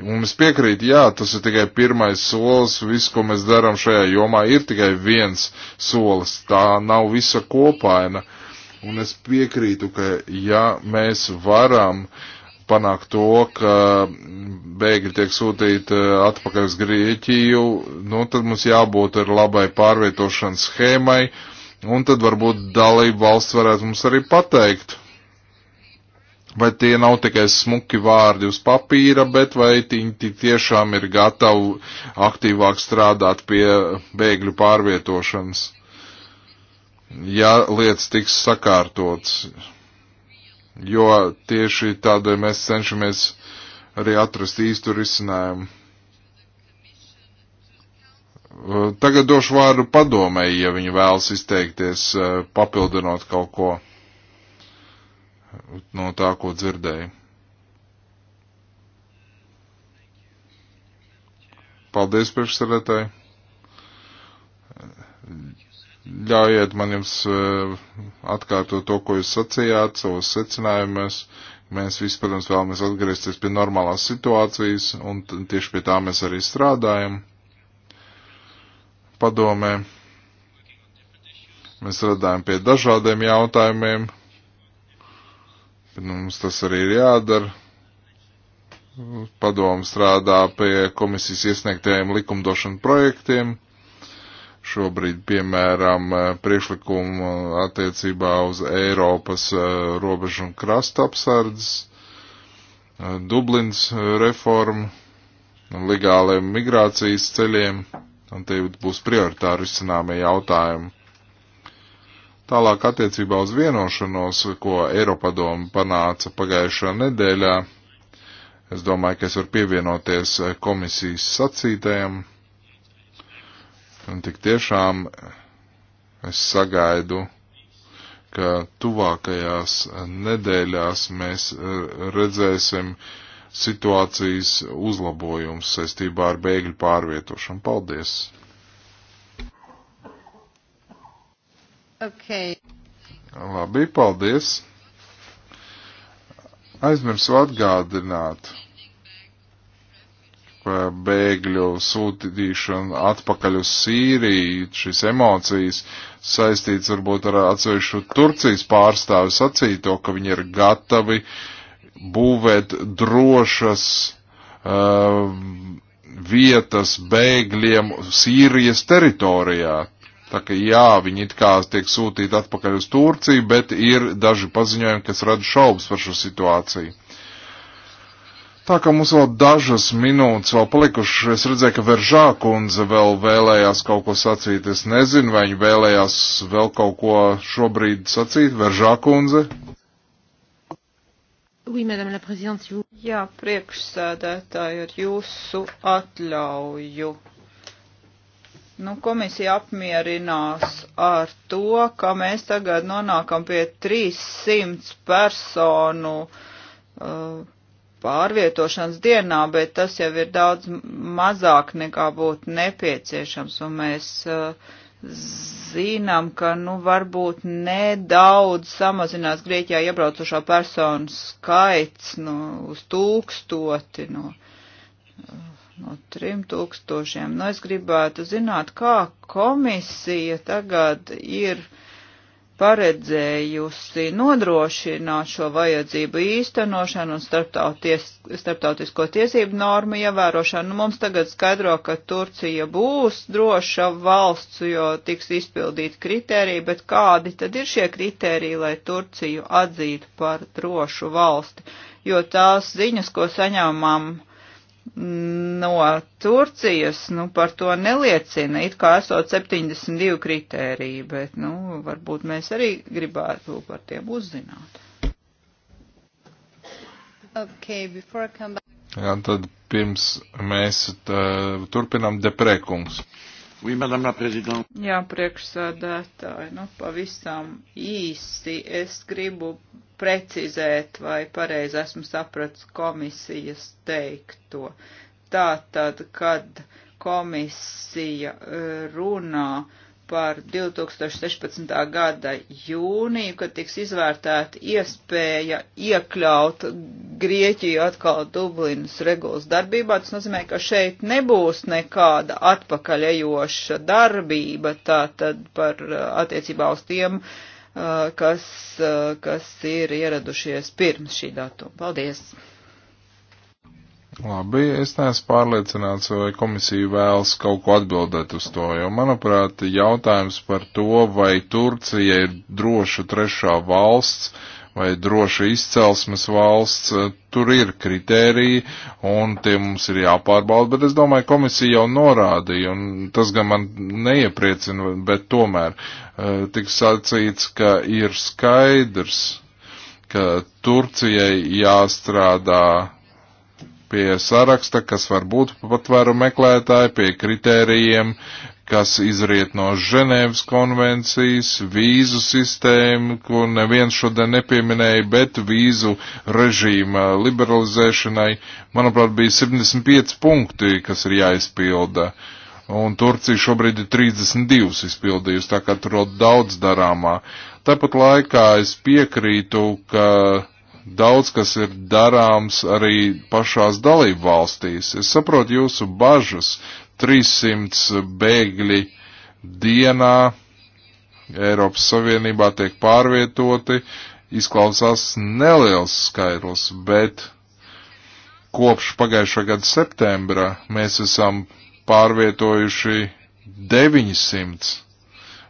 Mums piekrīt, jā, tas ir tikai pirmais solis, viss, ko mēs darām šajā jomā, ir tikai viens solis, tā nav visa kopaina. Ja Un es piekrītu, ka ja mēs varam panākt to, ka bēgļi tiek sūtīti eh, atpakaļ uz Grieķiju, nu tad mums jābūt ar labai pārvietošanas schēmai, un tad varbūt dalību valsts varētu mums arī pateikt, vai tie nav tikai smuki vārdi uz papīra, bet vai viņi tiešām ir gatavi aktīvāk strādāt pie bēgļu pārvietošanas ja lietas tiks sakārtots. Jo tieši tādēļ mēs cenšamies arī atrast īstu risinājumu. Tagad došu vārdu padomēji, ja viņi vēlas izteikties, eh, papildinot kaut ko no tā, ko dzirdēju. Paldies, priekšsēdētāji! Ļaujiet man jums e, atkārtot to, ko jūs sacījāt savos secinājumus. Mēs visi, protams, vēlamies atgriezties pie normālās situācijas, un tieši pie tā mēs arī strādājam. Padomē, mēs strādājam pie dažādiem jautājumiem, nu, mums tas arī ir jādara. Padomu strādā pie komisijas iesniegtajiem likumdošanu projektiem šobrīd, piemēram, eh, priekšlikumu attiecībā uz Eiropas eh, robežu un krasta apsardzes, eh, Dublins reformu, legāliem migrācijas ceļiem, un tie būs prioritāri izcināmie jautājumi. Tālāk attiecībā uz vienošanos, ko Eiropadoma panāca pagājušā nedēļā, es domāju, ka es varu pievienoties komisijas sacītajam. Un tik tiešām es sagaidu, ka tuvākajās nedēļās mēs eh, redzēsim situācijas uzlabojums saistībā ar bēgļu pārvietošanu. Paldies! Okay. Labi, paldies! Aizmirsu atgādināt bēgļu sūtīšanu atpakaļ uz Sīriju, šīs emocijas saistīts varbūt ar atsevišķu Turcijas pārstāvi sacīto, ka viņi ir gatavi būvēt drošas uh, vietas bēgļiem Sīrijas teritorijā. Tā ka jā, viņi it kā tiek sūtīti atpakaļ uz Turciju, bet ir daži paziņojumi, kas rada šaubas par šo situāciju. Tā kā mums vēl dažas minūtes vēl palikušas, es redzēju, ka Veržā kundze vēl vēlējās kaut ko sacīt. Es nezinu, vai viņa vēlējās vēl kaut ko šobrīd sacīt. Veržā kundze. Oui, madame la présidente, jūs. Jā, priekšsēdētāji, ar jūsu atļauju. Nu, komisija apmierinās ar to, ka mēs tagad nonākam pie 300 personu uh, pārvietošanas dienā, bet tas jau ir daudz mazāk nekā būtu nepieciešams, un mēs uh, zinām, ka, nu, varbūt nedaudz samazinās Grieķijā iebraucošā personu skaits, nu, uz tūkstoti, no, nu, no trim tūkstošiem. Nu, es gribētu zināt, kā komisija tagad ir paredzējusi nodrošināt šo vajadzību īstenošanu un starptauties, starptautisko tiesību normu ievērošanu. Nu, mums tagad skaidro, ka Turcija būs droša valsts, jo tiks izpildīti kriteriji, bet kādi tad ir šie kriteriji, lai Turciju atzītu par drošu valsti? Jo tās ziņas, ko saņēmām no Turcijas, nu, par to neliecina, it kā esot 72 kritēriji, bet, nu, varbūt mēs arī gribētu par tiem uzzināt. Okay, before I come back. Jā, tad pirms mēs tā, turpinām deprēkums. Oui, madame la présidente. Jā, priekšsādātāji, nu pavisam īsi es gribu precizēt, vai pareizi esmu sapratis komisijas teikto. Tātad, kad komisija e, runā par 2016. gada jūniju, kad tiks izvērtēta iespēja iekļaut Grieķiju atkal Dublinas regulas darbībā, tas nozīmē, ka šeit nebūs nekāda atpakaļejoša darbība, tātad par e, attiecībā uz tiem uh, kas, kas ir ieradušies pirms šī datuma. Paldies! Labi, es neesmu pārliecināts, vai komisija vēlas kaut ko atbildēt uz to, jo, manuprāt, jautājums par to, vai Turcija ir droša trešā valsts, uh, vai droša izcelsmes valsts, eh, tur ir kritēriji un tie mums ir jāpārbauda, bet es domāju, komisija jau norādīja, un tas gan man neiepriecina, bet tomēr eh, tik sacīts, ka ir skaidrs, ka Turcijai jāstrādā pie saraksta, kas var būt patvēru meklētāji, pie kritērijiem, kas izriet no Ženēvas konvencijas, vīzu sistēmu, ko neviens šodien nepieminēja, bet vīzu režīma liberalizēšanai, manuprāt, bija 75 punkti, kas ir jāizpilda. Un Turcija šobrīd ir 32 izpildījusi, tā kā tur ir daudz darāmā. Tāpat laikā es piekrītu, ka daudz kas ir darāms arī pašās dalību valstīs. Es saprotu jūsu bažas. 300 bēgļi dienā Eiropas Savienībā tiek pārvietoti. Izklausās neliels skaidrs, bet kopš pagājušā gada septembra mēs esam pārvietojuši 900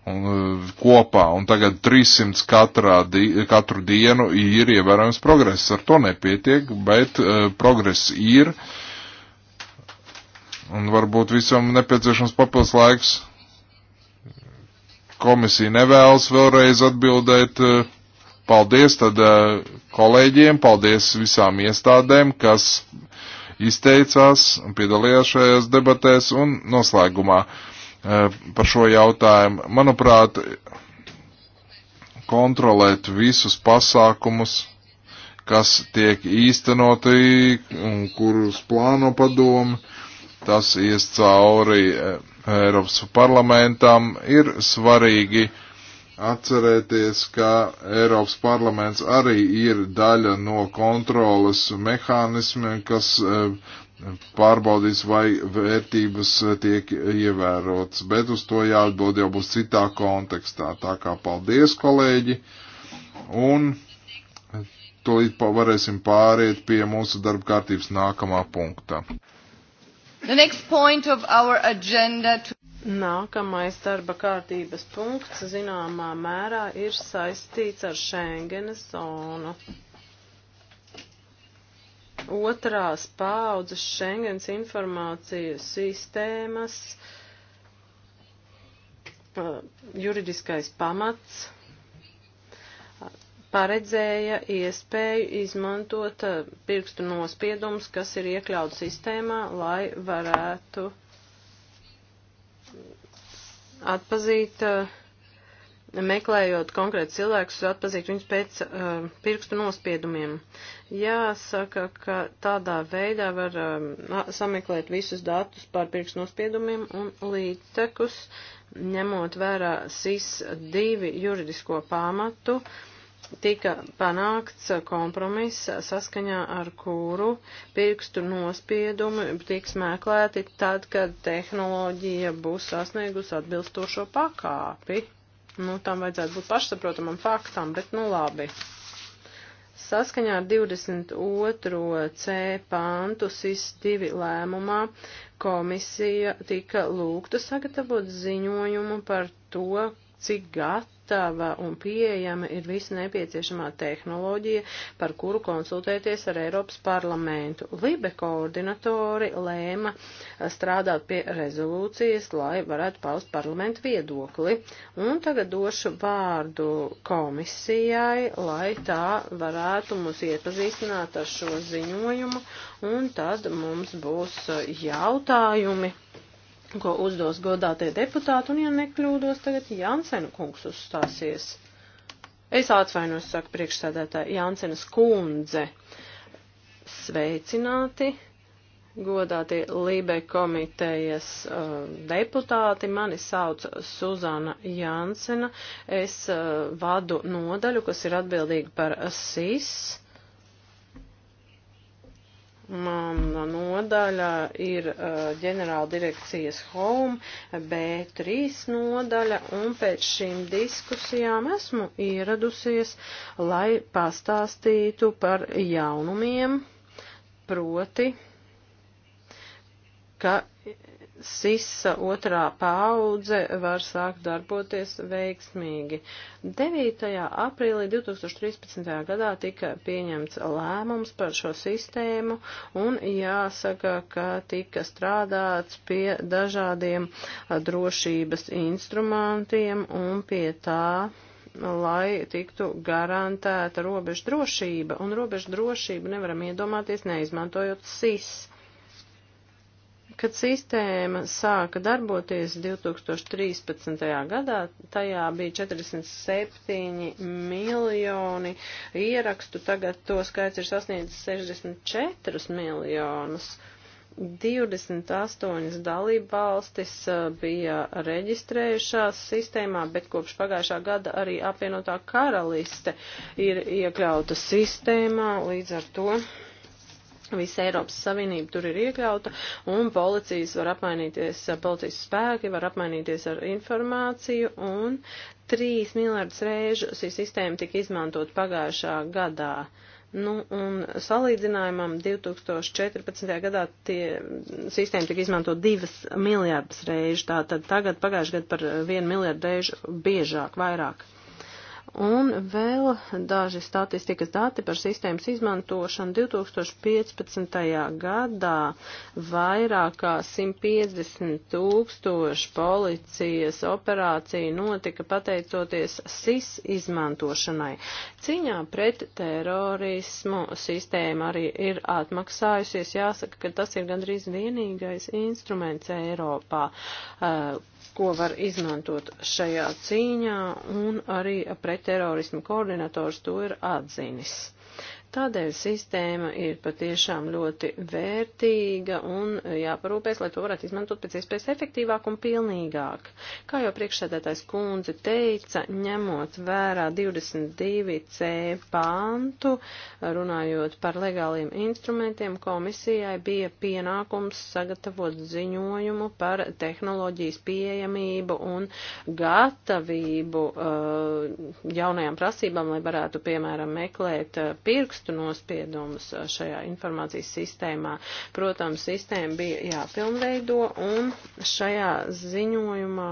un, e, kopā, un tagad 300 katrā, di katru dienu ir ievērojams progress. Ar to nepietiek, bet uh, progress ir. Un varbūt visam nepieciešams papildus laiks. Komisija nevēlas vēlreiz atbildēt. Uh, paldies tad uh, kolēģiem, paldies visām iestādēm, kas izteicās un piedalījās šajās debatēs un noslēgumā. Uh, Eh, par šo jautājumu. Manuprāt, kontrolēt visus pasākumus, kas tiek īstenoti un kurus plāno padomu, tas ies cauri eh, Eiropas parlamentam, ir svarīgi atcerēties, ka Eiropas parlaments arī ir daļa no kontrolas mehānismiem, kas eh, pārbaudīs, vai vērtības tiek ievērotas, bet uz to jāatbild jau būs citā kontekstā. Tā kā paldies, kolēģi, un tolīt varēsim pāriet pie mūsu darba kārtības nākamā punktā. To... Nākamais darba kārtības punkts zināmā mērā ir saistīts ar Schengenes zonu otrās paaudzes Schengens informācijas sistēmas juridiskais pamats paredzēja iespēju izmantot uh, pirkstu nospiedumus, kas ir iekļauts sistēmā, lai varētu atpazīt uh, meklējot konkrēti cilvēkus, atpazīt viņus pēc uh, pirkstu nospiedumiem. Jāsaka, ka tādā veidā var uh, sameklēt visus datus par pirkstu nospiedumiem un līdztekus, ņemot vērā SIS divi juridisko pamatu. Uh, tika panākts kompromiss, saskaņā ar kuru pirkstu nospiedumi tiks mēklēti tad, kad tehnoloģija būs sasniegusi atbilstošo pakāpi. Nu, tam vajadzētu būt pašsaprotamam faktam, bet nu labi. Saskaņā ar 22c pantu SIS-2 lēmumā komisija tika lūgta sagatavot ziņojumu par to, cik gatavi gatava un pieejama ir visa nepieciešamā tehnoloģija, par kuru konsultēties ar Eiropas parlamentu. Libe koordinatori lēma strādāt pie rezolūcijas, lai varētu paust parlamentu viedokli. Un tagad došu vārdu komisijai, lai tā varētu mūs iepazīstināt ar šo ziņojumu, un tad mums būs jautājumi ko uzdos godātie deputāti, un, ja nekļūdos, tagad Jānsena kungs uzstāsies. Es atvainojos, saka priekšsēdētāja Jānsenas kundze. Sveicināti, godātie Lībe komitejas uh, deputāti. Mani sauc Suzana Jānsena. Es uh, vadu nodaļu, kas ir atbildīga par SIS. Uh, Mana nodaļa ir uh, ģenerāla direkcijas Home, B3 nodaļa, un pēc šīm diskusijām esmu ieradusies, lai pastāstītu par jaunumiem, proti, ka SISA otrā paudze var sākt darboties veiksmīgi. 9. aprīlī 2013. gadā tika pieņemts lēmums par šo sistēmu un jāsaka, ka tika strādāts pie dažādiem drošības instrumentiem un pie tā lai tiktu garantēta robežu drošība, un robežu drošību nevaram iedomāties neizmantojot SIS. Kad sistēma sāka darboties 2013. gadā, tajā bija 47 miljoni ierakstu, tagad to skaits ir sasniedzis 64 miljonus. 28 dalība valstis bija reģistrējušās sistēmā, bet kopš pagājušā gada arī apvienotā karaliste ir iekļauta sistēmā, līdz ar to Visa Eiropas Savienība tur ir iekļauta, un policijas var apmainīties, eh, policijas spēki var apmainīties ar informāciju, un 3 miljardus reižu šī sistēma tika izmantot pagājušā gadā. Nu, un salīdzinājumam 2014. gadā tie sistēma tika izmantot 2 miljardus reižu, tātad tagad pagājušajā gadā par 1 miljardu reižu biežāk, vairāk. Un vēl daži statistikas dati par sistēmas izmantošanu 2015. gadā vairāk kā 150 tūkstoši policijas operāciju notika pateicoties SIS izmantošanai. Ciņā pret terorismu sistēma arī ir atmaksājusies. Jāsaka, ka tas ir gandrīz vienīgais instruments Eiropā, eh, ko var izmantot šajā cīņā un arī pret pret terorismu koordinators to ir atzinis. Tādēļ sistēma ir patiešām ļoti vērtīga un jāparūpēs, lai to varētu izmantot pēc iespējas efektīvāk un pilnīgāk. Kā jau priekšsēdētājs kundze teica, ņemot vērā 22c pantu, runājot par legāliem instrumentiem, komisijai bija pienākums sagatavot ziņojumu par tehnoloģijas pieejamību un gatavību uh, jaunajām prasībām, lai varētu, piemēram, meklēt uh, pirks rakstu nospiedumus uh, šajā informācijas sistēmā. Protams, sistēma bija jāpilnveido un šajā ziņojumā.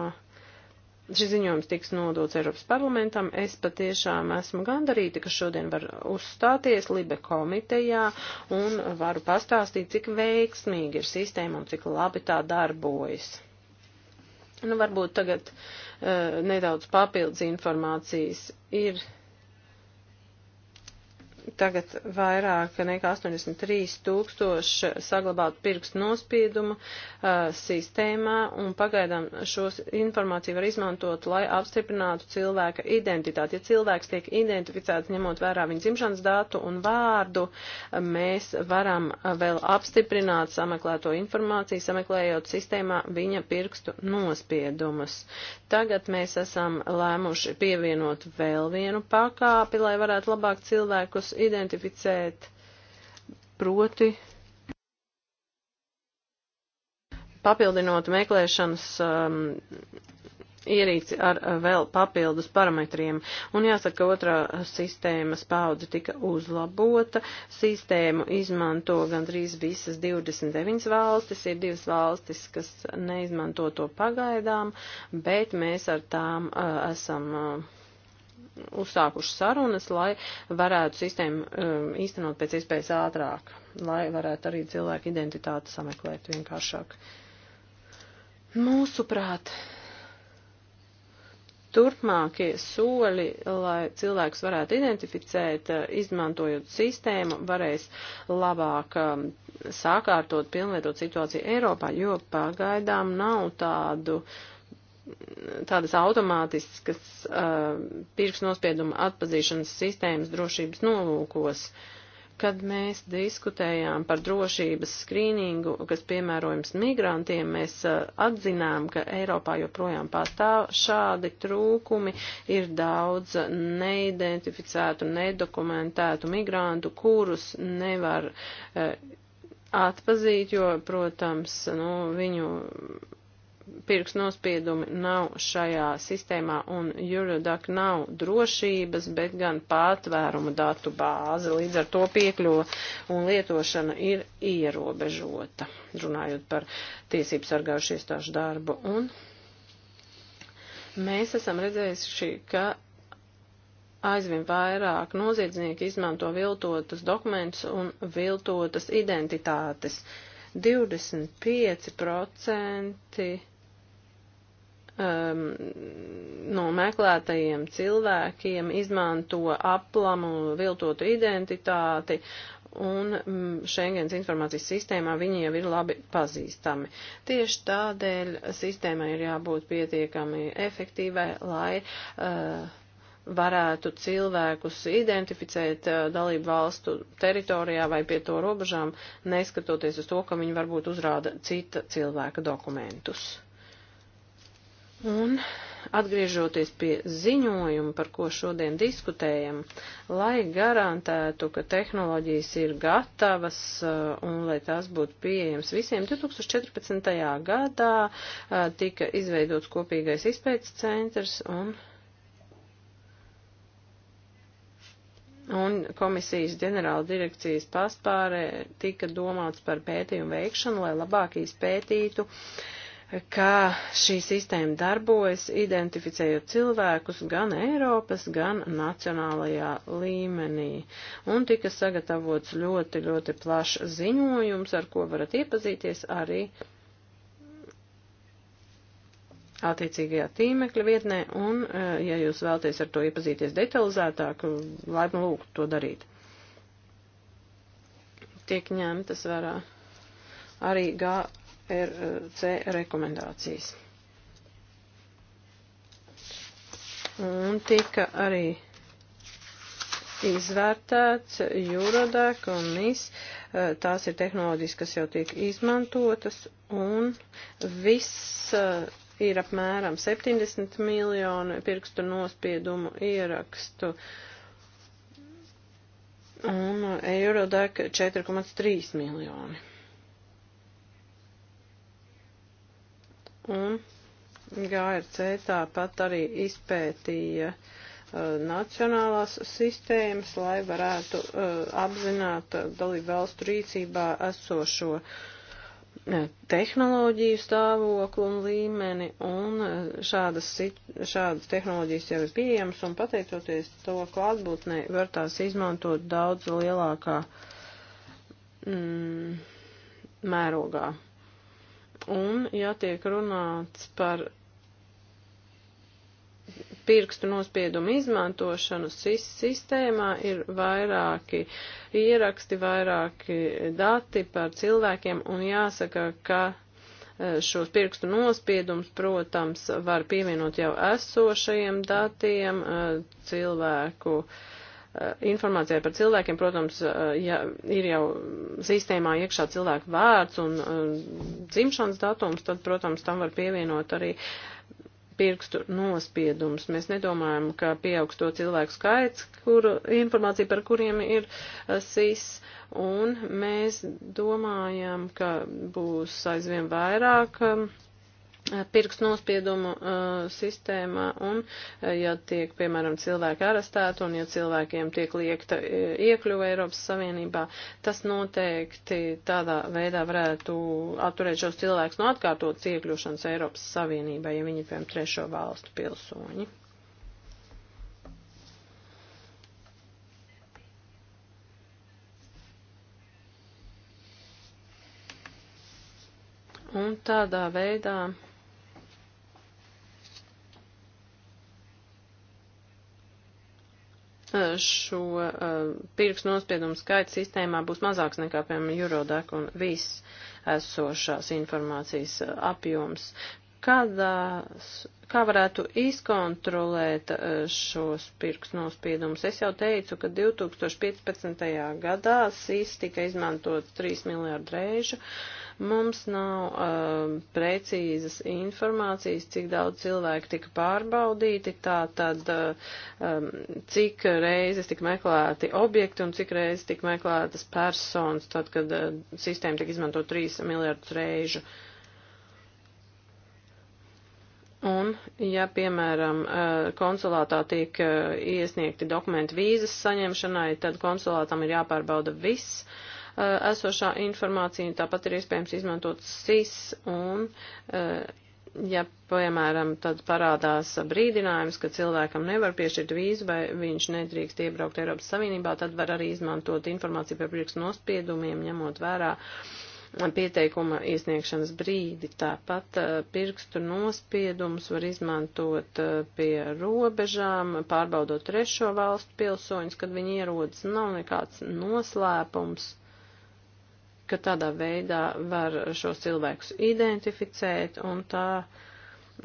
Šis ziņojums tiks nodots Eiropas parlamentam. Es patiešām esmu gandarīta, ka šodien var uzstāties Libe komitejā un varu pastāstīt, cik veiksmīgi ir sistēma un cik labi tā darbojas. Nu, varbūt tagad uh, nedaudz papildus informācijas ir tagad vairāk nekā 83 tūkstoši saglabātu pirkstu nospiedumu uh, sistēmā, un pagaidām šos informāciju var izmantot, lai apstiprinātu cilvēka identitāti. Ja cilvēks tiek identificēts ņemot vērā viņa dzimšanas datu un vārdu, mēs varam uh, vēl apstiprināt sameklēto informāciju, sameklējot sistēmā viņa pirkstu nospiedumus. Tagad mēs esam lēmuši pievienot vēl vienu pakāpi, lai varētu labāk cilvēkus identificēt, proti papildinot meklēšanas um, ierīci ar uh, vēl papildus parametriem. Un jāsaka, otrā sistēmas paudze tika uzlabota. Sistēmu izmanto gandrīz visas 29 valstis. Ir divas valstis, kas neizmanto to pagaidām, bet mēs ar tām uh, esam. Uh, uzsākuši sarunas, lai varētu sistēmu um, īstenot pēc iespējas ātrāk, lai varētu arī cilvēku identitāti sameklēt vienkāršāk. Mūsuprāt, turpmākie soļi, lai cilvēks varētu identificēt, uh, izmantojot sistēmu, varēs labāk um, sākārtot, pilnveidot situāciju Eiropā, jo pagaidām nav tādu uh, tādas automātiskas uh, pirksnospieduma atpazīšanas sistēmas drošības nolūkos. Kad mēs diskutējām par drošības skrīningu, kas piemērojams migrantiem, mēs uh, atzinām, ka Eiropā joprojām pastāv šādi trūkumi, ir daudz neidentificētu, nedokumentētu migrantu, kurus nevar uh, atpazīt, jo, protams, nu, viņu pirks nospiedumi nav šajā sistēmā un Eurodac nav drošības, bet gan pātvērumu datu bāze. Līdz ar to piekļuva un lietošana ir ierobežota, runājot par tiesību sargājušu iestāžu darbu. Un mēs esam redzējuši, ka aizvien vairāk noziedznieki izmanto viltotas dokumentus un viltotas identitātes. 25% um, no meklētajiem cilvēkiem izmanto aplamu, viltotu identitāti, un mm, Schengens informācijas sistēmā viņi jau ir labi pazīstami. Tieši tādēļ sistēmai ir jābūt pietiekami efektīvai, lai uh, varētu cilvēkus identificēt uh, dalību valstu teritorijā vai pie to robežām, neskatoties uz to, ka viņi varbūt uzrāda cita cilvēka dokumentus. Un atgriežoties pie ziņojuma, par ko šodien diskutējam, lai garantētu, ka tehnoloģijas ir gatavas uh, un lai tās būtu pieejams visiem, 2014. gadā uh, tika izveidots kopīgais izpētes centrs un. Un komisijas ģenerāla direkcijas paspārē tika domāts par pētījumu veikšanu, lai labāk izpētītu uh, kā šī sistēma darbojas, identificējot cilvēkus gan Eiropas, gan nacionālajā līmenī. Un tika sagatavots ļoti, ļoti plašs ziņojums, ar ko varat iepazīties arī attiecīgajā tīmekļa vietnē, un, e, ja jūs vēlaties ar to iepazīties detalizētāk, laipni lūgtu to darīt. Tiek ņemtas vērā arī GA RC eh, rekomendācijas. Un tika arī izvērtēts Eurodek un NIS. Eh, tās ir tehnoloģijas, kas jau tiek izmantotas, un viss eh, ir apmēram 70 miljonu pirkstu nospiedumu ierakstu. Un Eurodek 4,3 miljoni. Un GRC tāpat arī izpētīja uh, nacionālās sistēmas, lai varētu uh, apzināt uh, dalību valstu rīcībā esošo uh, tehnoloģiju stāvokli un līmeni, un uh, šādas, šādas tehnoloģijas jau ir pieejamas, un pateicoties to klātbūtnē, var tās izmantot daudz lielākā mm, mērogā. Un, ja tiek runāts par pirkstu nospiedumu izmantošanu SIS sistēmā ir vairāki ieraksti, vairāki dati par cilvēkiem un jāsaka, ka e, šos pirkstu nospiedumus, protams, var pievienot jau esošajiem datiem e, cilvēku uh, Eh, informācijai par cilvēkiem, protams, eh, ja ir jau sistēmā iekšā cilvēku vārds un eh, dzimšanas datums, tad, protams, tam var pievienot arī pirkstu nospiedums. Mēs nedomājam, ka pieaugs to cilvēku skaits, kuru informācija par kuriem ir SIS, un mēs domājam, ka būs aizvien vairāk. Um, Eh, pirkstu nospiedumu uh, sistēmā un, uh, ja tiek, piemēram, cilvēki arestēti un ja cilvēkiem tiek liekta uh, iekļuva Eiropas Savienībā, tas noteikti tādā veidā varētu atturēt šos cilvēkus no atkārtotas iekļūšanas Eiropas Savienībā, ja viņi ir, piemēram, trešo valstu pilsoņi. Un tādā veidā šo eh, pirkstu nospiedumu skaits sistēmā būs mazāks nekā, piemēram, Eurodac un viss esošās informācijas eh, apjoms kādās, kā varētu izkontrolēt e, šos pirksnospiedumus. Es jau teicu, ka 2015. gadā SIS tika izmantots 3 miljārdu reižu. Mums nav um, precīzas informācijas, cik daudz cilvēku tika pārbaudīti, tā tad um, cik reizes tika meklēti objekti un cik reizes tika meklētas personas, tad, kad uh, sistēma tika izmantot 3 miljārdus reižu. Uh, Un, ja, piemēram, eh, konsulātā tiek eh, iesniegti dokumenti vīzas saņemšanai, tad konsulātam ir jāpārbauda viss eh, esošā informācija, tāpat ir iespējams izmantot SIS un, ja, piemēram, tad parādās brīdinājums, ka cilvēkam nevar piešķirt vīzu vai viņš nedrīkst iebraukt Eiropas Savienībā, tad var arī izmantot informāciju par priekšnospiedumiem, ņemot vērā uh, pieteikuma iesniegšanas brīdi. Tāpat eh, pirkstu nospiedumus var izmantot eh, pie robežām, pārbaudot trešo valstu pilsoņus, kad viņi ierodas. Nav nekāds noslēpums, ka tādā veidā var šos cilvēkus identificēt un tā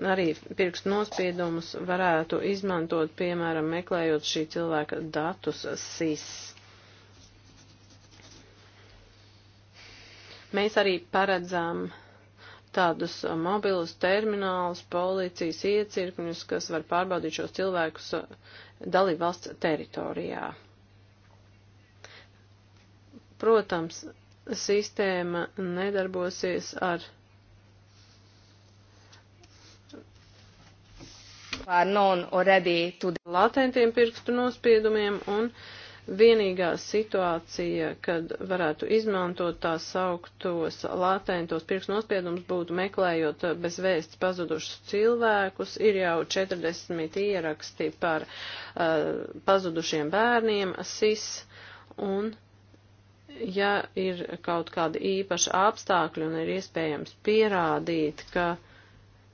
arī pirkstu nospiedumus varētu izmantot, piemēram, meklējot šī cilvēka datus SIS Mēs arī paredzam tādus mobilus terminālus, policijas iecirkņus, kas var pārbaudīt šos cilvēkus dalībvalsts teritorijā. Protams, sistēma nedarbosies ar. Pār non already to latentiem pirkstu nospiedumiem un uh, Vienīgā situācija, kad varētu izmantot tās augtos latentos pirksnospiedumus, būtu meklējot bez vēsts pazudušus cilvēkus. Ir jau 40 ieraksti par uh, pazudušiem bērniem, SIS un ja ir kaut kādi īpaši apstākļi un ir iespējams pierādīt, ka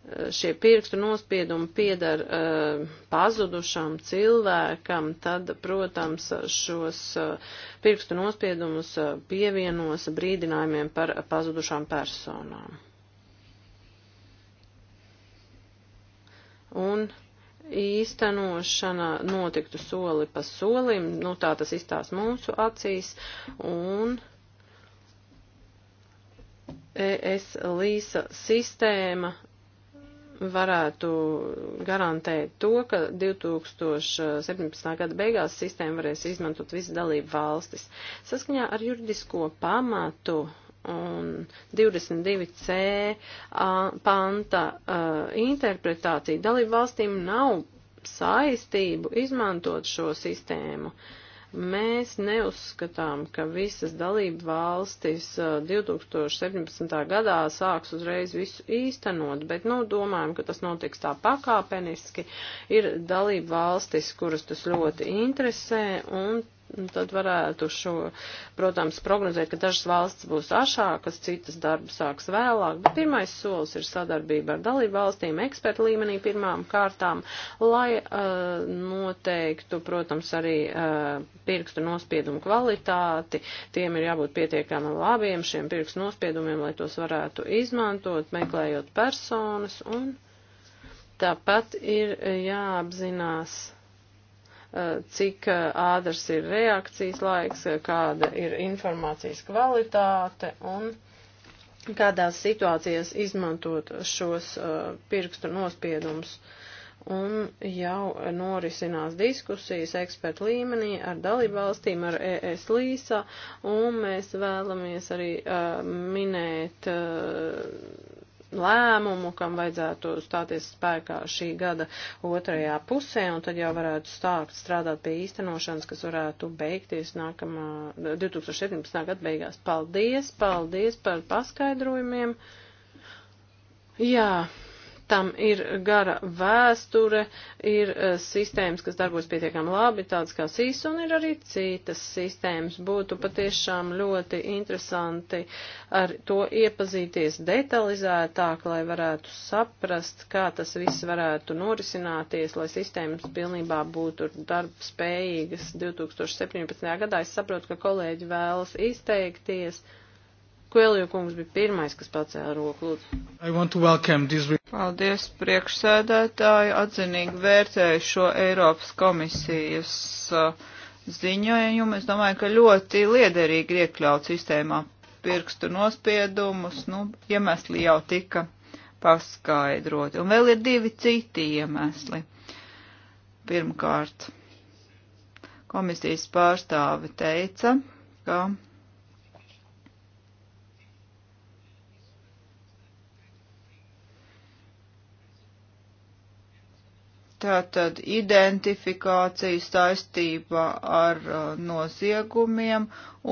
Eh, šie pirkstu nospiedumi piedar uh, pazudušam cilvēkam, tad, protams, šos uh, pirkstu nospiedumus uh, pievienos brīdinājumiem par pazudušām personām. Un īstenošana notiktu soli pa solim, nu tā tas izstās mūsu acīs, un ES līsa sistēma varētu garantēt to, ka 2017. gada beigās sistēmu varēs izmantot visi dalību valstis. Saskaņā ar juridisko pamatu un 22c panta uh, interpretāciju dalību valstīm nav saistību izmantot šo sistēmu. Uh, Mēs neuzskatām, ka visas dalību valstis 2017. gadā sāks uzreiz visu īstenot, bet, nu, domājam, ka tas notiks tā pakāpeniski. Ir dalību valstis, kuras tas ļoti interesē, un tad varētu šo, protams, prognozēt, ka dažas valsts būs ašākas, citas darbu sāks vēlāk, bet pirmais solis ir sadarbība ar dalību valstīm, ekspertu līmenī pirmām kārtām, lai uh, noteiktu, protams, arī uh, pirkstu nospiedumu kvalitāti, tiem ir jābūt pietiekami labiem šiem pirkstu nospiedumiem, lai tos varētu izmantot, meklējot personas, un tāpat ir eh, jāapzinās. Uh, Eh, cik eh, ātrs ir reakcijas laiks, eh, kāda ir informācijas kvalitāte un kādās situācijās izmantot šos pirkstu nospiedumus. Un jau norisinās diskusijas ekspertu līmenī ar dalībvalstīm, ar ES līsā, un mēs vēlamies arī uh, minēt uh, lēmumu, kam vajadzētu stāties spēkā šī gada otrajā pusē, un tad jau varētu stākt strādāt pie īstenošanas, kas varētu beigties nākamā 2017. gada beigās. Paldies, paldies par paskaidrojumiem. Jā, tam ir gara vēsture, ir eh, sistēmas, kas darbojas pietiekami labi, tādas kā SIS, un ir arī citas sistēmas. Būtu patiešām ļoti interesanti ar to iepazīties detalizētāk, lai varētu saprast, kā tas viss varētu norisināties, lai sistēmas pilnībā būtu darbspējīgas 2017. gadā. Es saprotu, ka kolēģi vēlas izteikties. Kuelju kungs bija pirmais, kas pacēla roku lūdzu. Paldies priekšsēdētāji, atzinīgi vērtēju šo Eiropas komisijas uh, ziņojumu. Es domāju, ka ļoti liederīgi ir iekļaut sistēmā pirkstu nospiedumus, nu, iemesli jau tika paskaidroti. Un vēl ir divi citi iemesli. Pirmkārt, komisijas pārstāve teica, ka Tātad identifikācija saistībā ar uh, noziegumiem,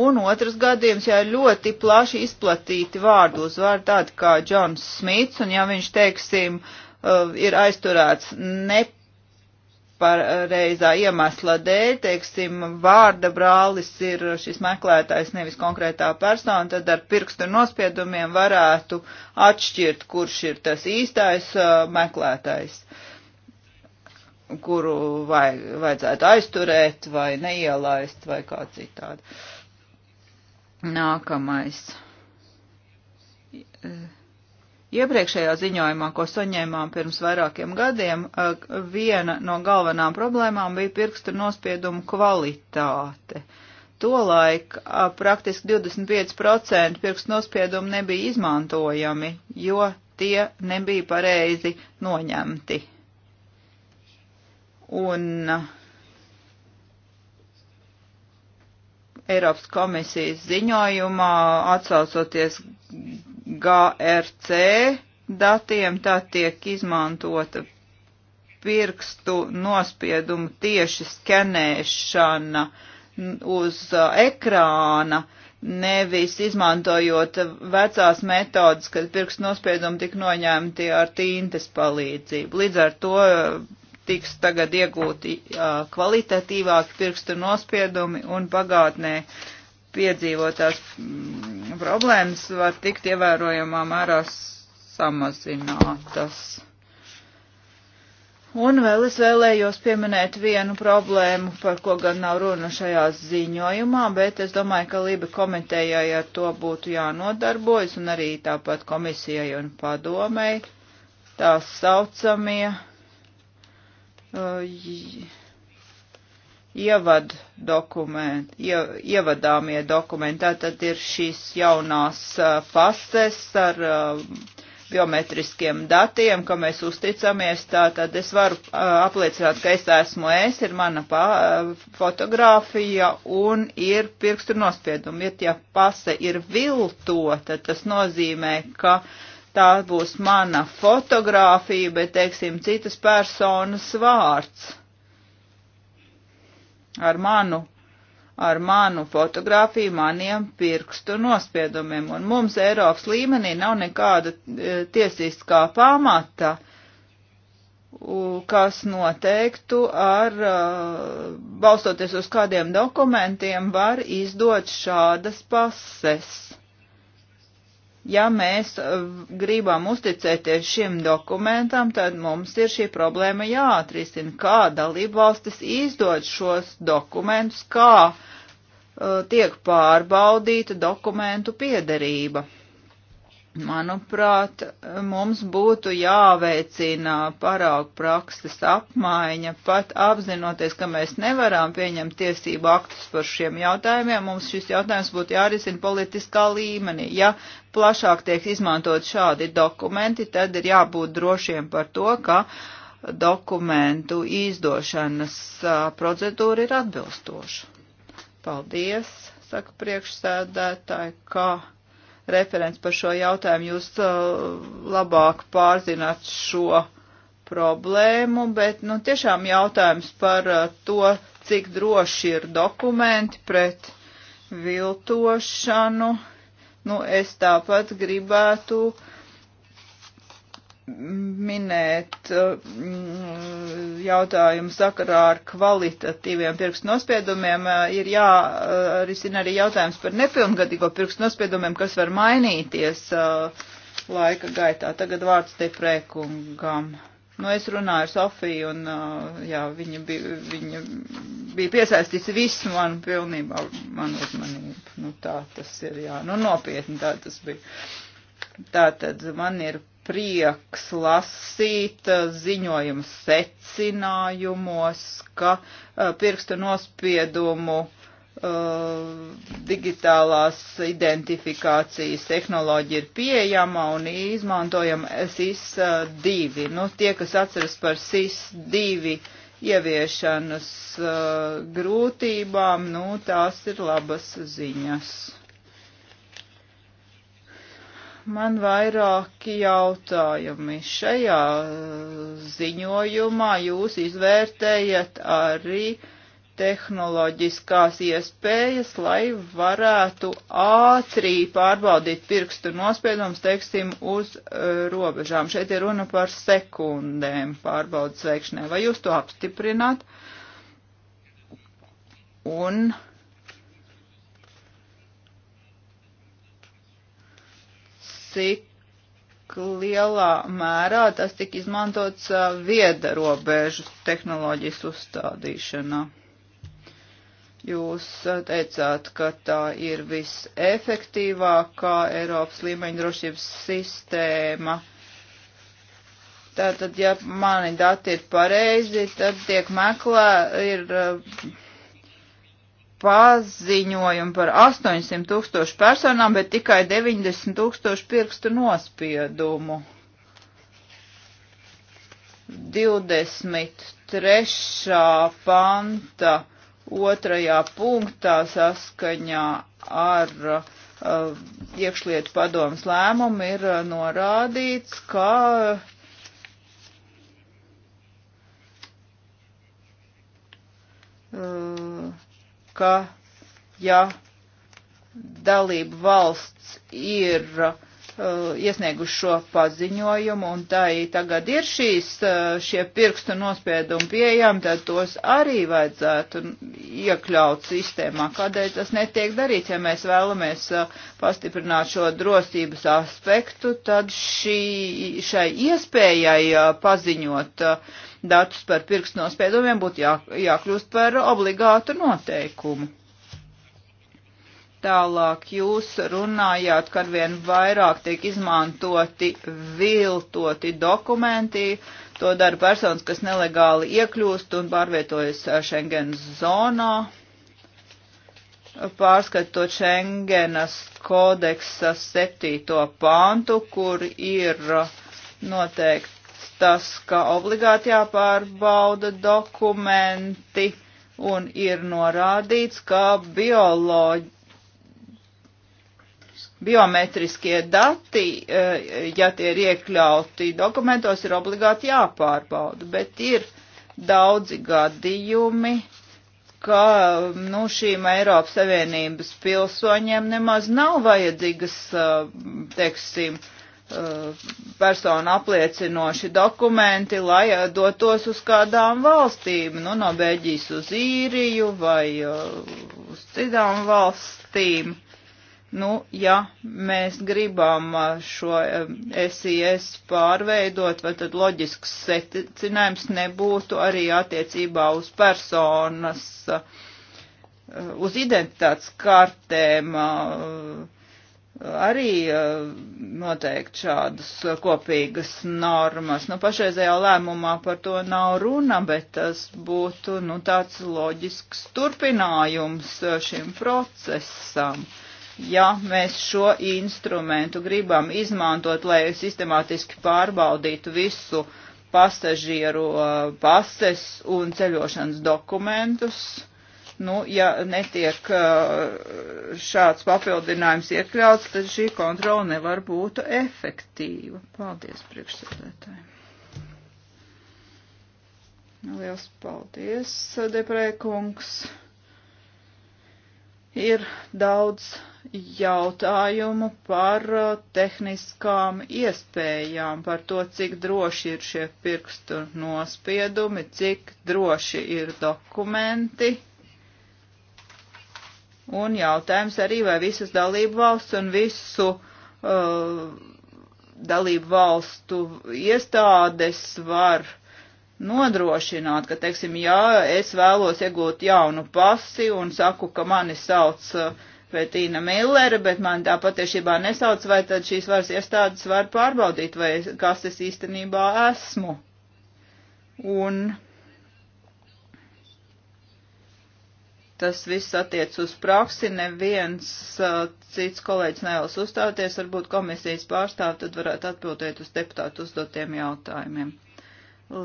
un otrs gadījums, ja ļoti plaši izplatīti vārdu uzvārdi, tādi kā Džons Smits, un ja viņš, teiksim, uh, ir aizturēts nepareizā iemesla dēļ, teiksim, vārda brālis ir šis meklētājs, nevis konkrētā persona, tad ar pirkstu nospiedumiem varētu atšķirt, kurš ir tas īstais uh, meklētājs. Uh, kuru vai, vajadzētu aizturēt vai neielaist vai kā citādi. Nākamais. E, iepriekšējā ziņojumā, ko saņēmām pirms vairākiem gadiem, e, viena no galvenām problēmām bija pirkstu nospiedumu kvalitāte. Tolaik e, praktiski 25% pirkstu nospiedumu nebija izmantojami, jo tie nebija pareizi noņemti un uh, Eiropas komisijas ziņojumā atsaucoties GRC datiem, tā tiek izmantota pirkstu nospiedumu tieši skenēšana uz uh, ekrāna, nevis izmantojot vecās metodas, kad pirkstu nospiedumi tika noņemti ar tīntes palīdzību. Līdz ar to tiks tagad iegūti kvalitatīvāki pirkstu nospiedumi un pagātnē piedzīvotās mm, problēmas var tikt ievērojamā mērā samazinātas. Un vēl es vēlējos pieminēt vienu problēmu, par ko gan nav runa šajā ziņojumā, bet es domāju, ka Lība komitejai ar to būtu jānodarbojas un arī tāpat komisijai un padomei. Tā saucamie Uh, ievad dokumenti, ievadāmie dokumenti. Tātad ir šīs jaunās pases uh, ar uh, biometriskiem datiem, ka mēs uzticamies. Tātad es varu apliecināt, ka es esmu es, ir mana fotografija un ir pirkstu nospiedumi. Ja tie pase ir viltota, tas nozīmē, ka. Uh, tā būs mana fotografija, bet, teiksim, citas personas vārds. Ar manu, ar manu fotografiju, maniem pirkstu nospiedumiem. Un mums Eiropas līmenī nav nekāda e, tiesiskā pamata, kas noteiktu ar, e, balstoties uz kādiem dokumentiem, var izdot šādas pases Ja mēs eh, gribam uzticēties šim dokumentam, tad mums ir šī problēma jāatrisina, kā dalību valstis izdod šos dokumentus, kā uh, tiek pārbaudīta dokumentu piederība. Manuprāt, mums būtu jāveicina paraugu prakses apmaiņa, pat apzinoties, ka mēs nevaram pieņemt tiesību aktus par šiem jautājumiem, mums šis jautājums būtu jārisina politiskā līmenī. Ja plašāk tiek izmantot šādi dokumenti, tad ir jābūt drošiem par to, ka dokumentu izdošanas procedūra ir atbilstoša. Paldies, saka priekšsēdētāji, ka referents par šo jautājumu, jūs uh, labāk pārzināt šo problēmu, bet nu, tiešām jautājums par uh, to, cik droši ir dokumenti pret viltošanu. Nu, es tāpat gribētu uh, minēt uh, mm, jautājumu sakarā ar kvalitatīviem pirkstu nospiedumiem, uh, ir jārisina arī jautājums par nepilngadīgo pirkstu nospiedumiem, kas var mainīties uh, laika gaitā. Tagad vārds te prēkungam. Nu, es runāju ar Sofiju, un jā, viņa bija, viņa bija piesaistīts visu manu pilnībā, manu uzmanību. Nu, tā tas ir, jā, nu, nopietni tā tas bija. Tātad man ir prieks lasīt ziņojumu secinājumos, ka pirkstu nospiedumu digitālās identifikācijas tehnoloģija ir pieejama un izmantojama SIS-2. Nu, tie, kas atceras par SIS-2 ieviešanas grūtībām, nu, tās ir labas ziņas man vairāki jautājumi. Šajā eh, ziņojumā jūs izvērtējat arī tehnoloģiskās iespējas, lai varētu ātrī pārbaudīt pirkstu nospiedumus, teiksim, uz eh, robežām. Šeit ir runa par sekundēm pārbaudas veikšanai. Vai jūs to apstiprināt? Un uh, cik lielā mērā tas tika izmantots vieda robežu tehnoloģijas uzstādīšanā. Jūs teicāt, ka tā ir visefektīvākā Eiropas līmeņa drošības sistēma. Tātad, ja mani dati ir pareizi, tad tiek meklē, ir paziņojumu par 800 tūkstošu personām, bet tikai 90 tūkstošu pirkstu nospiedumu. 23. panta otrajā punktā saskaņā ar uh, iekšlietu padomas lēmumu ir uh, norādīts, ka uh, ka ja dalību valsts ir uh, iesnieguši šo paziņojumu, un tai tagad ir šīs, uh, šie pirkstu nospiedumi pieejami, tad tos arī vajadzētu iekļaut sistēmā. Kādēļ tas netiek darīts? Ja mēs vēlamies uh, pastiprināt šo drosības aspektu, tad šī, šai iespējai uh, paziņot uh, datus par pirkstnospiedumiem būtu jā, jākļūst par obligātu noteikumu. Tālāk jūs runājāt, kad vien vairāk tiek izmantoti viltoti dokumenti, to dara personas, kas nelegāli iekļūst un pārvietojas Schengen zonā. Pārskatot Schengenas kodeksa septīto pantu, kur ir noteikti tas, ka obligāti jāpārbauda dokumenti un ir norādīts, ka bioloģi, biometriskie dati, eh, ja tie ir iekļauti dokumentos, ir obligāti jāpārbauda, bet ir daudzi gadījumi, ka nu, šīm Eiropas Savienības pilsoņiem nemaz nav vajadzīgas, eh, teiksim, uh, Eh, personu apliecinoši dokumenti, lai eh, dotos uz kādām valstīm, nu, no Beļģijas uz īriju vai eh, uz citām valstīm. Nu, ja mēs gribam šo SIS pārveidot, vai tad loģisks secinājums nebūtu arī attiecībā uz personas, uz identitātes kartēm, uh, arī noteikt šādas kopīgas normas. Nu, pašreizējā lēmumā par to nav runa, bet tas būtu, nu, tāds loģisks turpinājums šim procesam. Ja mēs šo instrumentu gribam izmantot, lai sistemātiski pārbaudītu visu pasažieru pases un ceļošanas dokumentus, Nu, ja netiek uh, šāds papildinājums iekļauts, tad šī kontrola nevar būt efektīva. Paldies priekšsēdētājiem. Liels paldies, Deprēkungs. Ir daudz jautājumu par uh, tehniskām iespējām, par to, cik droši ir šie pirkstu nospiedumi, cik droši ir dokumenti Un jautājums arī, vai visas dalību valsts un visu uh, dalību valstu iestādes var nodrošināt, ka, teiksim, ja es vēlos iegūt jaunu pasi un saku, ka mani sauc uh, Petīna Millere, bet man tā patiešībā nesauc, vai tad šīs varas iestādes var pārbaudīt, vai kas es īstenībā esmu. Un Tas viss attiec uz praksi, neviens uh, cits kolēģis nevēlas uzstāties, varbūt komisijas pārstāv, tad varētu atbildēt uz deputātu uzdotiem jautājumiem.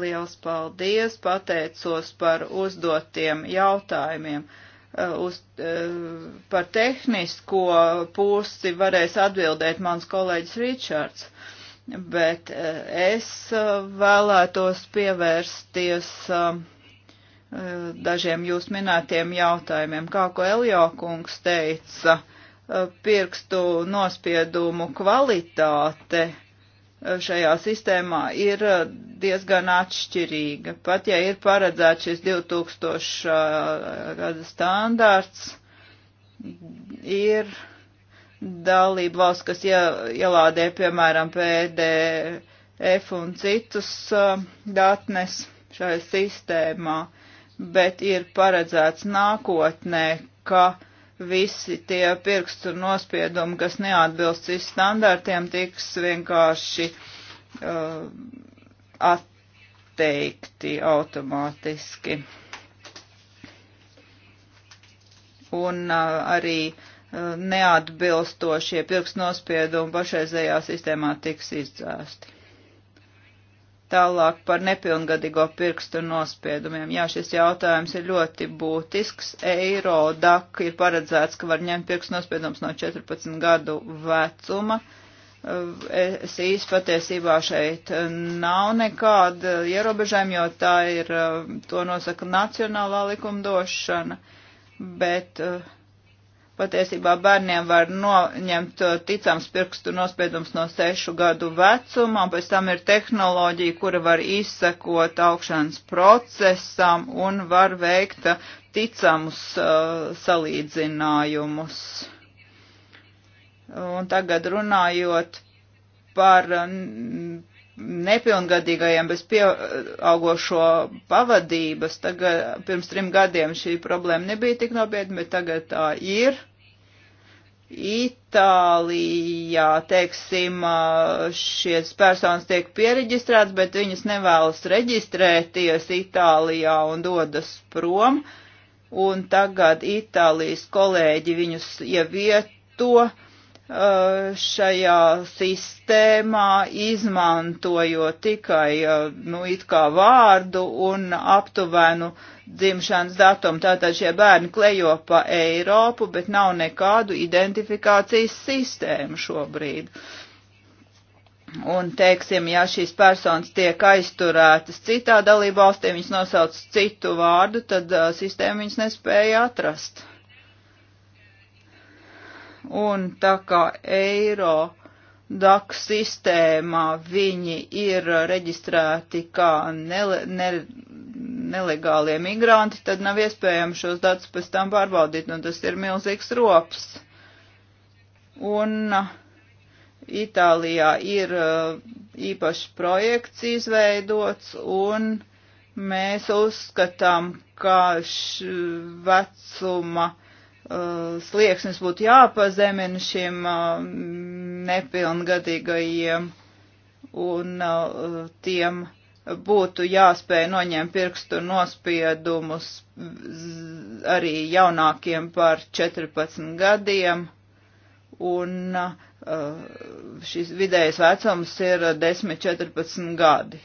Liels paldies, pateicos par uzdotiem jautājumiem. Uh, uz, uh, par tehnisko pusi varēs atbildēt mans kolēģis Ričards, bet es vēlētos pievērsties uh, Eh, dažiem jūs minētiem jautājumiem. Kā ko Eljo kungs teica, eh, pirkstu nospiedumu kvalitāte eh, šajā sistēmā ir diezgan atšķirīga. Pat ja ir paredzēts šis 2000 gada standārts, ir dalība valsts, kas ielādē, piemēram, PDF un citus datnes šajā sistēmā bet ir paredzēts nākotnē, ka visi tie pirkstu nospiedumi, kas neatbilst CIS standartiem, tiks vienkārši uh, atteikti automātiski. Un uh, arī uh, neatbilstošie pirkstu nospiedumi pašreizējā sistēmā tiks izdzēsti. Tālāk par nepilngadīgo pirkstu nospiedumiem. Jā, šis jautājums ir ļoti būtisks. Eiro DAK ir paredzēts, ka var ņemt pirkstu nospiedumus no 14 gadu vecuma. Es īsti patiesībā šeit nav nekāda ierobežojuma, jo tā ir, to nosaka nacionālā likumdošana, bet uh, Patiesībā bērniem var noņemt eh, ticams pirkstu nospiedums no sešu gadu vecuma, un pēc tam ir tehnoloģija, kura var izsekot augšanas procesam un var veikt eh, ticamus uh, salīdzinājumus. Un tagad runājot par nepilngadīgajiem bez pieaugošo pavadības. Tagad, pirms trim gadiem šī problēma nebija tik nopietna, bet tagad tā ir. Itālijā, teiksim, šies personas tiek piereģistrēts, bet viņas nevēlas reģistrēties Itālijā un dodas prom, un tagad Itālijas kolēģi viņus ievieto, ja Eh, šajā sistēmā, izmantojot tikai, eh, nu, it kā vārdu un aptuvenu dzimšanas datumu. Tātad šie bērni klejo pa Eiropu, bet nav nekādu identifikācijas sistēmu šobrīd. Un, teiksim, ja šīs personas tiek aizturētas citā dalībvalstī, viņas nosauc citu vārdu, tad uh, eh, sistēma viņas nespēja atrast. Uh, un tā kā eiro DAK sistēmā viņi ir reģistrēti kā nele, ne, nelegālie migranti, tad nav iespējams šos datus pēc tam pārbaudīt, un tas ir milzīgs rops. Un uh, Itālijā ir uh, īpašs projekts izveidots, un mēs uzskatām, ka vecuma uh, Uh, slieksnis būtu jāpazemina šiem uh, nepilngadīgajiem un uh, tiem būtu jāspēj noņemt pirkstu nospiedumus arī jaunākiem par 14 gadiem. Un šis vidējais vecums ir 10-14 gadi.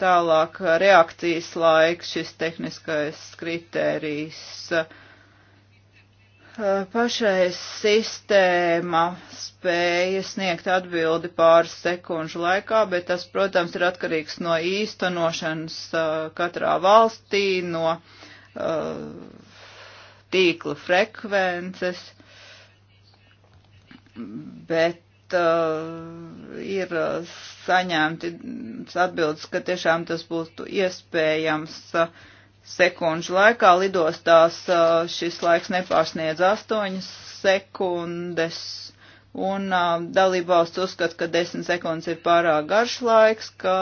Tālāk reakcijas laiks, šis tehniskais kritērijs. Uh, Eh, pašais sistēma spēja sniegt atbildi pāris sekundžu laikā, bet tas, protams, ir atkarīgs no īstenošanas eh, katrā valstī, no eh, tīkla frekvences, bet ir saņemti atbildes, ka tiešām tas būtu iespējams uh, sekundžu laikā. Lidostās uh, šis laiks nepārsniedz 8 sekundes. Un uh, dalībvalsts uzskata, ka 10 sekundes ir pārāk garš laiks, ka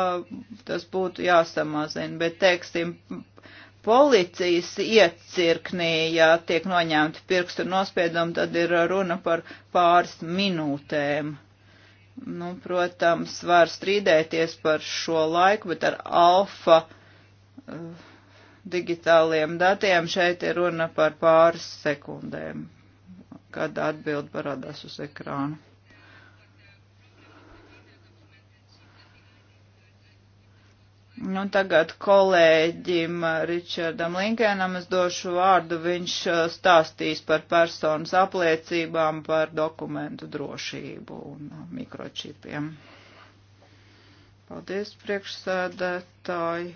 tas būtu jāsamazina. Bet, teiksim, policijas iecirknī, ja tiek noņemti pirkstu nospiedumi, tad ir runa par pāris minūtēm. Nu, protams, var strīdēties par šo laiku, bet ar alfa. Uh, digitāliem datiem. Šeit ir runa par pāris sekundēm, kad atbild parādās uz ekrāna. Nu, tagad kolēģim Ričardam Linkenam es došu vārdu. Viņš uh, stāstīs par personas apliecībām, par dokumentu drošību un uh, mikročipiem. Paldies, priekšsēdētāji!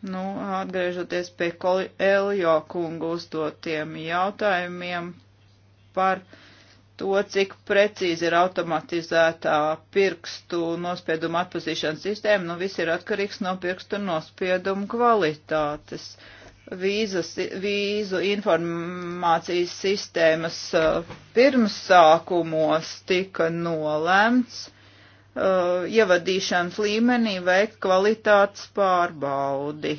Nu, atgriežoties pie Eljo kungu uzdotiem jautājumiem par to, cik precīzi ir automatizētā pirkstu nospiedumu atpazīšanas sistēma, nu viss ir atkarīgs no pirkstu nospiedumu kvalitātes. Vīzas, vīzu informācijas sistēmas uh, pirmsākumos tika nolēmts, uh, ievadīšanas līmenī veikt kvalitātes pārbaudi.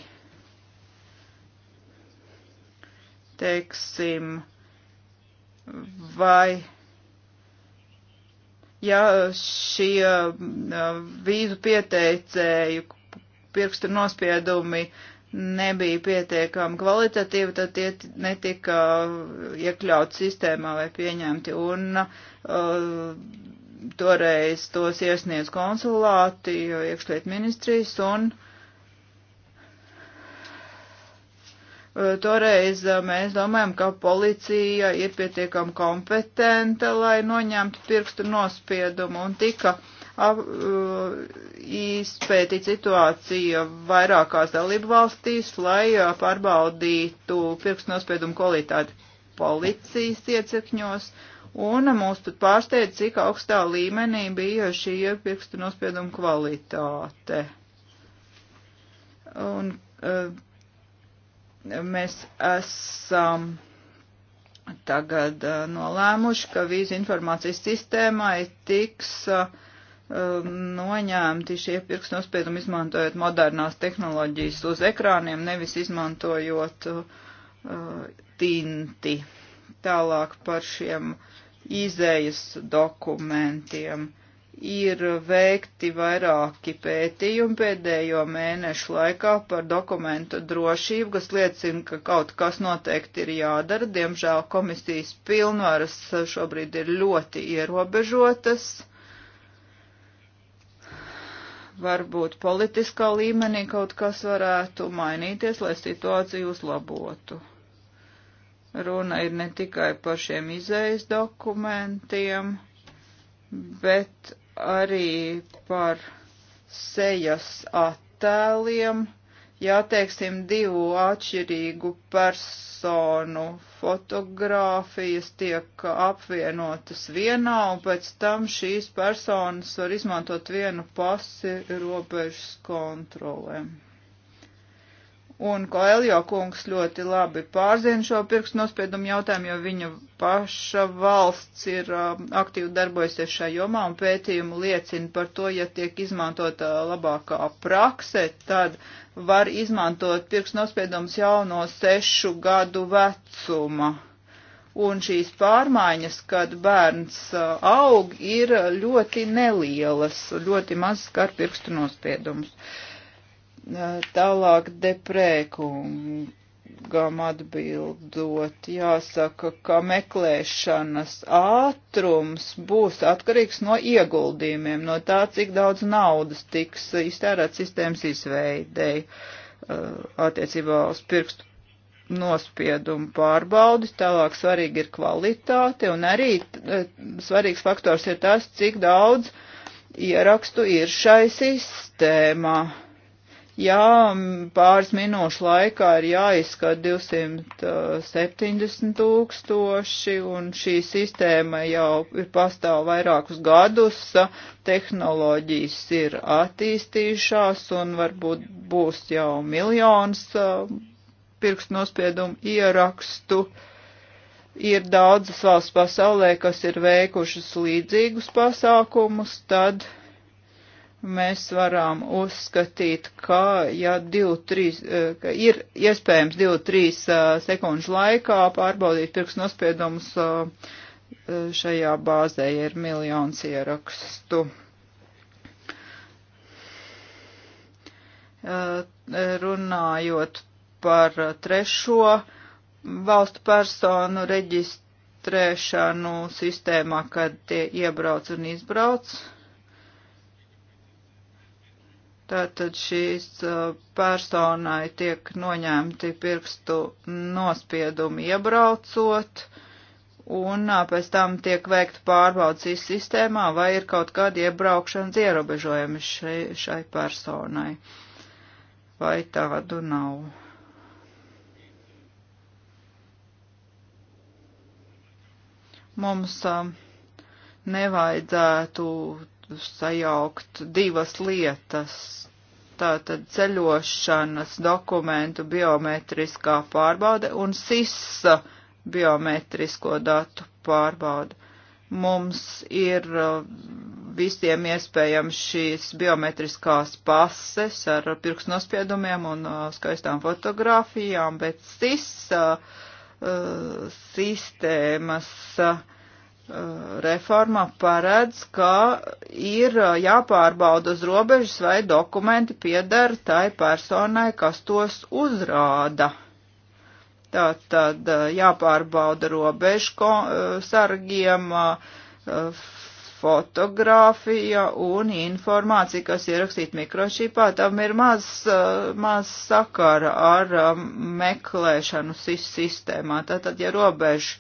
Teiksim, vai ja šie uh, vīzu pieteicēju pirkstu nospiedumi nebija pietiekami kvalitatīvi, tad tie netika uh, iekļaut sistēmā vai pieņemti. Un, uh, toreiz tos iesniedz konsulāti, iekšliet ministrijas un e, toreiz e, mēs domājam, ka policija ir pietiekami kompetenta, lai noņemtu pirkstu nospiedumu un tika e, izpētīt situāciju vairākās dalību valstīs, lai pārbaudītu pirkstu nospiedumu kvalitāti policijas iecirkņos. Uh, un mūs pat pārsteidz, cik augstā līmenī bija šī iepirkstu nospiedumu kvalitāte. Un uh, mēs esam tagad uh, nolēmuši, ka vīzu informācijas sistēmai tiks uh, noņemti šie pirkstu nospiedumi izmantojot modernās tehnoloģijas uz ekrāniem, nevis izmantojot uh, tinti. Tālāk par šiem uh, izējas dokumentiem. Ir veikti vairāki pētījumi pēdējo mēnešu laikā par dokumentu drošību, kas liecina, ka kaut kas noteikti ir jādara. Diemžēl komisijas pilnvaras šobrīd ir ļoti ierobežotas varbūt politiskā līmenī kaut kas varētu mainīties, lai situāciju uzlabotu. Runa ir ne tikai par šiem izējas dokumentiem, bet arī par sejas attēliem, ja teiksim divu atšķirīgu personu fotogrāfijas tiek apvienotas vienā, un pēc tam šīs personas var izmantot vienu pasi robežas kontrolēm un Koeljo kungs ļoti labi pārzina šo pirkstu nospiedumu jautājumu, jo viņa paša valsts ir um, aktīvi darbojusies šajā jomā un pētījumu liecina par to, ja tiek izmantota labākā prakse, tad var izmantot pirkstu nospiedumus jau no sešu gadu vecuma. Un šīs pārmaiņas, kad bērns uh, aug, ir ļoti nelielas, ļoti maz skar pirkstu nospiedumus. Uh, Tālāk deprēkungam atbildot, jāsaka, ka meklēšanas ātrums būs atkarīgs no ieguldījumiem, no tā, cik daudz naudas tiks iztērēt sistēmas izveidei uh, attiecībā uz pirkstu nospiedumu pārbaudi, tālāk svarīgi ir kvalitāte, un arī uh, svarīgs faktors ir tas, cik daudz ierakstu ir šai sistēmā ja pāris minūšu laikā ir jāizskat 270 uh, tūkstoši, un šī sistēma jau ir pastāv vairākus gadus, tehnoloģijas ir attīstījušās, un varbūt būs jau miljons uh, pirkstu nospiedumu ierakstu. Ir daudzas valsts pasaulē, kas ir veikušas līdzīgus pasākumus, tad mēs varam uzskatīt, ka, ja 2-3, eh, ka ir iespējams 2-3 eh, sekundžu laikā pārbaudīt pirks nospiedumus eh, šajā bāzē ir miljons ierakstu. Runājot par trešo valstu personu reģistrēšanu sistēmā, kad tie iebrauc un izbrauc. Uh, Tātad šīs uh, personai tiek noņemti pirkstu nospiedumi iebraucot, un uh, pēc tam tiek veikta pārbaudas sistēmā, vai ir kaut kādi iebraukšanas ierobežojumi šai, šai personai, vai tādu nav. Mums uh, nevajadzētu sajaukt divas lietas. Tātad ceļošanas dokumentu biometriskā pārbaude un SISA biometrisko datu pārbaude. Mums ir uh, visiem iespējams šīs biometriskās pases ar pirksnospiedumiem un uh, skaistām fotografijām, bet SISA uh, sistēmas uh, reforma paredz, ka ir uh, jāpārbauda uz robežas, vai dokumenti piedara tai personai, kas tos uzrāda. Tā tad uh, jāpārbauda robežu uh, sargiem fotografija un informācija, kas ierakstīta mikrošīpā, tam ir maz, maz sakara ar meklēšanu sistēmā. Tātad, ja robežu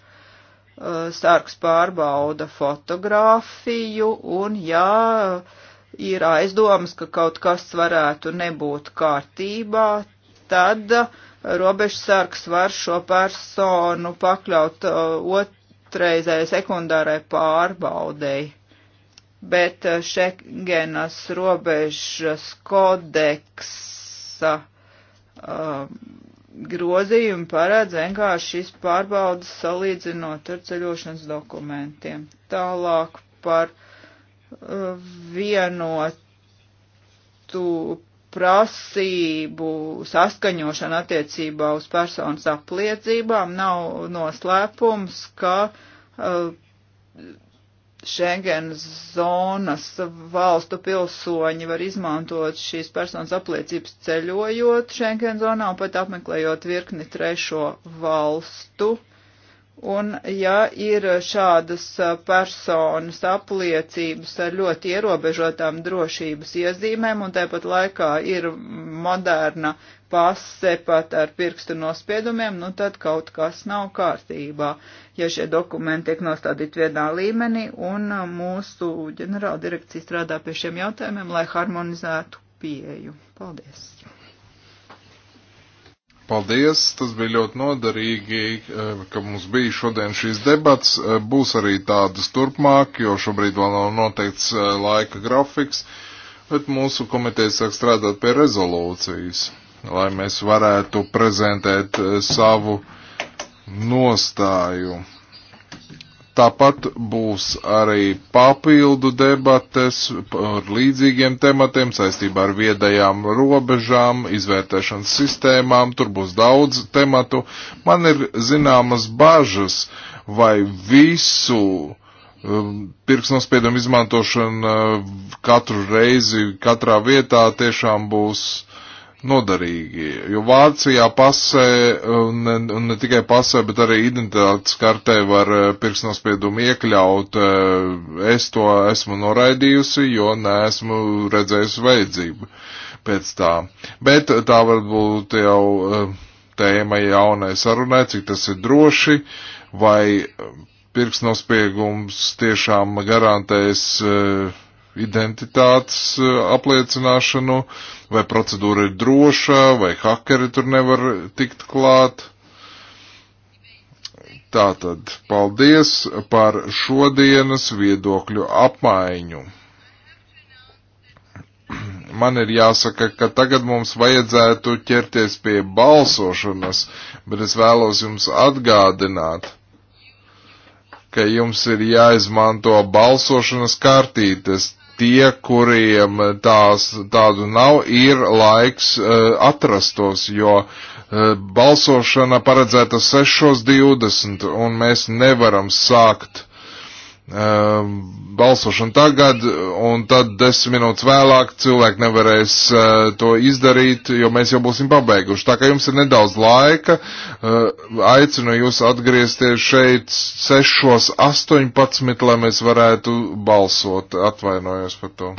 Sārks pārbauda fotografiju un, ja ir aizdomas, ka kaut kas varētu nebūt kārtībā, tad robežsargs var šo personu pakļaut uh, otrreizēji sekundārai pārbaudēji. Bet Šengenas uh, robežas kodeksa um, grozījumi paredz vienkārši šīs pārbaudas salīdzinot ar ceļošanas dokumentiem. Tālāk par uh, vienotu prasību saskaņošanu attiecībā uz personas apliecībām nav noslēpums, ka uh, Schengens zonas valstu pilsoņi var izmantot šīs personas apliecības ceļojot Schengen zonā un pat apmeklējot virkni trešo valstu. Un, ja ir šādas personas apliecības ar ļoti ierobežotām drošības iezīmēm, un tāpat laikā ir moderna pase pat ar pirkstu nospiedumiem, nu tad kaut kas nav kārtībā, ja šie dokumenti tiek nostādīti vienā līmenī, un mūsu ģenerāla direkcija strādā pie šiem jautājumiem, lai harmonizētu pieeju. Paldies! Paldies, tas bija ļoti noderīgi, eh, ka mums bija šodien šīs debats. Eh, būs arī tādas turpmāk, jo šobrīd vēl nav noteikts eh, laika grafiks, bet mūsu komiteja sāk strādāt pie rezolūcijas, lai mēs varētu prezentēt savu nostāju. Tāpat būs arī papildu debates par līdzīgiem tematiem saistībā ar viedajām robežām, izvērtēšanas sistēmām. Tur būs daudz tematu. Man ir zināmas bažas, vai visu um, pirksnospiedumu izmantošana uh, katru reizi, katrā vietā tiešām būs noderīgi, jo Vācijā pasē, un, un ne tikai pasē, bet arī identitātes kartē var eh, pirksnospiedumu iekļaut. Eh, es to esmu noraidījusi, jo neesmu redzējusi vajadzību pēc tā. Bet tā var būt jau eh, tēma jaunai sarunai, cik tas ir droši, vai pirksnospiegums tiešām garantēs uh, identitātes eh, apliecināšanu, vai procedūra ir droša, vai hakeri tur nevar tikt klāt. Tātad, paldies par šodienas viedokļu apmaiņu. Man ir jāsaka, ka tagad mums vajadzētu ķerties pie balsošanas, bet es vēlos jums atgādināt, ka jums ir jāizmanto balsošanas kartītes tie, kuriem tās, tādu nav, ir laiks uh, atrastos, jo uh, balsošana paredzēta 6.20 un mēs nevaram sākt Ehm, balsošanu tagad, un tad desmit minūtes vēlāk cilvēki nevarēs uh, to izdarīt, jo mēs jau būsim pabeiguši. Tā kā jums ir nedaudz laika, uh, aicinu jūs atgriezties šeit 6.18, lai mēs varētu balsot. Atvainojos par to.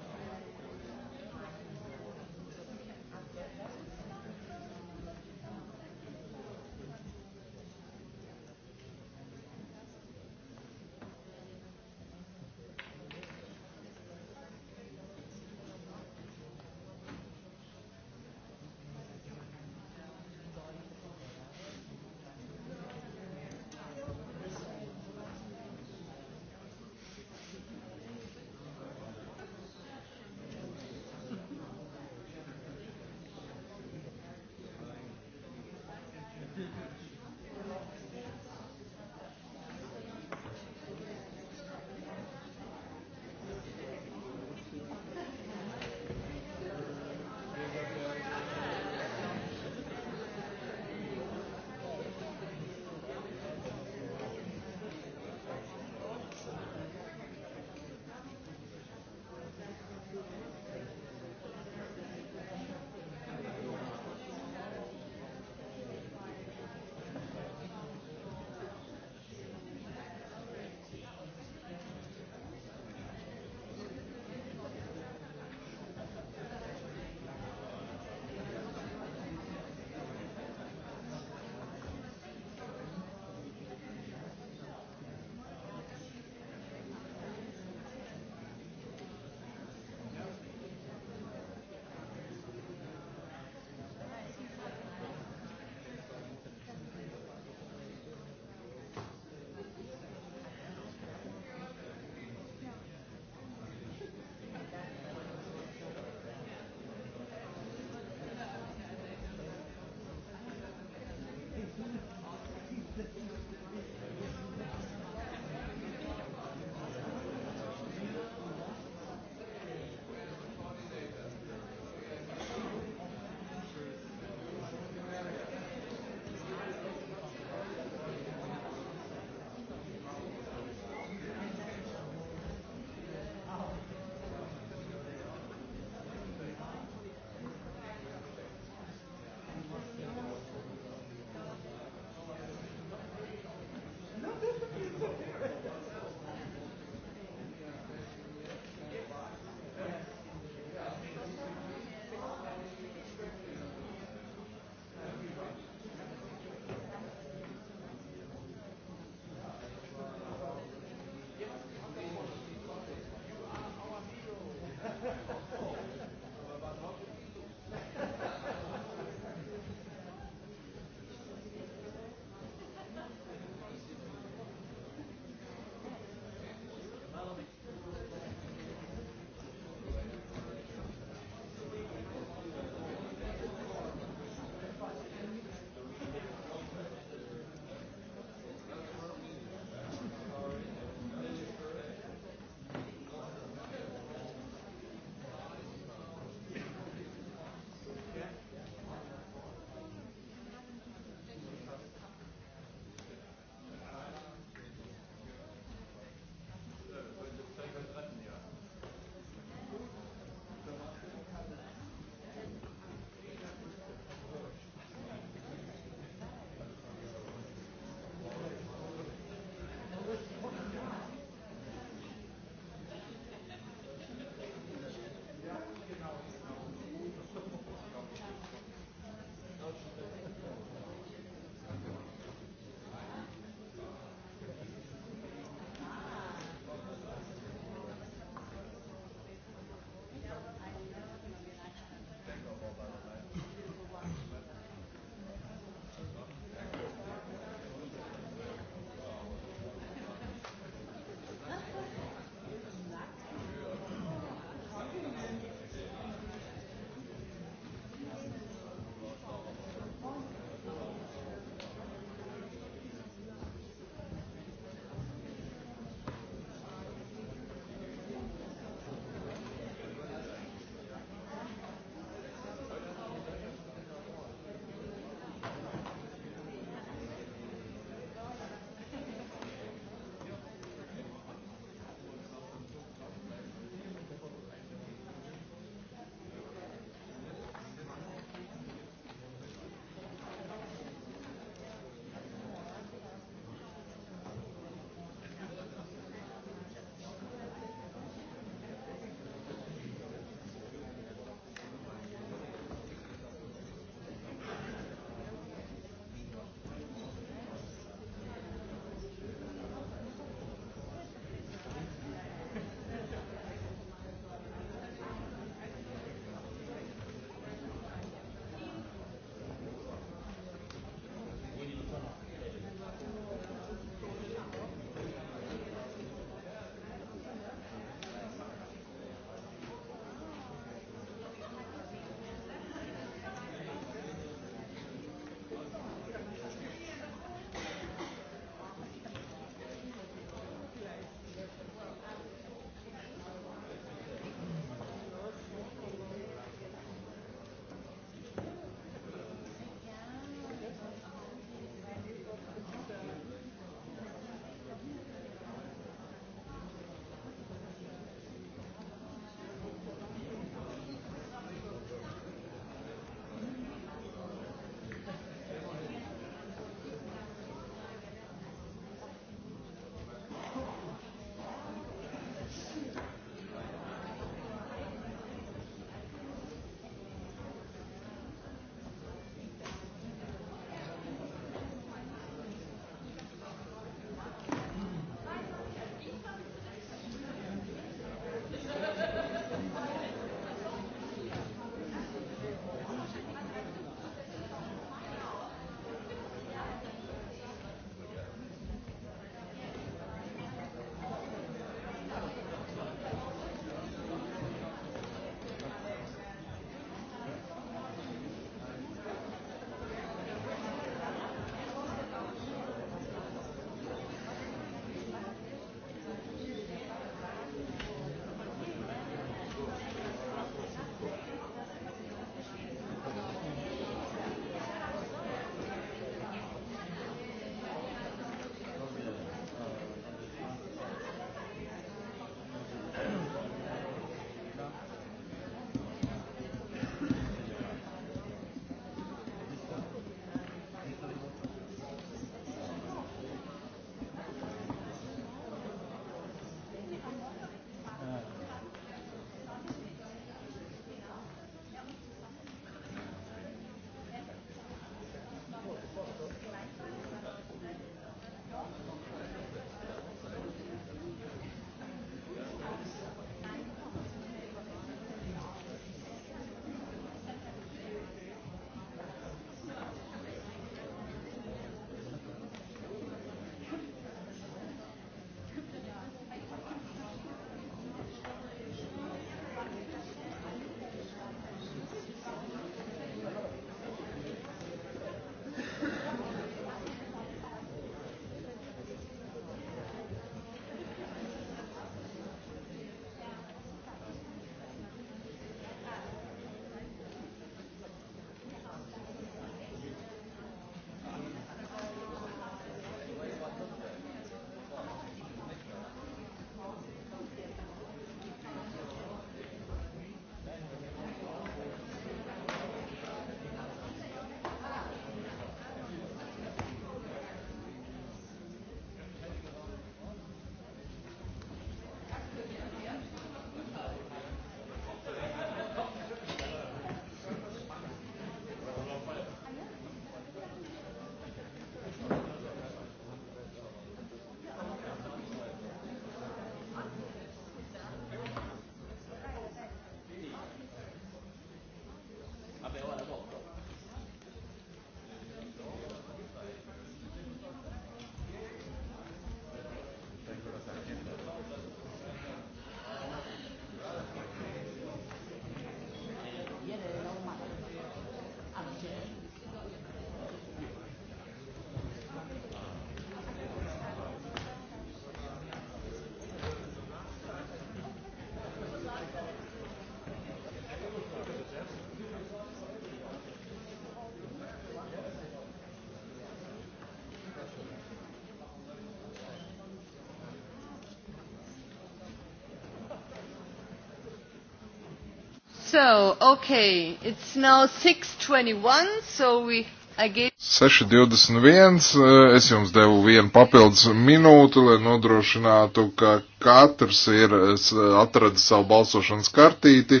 So, okay, it's now 6.21, so we... 6.21. Eh, es jums devu vienu papildus minūti, lai nodrošinātu, ka katrs ir eh, atradis savu balsošanas kartīti.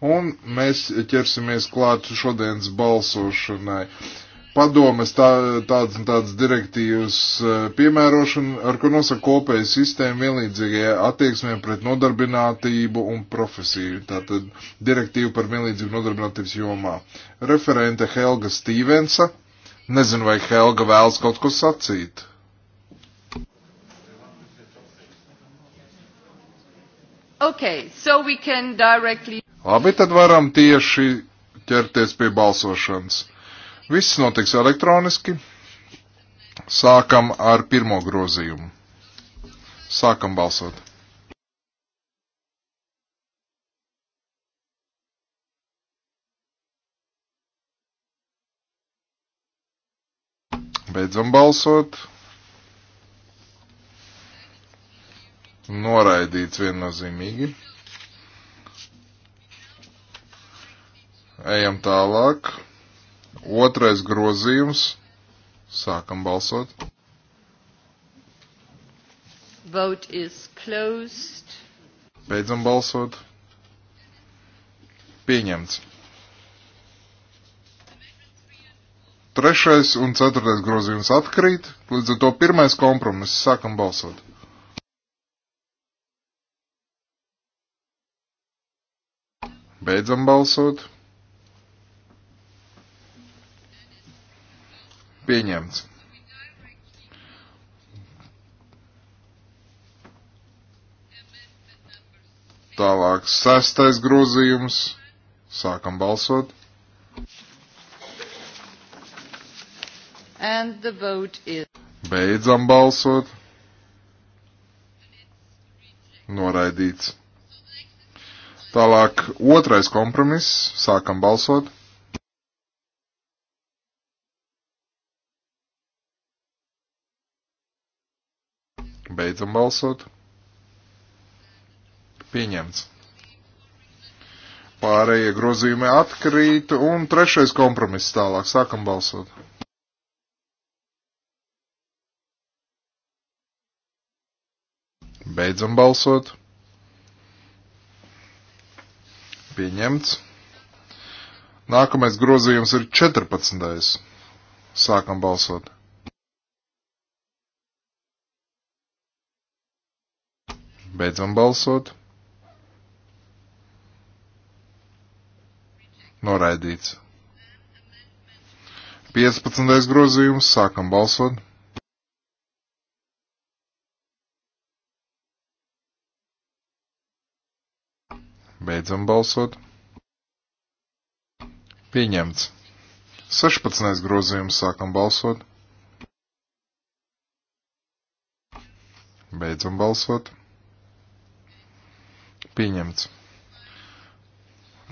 Un mēs ķersimies klāt šodienas balsošanai padomes tā, tāds un tāds direktīvas eh, piemērošana, ar ko nosaka kopēja sistēma vienlīdzīgajai attieksmē pret nodarbinātību un profesiju. Tātad direktīva par vienlīdzību nodarbinātības jomā. Referente Helga Stīvensa. Nezinu, vai Helga vēlas kaut ko sacīt. Okay, so we can directly... Labi, tad varam tieši ķerties pie balsošanas. Viss notiks elektroniski. Sākam ar pirmo grozījumu. Sākam balsot. Beidzam balsot. Noraidīts viennozīmīgi. Ejam tālāk. Otrais grozījums. Sākam balsot. Vote is closed. Beidzam balsot. Pieņemts. Trešais un ceturtais grozījums atkrīt, līdz ar to pirmais kompromiss. Sākam balsot. Beidzam balsot. pieņemts. Tālāk sestais grozījums. Sākam balsot. And the vote is... Beidzam balsot. Noraidīts. Tālāk otrais kompromiss. Sākam balsot. Beidzam balsot. Pieņemts. Pārējie grozījumi atkrīt un trešais kompromiss tālāk. Sākam balsot. Beidzam balsot. Pieņemts. Nākamais grozījums ir 14. Sākam balsot. Beidzam balsot. Noraidīts. 15. grozījums. Sākam balsot. Beidzam balsot. Pieņemts. 16. grozījums. Sākam balsot. Beidzam balsot. Pieņemts.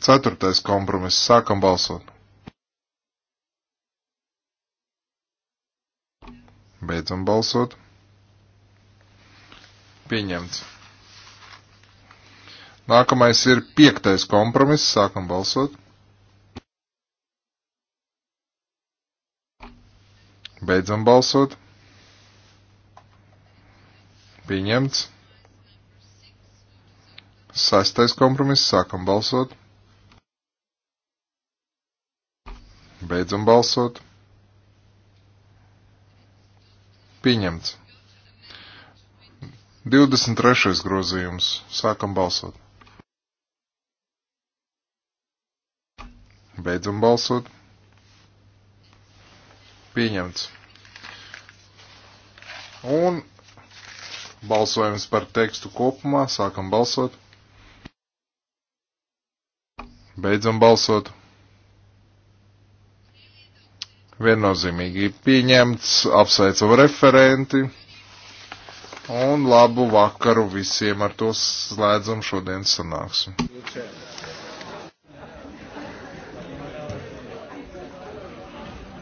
Ceturtais kompromiss. Sākam balsot. Beidzam balsot. Pieņemts. Nākamais ir piektais kompromiss. Sākam balsot. Beidzam balsot. Pieņemts. Sastais kompromiss. Sākam balsot. Beidzam balsot. Pieņemts. 23. grozījums. Sākam balsot. Beidzam balsot. Pieņemts. Un balsojums par tekstu kopumā. Sākam balsot. Beidzam balsot. Viennozīmīgi pieņemts, apsveicu referenti un labu vakaru visiem ar to slēdzam šodien sanāksim.